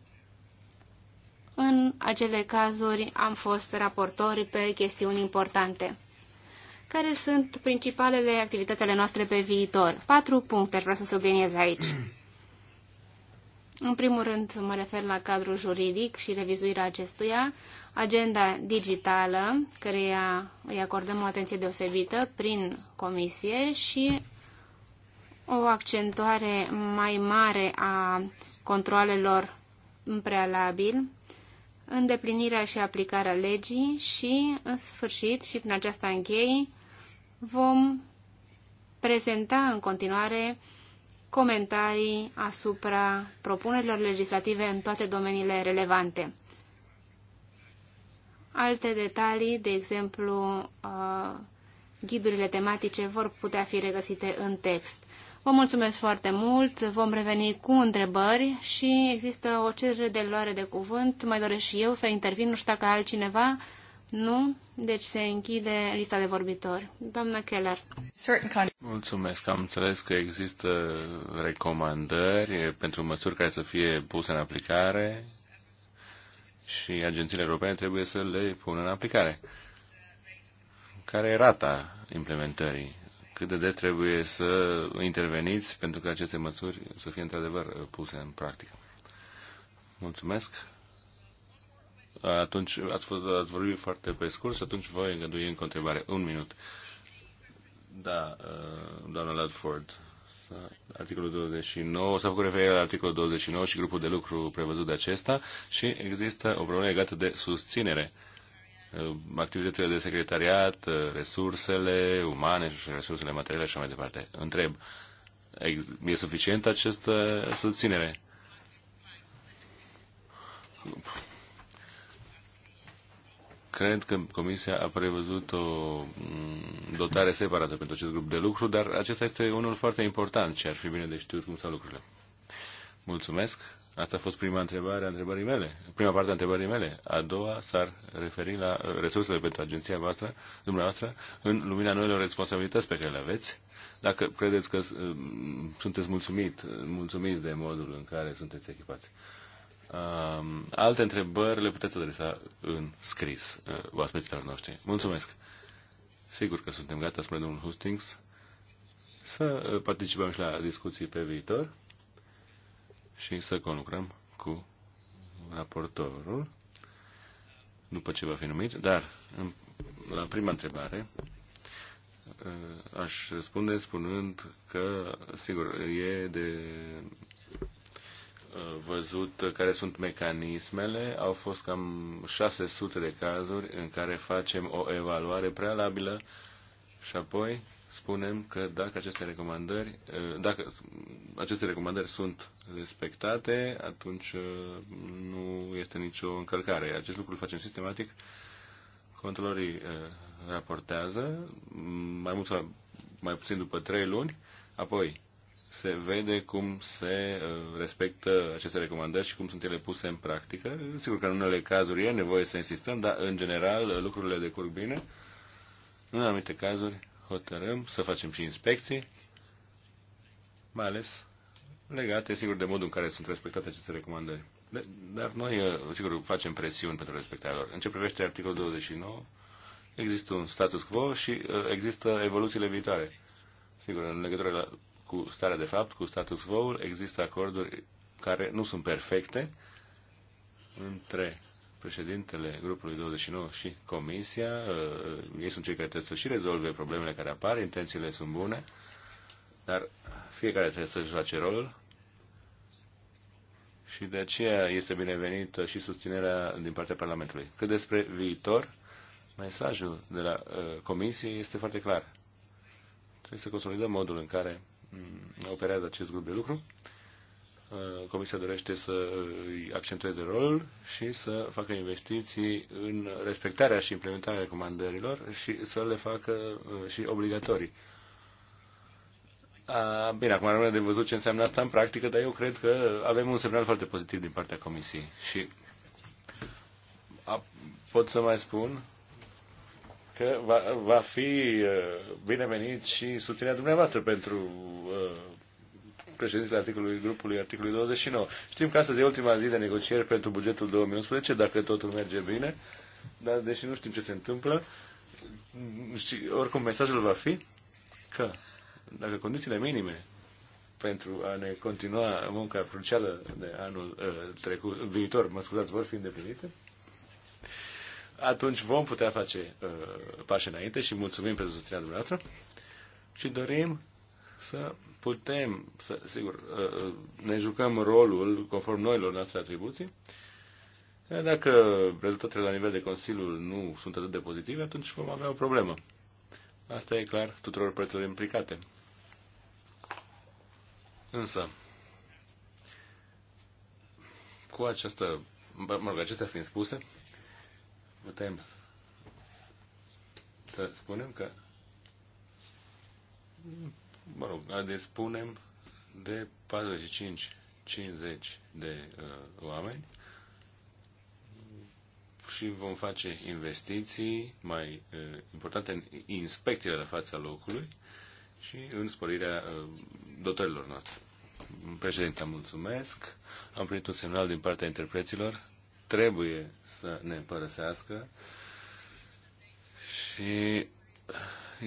în acele cazuri am fost raportori pe chestiuni importante. Care sunt principalele activitățile noastre pe viitor? Patru puncte vreau să subliniez aici. În primul rând mă refer la cadrul juridic și revizuirea acestuia agenda digitală, care îi acordăm o atenție deosebită prin comisie și o accentuare mai mare a controalelor în prealabil, îndeplinirea și aplicarea legii și, în sfârșit, și prin aceasta închei, vom prezenta în continuare comentarii asupra propunerilor legislative în toate domeniile relevante. Alte detalii, de exemplu, uh, ghidurile tematice, vor putea fi regăsite în text. Vă mulțumesc foarte mult, vom reveni cu întrebări și există o cerere de luare de cuvânt. Mai doresc și eu să intervin, nu știu dacă altcineva. Nu? Deci se închide lista de vorbitori. Doamna Keller. Mulțumesc. Am înțeles că există recomandări pentru măsuri care să fie puse în aplicare și agențiile europene trebuie să le pună în aplicare. Care e rata implementării? Cât de des trebuie să interveniți pentru că aceste măsuri să fie într-adevăr puse în practică? Mulțumesc. Atunci ați, fost, ați vorbit foarte pe scurs, atunci voi îngădui încă o întrebare. Un minut. Da, uh, doamna Ludford. Uh, articolul 29, s-a făcut referire la articolul 29 și grupul de lucru prevăzut de acesta și există o problemă legată de susținere. Uh, activitățile de secretariat, uh, resursele umane și resursele materiale și așa mai departe. Întreb, e suficient această susținere? cred că Comisia a prevăzut o mm, dotare separată pentru acest grup de lucru, dar acesta este unul foarte important și ar fi bine de știut cum stau lucrurile. Mulțumesc. Asta a fost prima întrebare a întrebării mele, prima parte a întrebării mele. A doua s-ar referi la resursele pentru agenția voastră, dumneavoastră, în lumina noilor responsabilități pe care le aveți. Dacă credeți că mm, sunteți mulțumit, mulțumiți de modul în care sunteți echipați. Um, alte întrebări le puteți adresa în scris uh, oaspeților noștri. Mulțumesc! Sigur că suntem gata, spre domnul Hustings, să uh, participăm și la discuții pe viitor și să conlucrăm cu raportorul după ce va fi numit, dar în, la prima întrebare uh, aș răspunde spunând că, sigur, e de Uh, văzut care sunt mecanismele. Au fost cam 600 de cazuri în care facem o evaluare prealabilă și apoi spunem că dacă aceste recomandări, uh, dacă aceste recomandări sunt respectate, atunci uh, nu este nicio încălcare. Acest lucru îl facem sistematic. Controlorii raportează, mai mult sau mai puțin după trei luni, apoi se vede cum se uh, respectă aceste recomandări și cum sunt ele puse în practică. Sigur că în unele cazuri e nevoie să insistăm, dar în general uh, lucrurile decurg bine. În anumite cazuri hotărâm să facem și inspecții, mai ales legate, sigur, de modul în care sunt respectate aceste recomandări. Dar noi, uh, sigur, facem presiuni pentru respectarea lor. În ce privește articolul 29, există un status quo și există evoluțiile viitoare. Sigur, în legătură la cu starea de fapt, cu status quo există acorduri care nu sunt perfecte între președintele grupului 29 și comisia. Uh, ei sunt cei care trebuie să și rezolve problemele care apar, intențiile sunt bune, dar fiecare trebuie să face rolul și de aceea este binevenită și susținerea din partea Parlamentului. Cât despre viitor, mesajul de la uh, Comisie este foarte clar. Trebuie să consolidăm modul în care Mm, operează acest grup de lucru. Uh, Comisia dorește să îi accentueze rolul și să facă investiții în respectarea și implementarea recomandărilor și să le facă uh, și obligatorii. A, bine, acum rămâne de văzut ce înseamnă asta în practică, dar eu cred că avem un semnal foarte pozitiv din partea Comisiei. Și a, pot să mai spun că va, va fi uh, binevenit și susținerea dumneavoastră pentru uh, președintele articolului grupului articolului 29. Știm că astăzi e ultima zi de negocieri pentru bugetul 2011, dacă totul merge bine, dar deși nu știm ce se întâmplă, și oricum mesajul va fi că dacă condițiile minime pentru a ne continua munca crucială de anul uh, trecut, viitor, mă scuzați, vor fi îndeplinite, atunci vom putea face uh, pași înainte și mulțumim pentru susținerea dumneavoastră și dorim să putem, să, sigur, uh, uh ne jucăm rolul conform noilor noastre atribuții. Dacă rezultatele la nivel de Consiliu nu sunt atât de pozitive, atunci vom avea o problemă. Asta e clar tuturor părților implicate. Însă, cu această, mă rog, acestea fiind spuse, putem să spunem că, mă rog, de spunem de 45-50 de uh, oameni și vom face investiții mai uh, importante în inspecțiile la fața locului și în sporirea uh, dotărilor noastre. Președinte, mulțumesc. Am primit un semnal din partea interpreților trebuie să ne părăsească și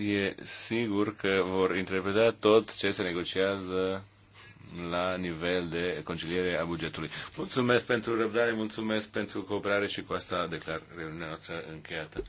e sigur că vor interpreta tot ce se negociază la nivel de conciliere a bugetului. Mulțumesc pentru răbdare, mulțumesc pentru cooperare și cu asta declar reuniunea noastră încheiată.